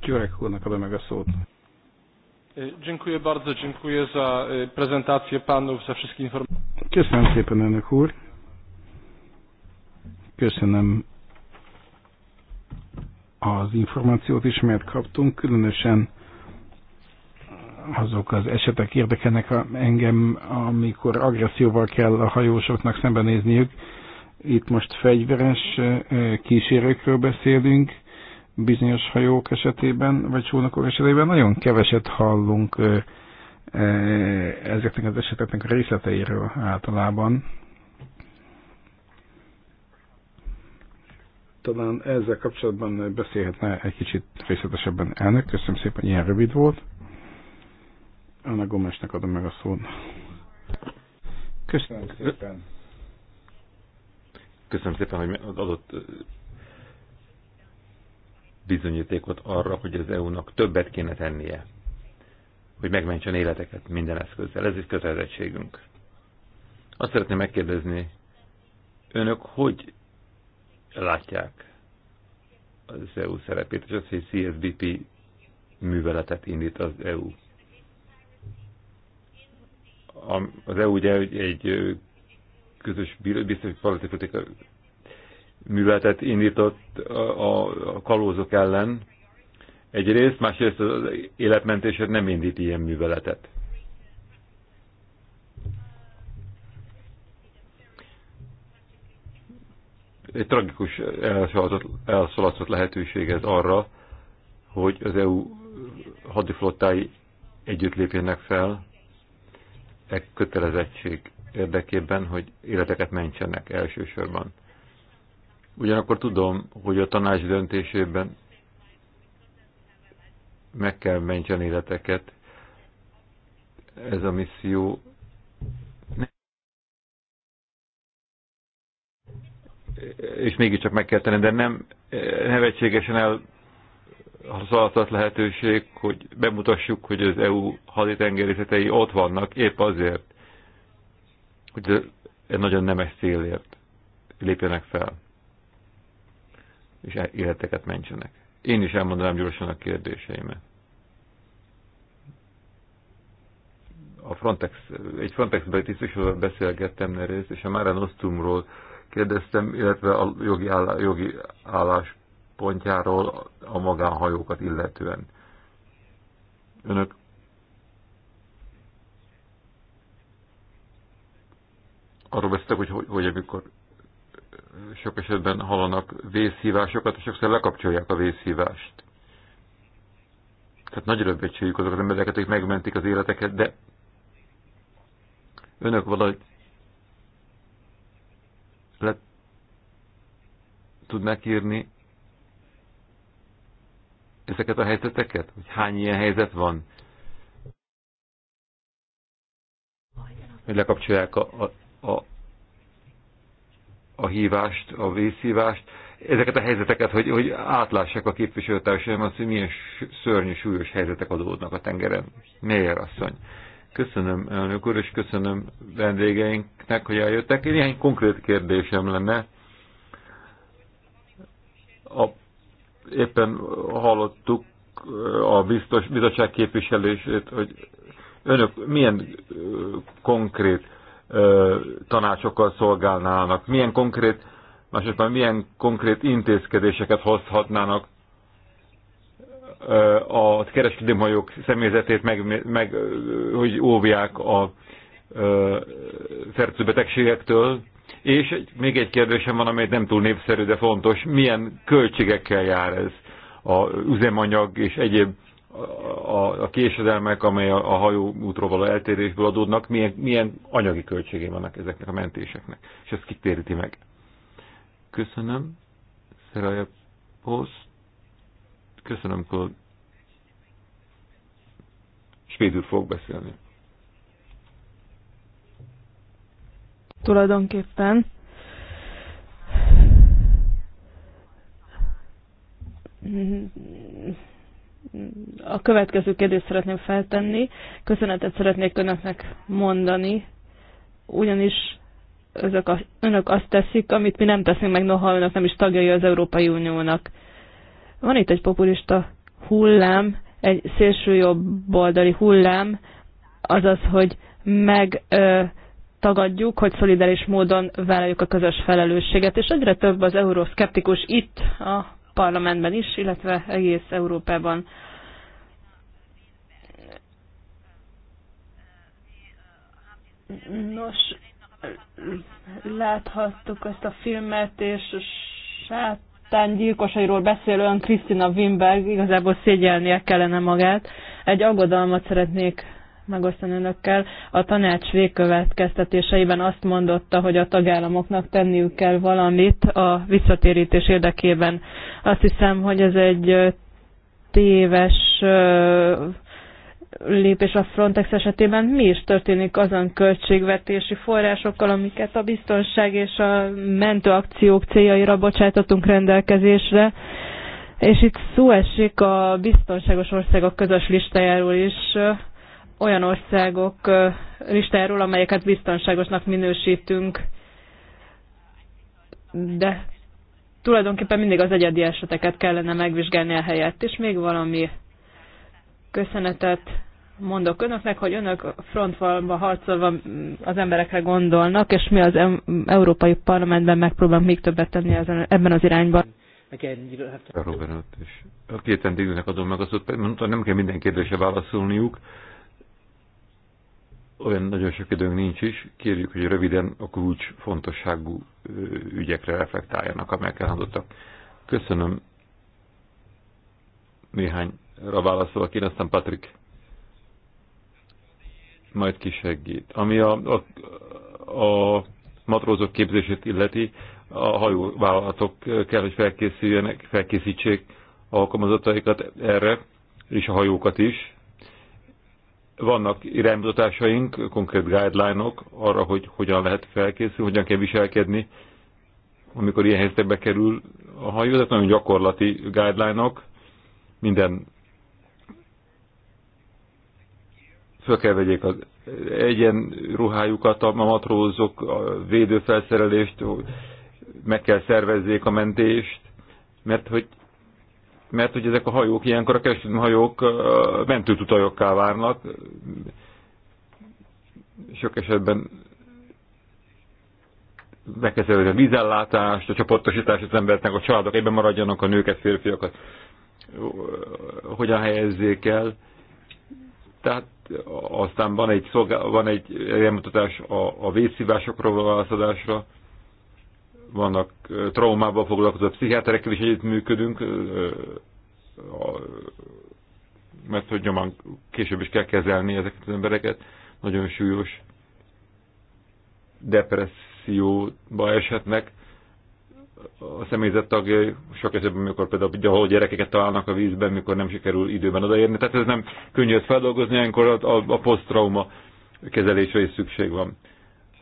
Gyurek úrnak adom meg a szót. E, dziękuję bardzo, dziękuję za e, prezentację panów, za wszystkie informacje. Köszönöm szépen, úr. Köszönöm az információt is, mert kaptunk, különösen azok az esetek érdekelnek engem, amikor agresszióval kell a hajósoknak szembenézniük. Itt most fegyveres e, kísérőkről beszélünk, bizonyos hajók esetében, vagy csónakok esetében nagyon keveset hallunk ezeknek az eseteknek a részleteiről általában. Talán ezzel kapcsolatban beszélhetne egy kicsit részletesebben elnök. Köszönöm szépen, ilyen rövid volt. Anna Gomesnek adom meg a szót. Köszönöm szépen. Köszönöm szépen, hogy adott bizonyítékot arra, hogy az EU-nak többet kéne tennie, hogy megmentsen életeket minden eszközzel. Ez is kötelezettségünk. Azt szeretném megkérdezni, önök hogy látják az EU szerepét, és azt, hogy CSBP műveletet indít az EU. Az EU ugye egy közös biztos politikai műveletet indított a kalózok ellen egyrészt, másrészt az életmentésért nem indít ilyen műveletet. Egy tragikus elszaladott lehetőség ez arra, hogy az EU hadiflottái együtt lépjenek fel e kötelezettség érdekében, hogy életeket mentsenek elsősorban. Ugyanakkor tudom, hogy a tanács döntésében meg kell mentsen életeket. Ez a misszió és mégiscsak meg kell tenni, de nem nevetségesen el szaladtat lehetőség, hogy bemutassuk, hogy az EU haditengerészetei ott vannak, épp azért, hogy egy nagyon nemes célért lépjenek fel és e- életeket mentsenek. Én is elmondanám gyorsan a kérdéseimet. A Frontex, egy Frontex tisztviselővel beszélgettem nerész, és a Mára Nostrumról kérdeztem, illetve a jogi, állá, jogi álláspontjáról a magánhajókat illetően. Önök arról beszéltek, hogy, hogy, hogy amikor sok esetben hallanak vészhívásokat, és sokszor lekapcsolják a vészhívást. Tehát nagyra becsüljük azokat az embereket, akik megmentik az életeket, de önök valahogy le tudnák írni ezeket a helyzeteket? Hogy hány ilyen helyzet van? Hogy lekapcsolják a, a, a a hívást, a vészhívást, ezeket a helyzeteket, hogy, hogy átlássák a képviselőtársaim azt, hogy milyen szörnyű, súlyos helyzetek adódnak a tengeren. Mélyer asszony. Köszönöm, elnök úr, és köszönöm vendégeinknek, hogy eljöttek. Én néhány konkrét kérdésem lenne. A, éppen hallottuk a biztos, bizottság képviselését, hogy önök milyen konkrét tanácsokkal szolgálnának, milyen konkrét, másodban milyen konkrét intézkedéseket hozhatnának a kereskedőmajok személyzetét, meg, meg, hogy óvják a fertőbetegségektől. És még egy kérdésem van, amely nem túl népszerű, de fontos. Milyen költségekkel jár ez a üzemanyag és egyéb a, a késedelmek, amely a, a hajó útról való eltérésből adódnak, milyen, milyen anyagi költségé vannak ezeknek a mentéseknek, és ezt kitéríti meg. Köszönöm. Szeraja Köszönöm, hogy Svédül fog beszélni. Tulajdonképpen a következő kérdést szeretném feltenni. Köszönetet szeretnék önöknek mondani, ugyanis ezek a, önök azt teszik, amit mi nem teszünk meg, noha önök nem is tagjai az Európai Uniónak. Van itt egy populista hullám, egy oldali hullám, azaz, hogy meg ö, tagadjuk, hogy szolidáris módon vállaljuk a közös felelősséget, és egyre több az euroszkeptikus itt a parlamentben is, illetve egész Európában. Nos, láthattuk ezt a filmet, és sátán gyilkosairól beszélően Krisztina Wimberg igazából szégyelnie kellene magát. Egy aggodalmat szeretnék megosztani önökkel. A tanács végkövetkeztetéseiben azt mondotta, hogy a tagállamoknak tenniük kell valamit a visszatérítés érdekében. Azt hiszem, hogy ez egy téves lépés a Frontex esetében. Mi is történik azon költségvetési forrásokkal, amiket a biztonság és a mentőakciók céljaira bocsátottunk rendelkezésre? És itt szó esik a biztonságos országok közös listájáról is olyan országok listáról, amelyeket biztonságosnak minősítünk, de tulajdonképpen mindig az egyedi eseteket kellene megvizsgálni a helyett. És még valami köszönetet mondok önöknek, hogy önök frontvonalban harcolva az emberekre gondolnak, és mi az Európai Parlamentben megpróbálunk még többet tenni ezen, ebben az irányban. Robert, és a két vendégünknek adom meg azt, hogy nem kell minden kérdésre válaszolniuk, olyan nagyon sok időnk nincs is, kérjük, hogy röviden a kulcs fontosságú ügyekre reflektáljanak, amelyek elhangzottak. Köszönöm néhány válaszol, aki aztán Patrik majd kisegít. Ami a, a, a matrózok képzését illeti, a hajóvállalatok kell, hogy felkészüljenek, felkészítsék alkalmazataikat erre, és a hajókat is, vannak iránymutatásaink, konkrét guideline-ok arra, hogy hogyan lehet felkészülni, hogyan kell viselkedni, amikor ilyen helyzetbe kerül a hajó, tehát nagyon gyakorlati guideline -ok. minden föl kell vegyék az egyen ruhájukat a matrózok, a védőfelszerelést, meg kell szervezzék a mentést, mert hogy mert hogy ezek a hajók ilyenkor a kereskedelmi hajók mentőtutajokká várnak. Sok esetben megkezdődik a vízellátást, a csoportosítás az embereknek, a családok egyben maradjanak, a nőket, férfiakat hogyan helyezzék el. Tehát aztán van egy, szolgál, van egy elmutatás a, a vészszívásokról, a válaszadásra, vannak traumával foglalkozó pszichiáterekkel is együttműködünk, mert hogy nyomán később is kell kezelni ezeket az embereket, nagyon súlyos depresszióba eshetnek a személyzet tagjai, sok esetben, mikor például ahol gyerekeket találnak a vízben, mikor nem sikerül időben odaérni. Tehát ez nem könnyű ezt feldolgozni, amikor a, a, a poszttrauma kezelésre is szükség van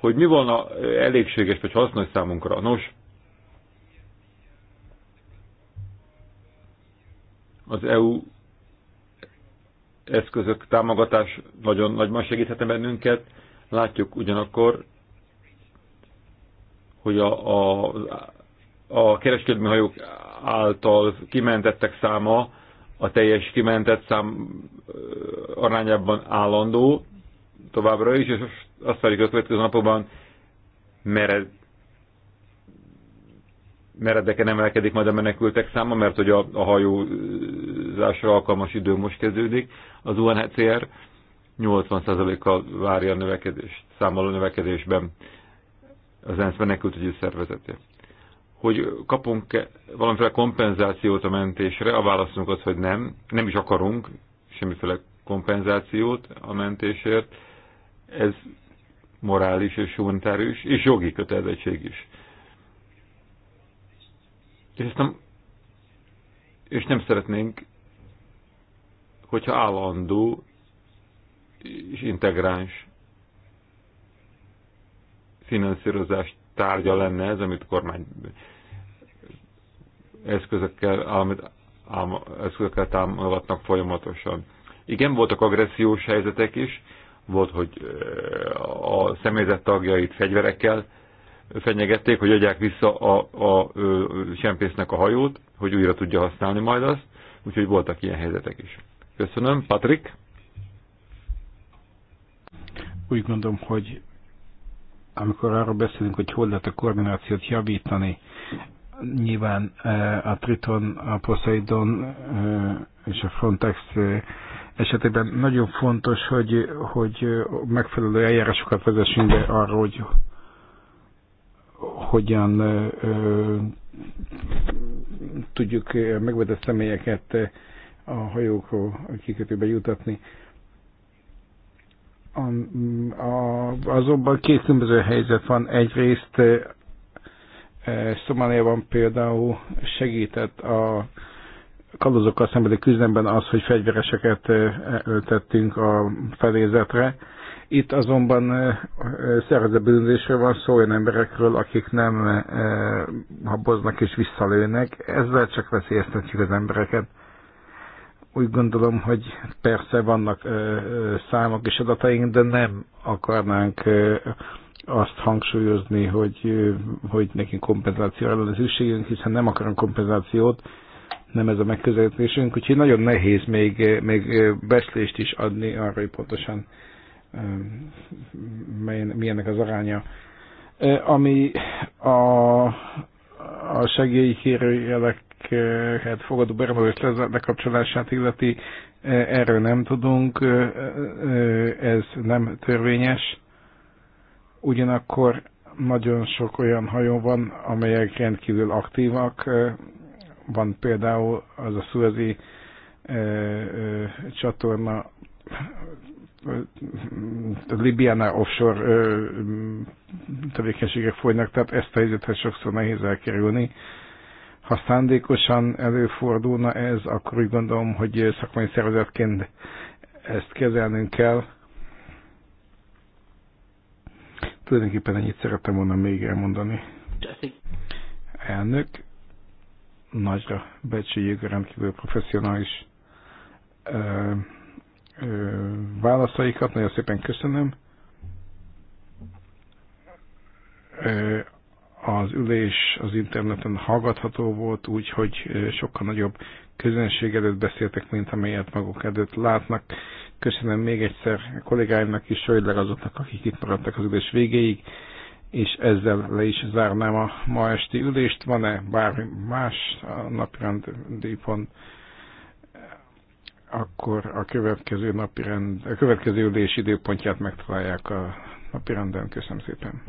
hogy mi volna elégséges vagy hasznos számunkra. Nos, az EU eszközök támogatás nagyon nagyban segíthetne bennünket. Látjuk ugyanakkor, hogy a, a, a kereskedelmi hajók által kimentettek száma a teljes kimentett szám arányában állandó, továbbra is, és azt várjuk a következő napokban, mered, meredeken emelkedik majd a menekültek száma, mert hogy a, a hajózásra alkalmas idő most kezdődik. Az UNHCR 80%-kal várja a növekedést, számoló növekedésben az ENSZ menekültügyi szervezeté. Hogy kapunk -e valamiféle kompenzációt a mentésre, a válaszunk az, hogy nem, nem is akarunk semmiféle kompenzációt a mentésért, ez morális és humanitárius, és jogi kötelezettség is. És, ezt nem, és nem szeretnénk, hogyha állandó és integráns finanszírozás tárgya lenne ez, amit a kormány eszközökkel, amit eszközökkel támogatnak folyamatosan. Igen, voltak agressziós helyzetek is, volt, hogy a személyzet tagjait fegyverekkel fenyegették, hogy adják vissza a, a, a sempésznek a hajót, hogy újra tudja használni majd azt, úgyhogy voltak ilyen helyzetek is. Köszönöm. Patrik? Úgy gondolom, hogy amikor arról beszélünk, hogy hol lehet a koordinációt javítani, nyilván a Triton, a Poseidon és a Frontex esetében nagyon fontos, hogy, hogy megfelelő eljárásokat vezessünk be arról, hogy hogyan ö, tudjuk megvetett személyeket a hajókról kikötőbe jutatni. A, a, azonban két különböző helyzet van. Egyrészt e, Szomáliában például segített a kalózokkal szembeni küzdemben az, hogy fegyvereseket öltettünk a felézetre. Itt azonban szervezett bűnözésről van szó olyan emberekről, akik nem haboznak és visszalőnek. Ezzel csak veszélyeztetjük az embereket. Úgy gondolom, hogy persze vannak számok és adataink, de nem akarnánk azt hangsúlyozni, hogy, hogy nekünk kompenzációra lenne szükségünk, hiszen nem akarunk kompenzációt, nem ez a megközelítésünk, úgyhogy nagyon nehéz még, még beszélést is adni arra, hogy pontosan milyennek az aránya. Ami a, a segélykérőjeleket fogadó berendezés lekapcsolását illeti, erről nem tudunk, ez nem törvényes. Ugyanakkor nagyon sok olyan hajó van, amelyek rendkívül aktívak van például az a szuezi csatorna, Libyánál offshore e, tevékenységek folynak, tehát ezt a helyzetet sokszor nehéz elkerülni. Ha szándékosan előfordulna ez, akkor úgy gondolom, hogy szakmai szervezetként ezt kezelnünk kell. Tulajdonképpen ennyit szerettem volna még elmondani. Elnök, nagyra becsüljük rendkívül professzionális ö, ö, válaszaikat. Nagyon szépen köszönöm. Ö, az ülés az interneten hallgatható volt, úgyhogy sokkal nagyobb közönség előtt beszéltek, mint amelyet maguk előtt látnak. Köszönöm még egyszer a kollégáimnak is, főleg azoknak, akik itt maradtak az ülés végéig és ezzel le is zárnám a ma esti ülést. Van-e bármi más a napirendi pont? Akkor a következő, napirend, a következő ülés időpontját megtalálják a napirenden. Köszönöm szépen!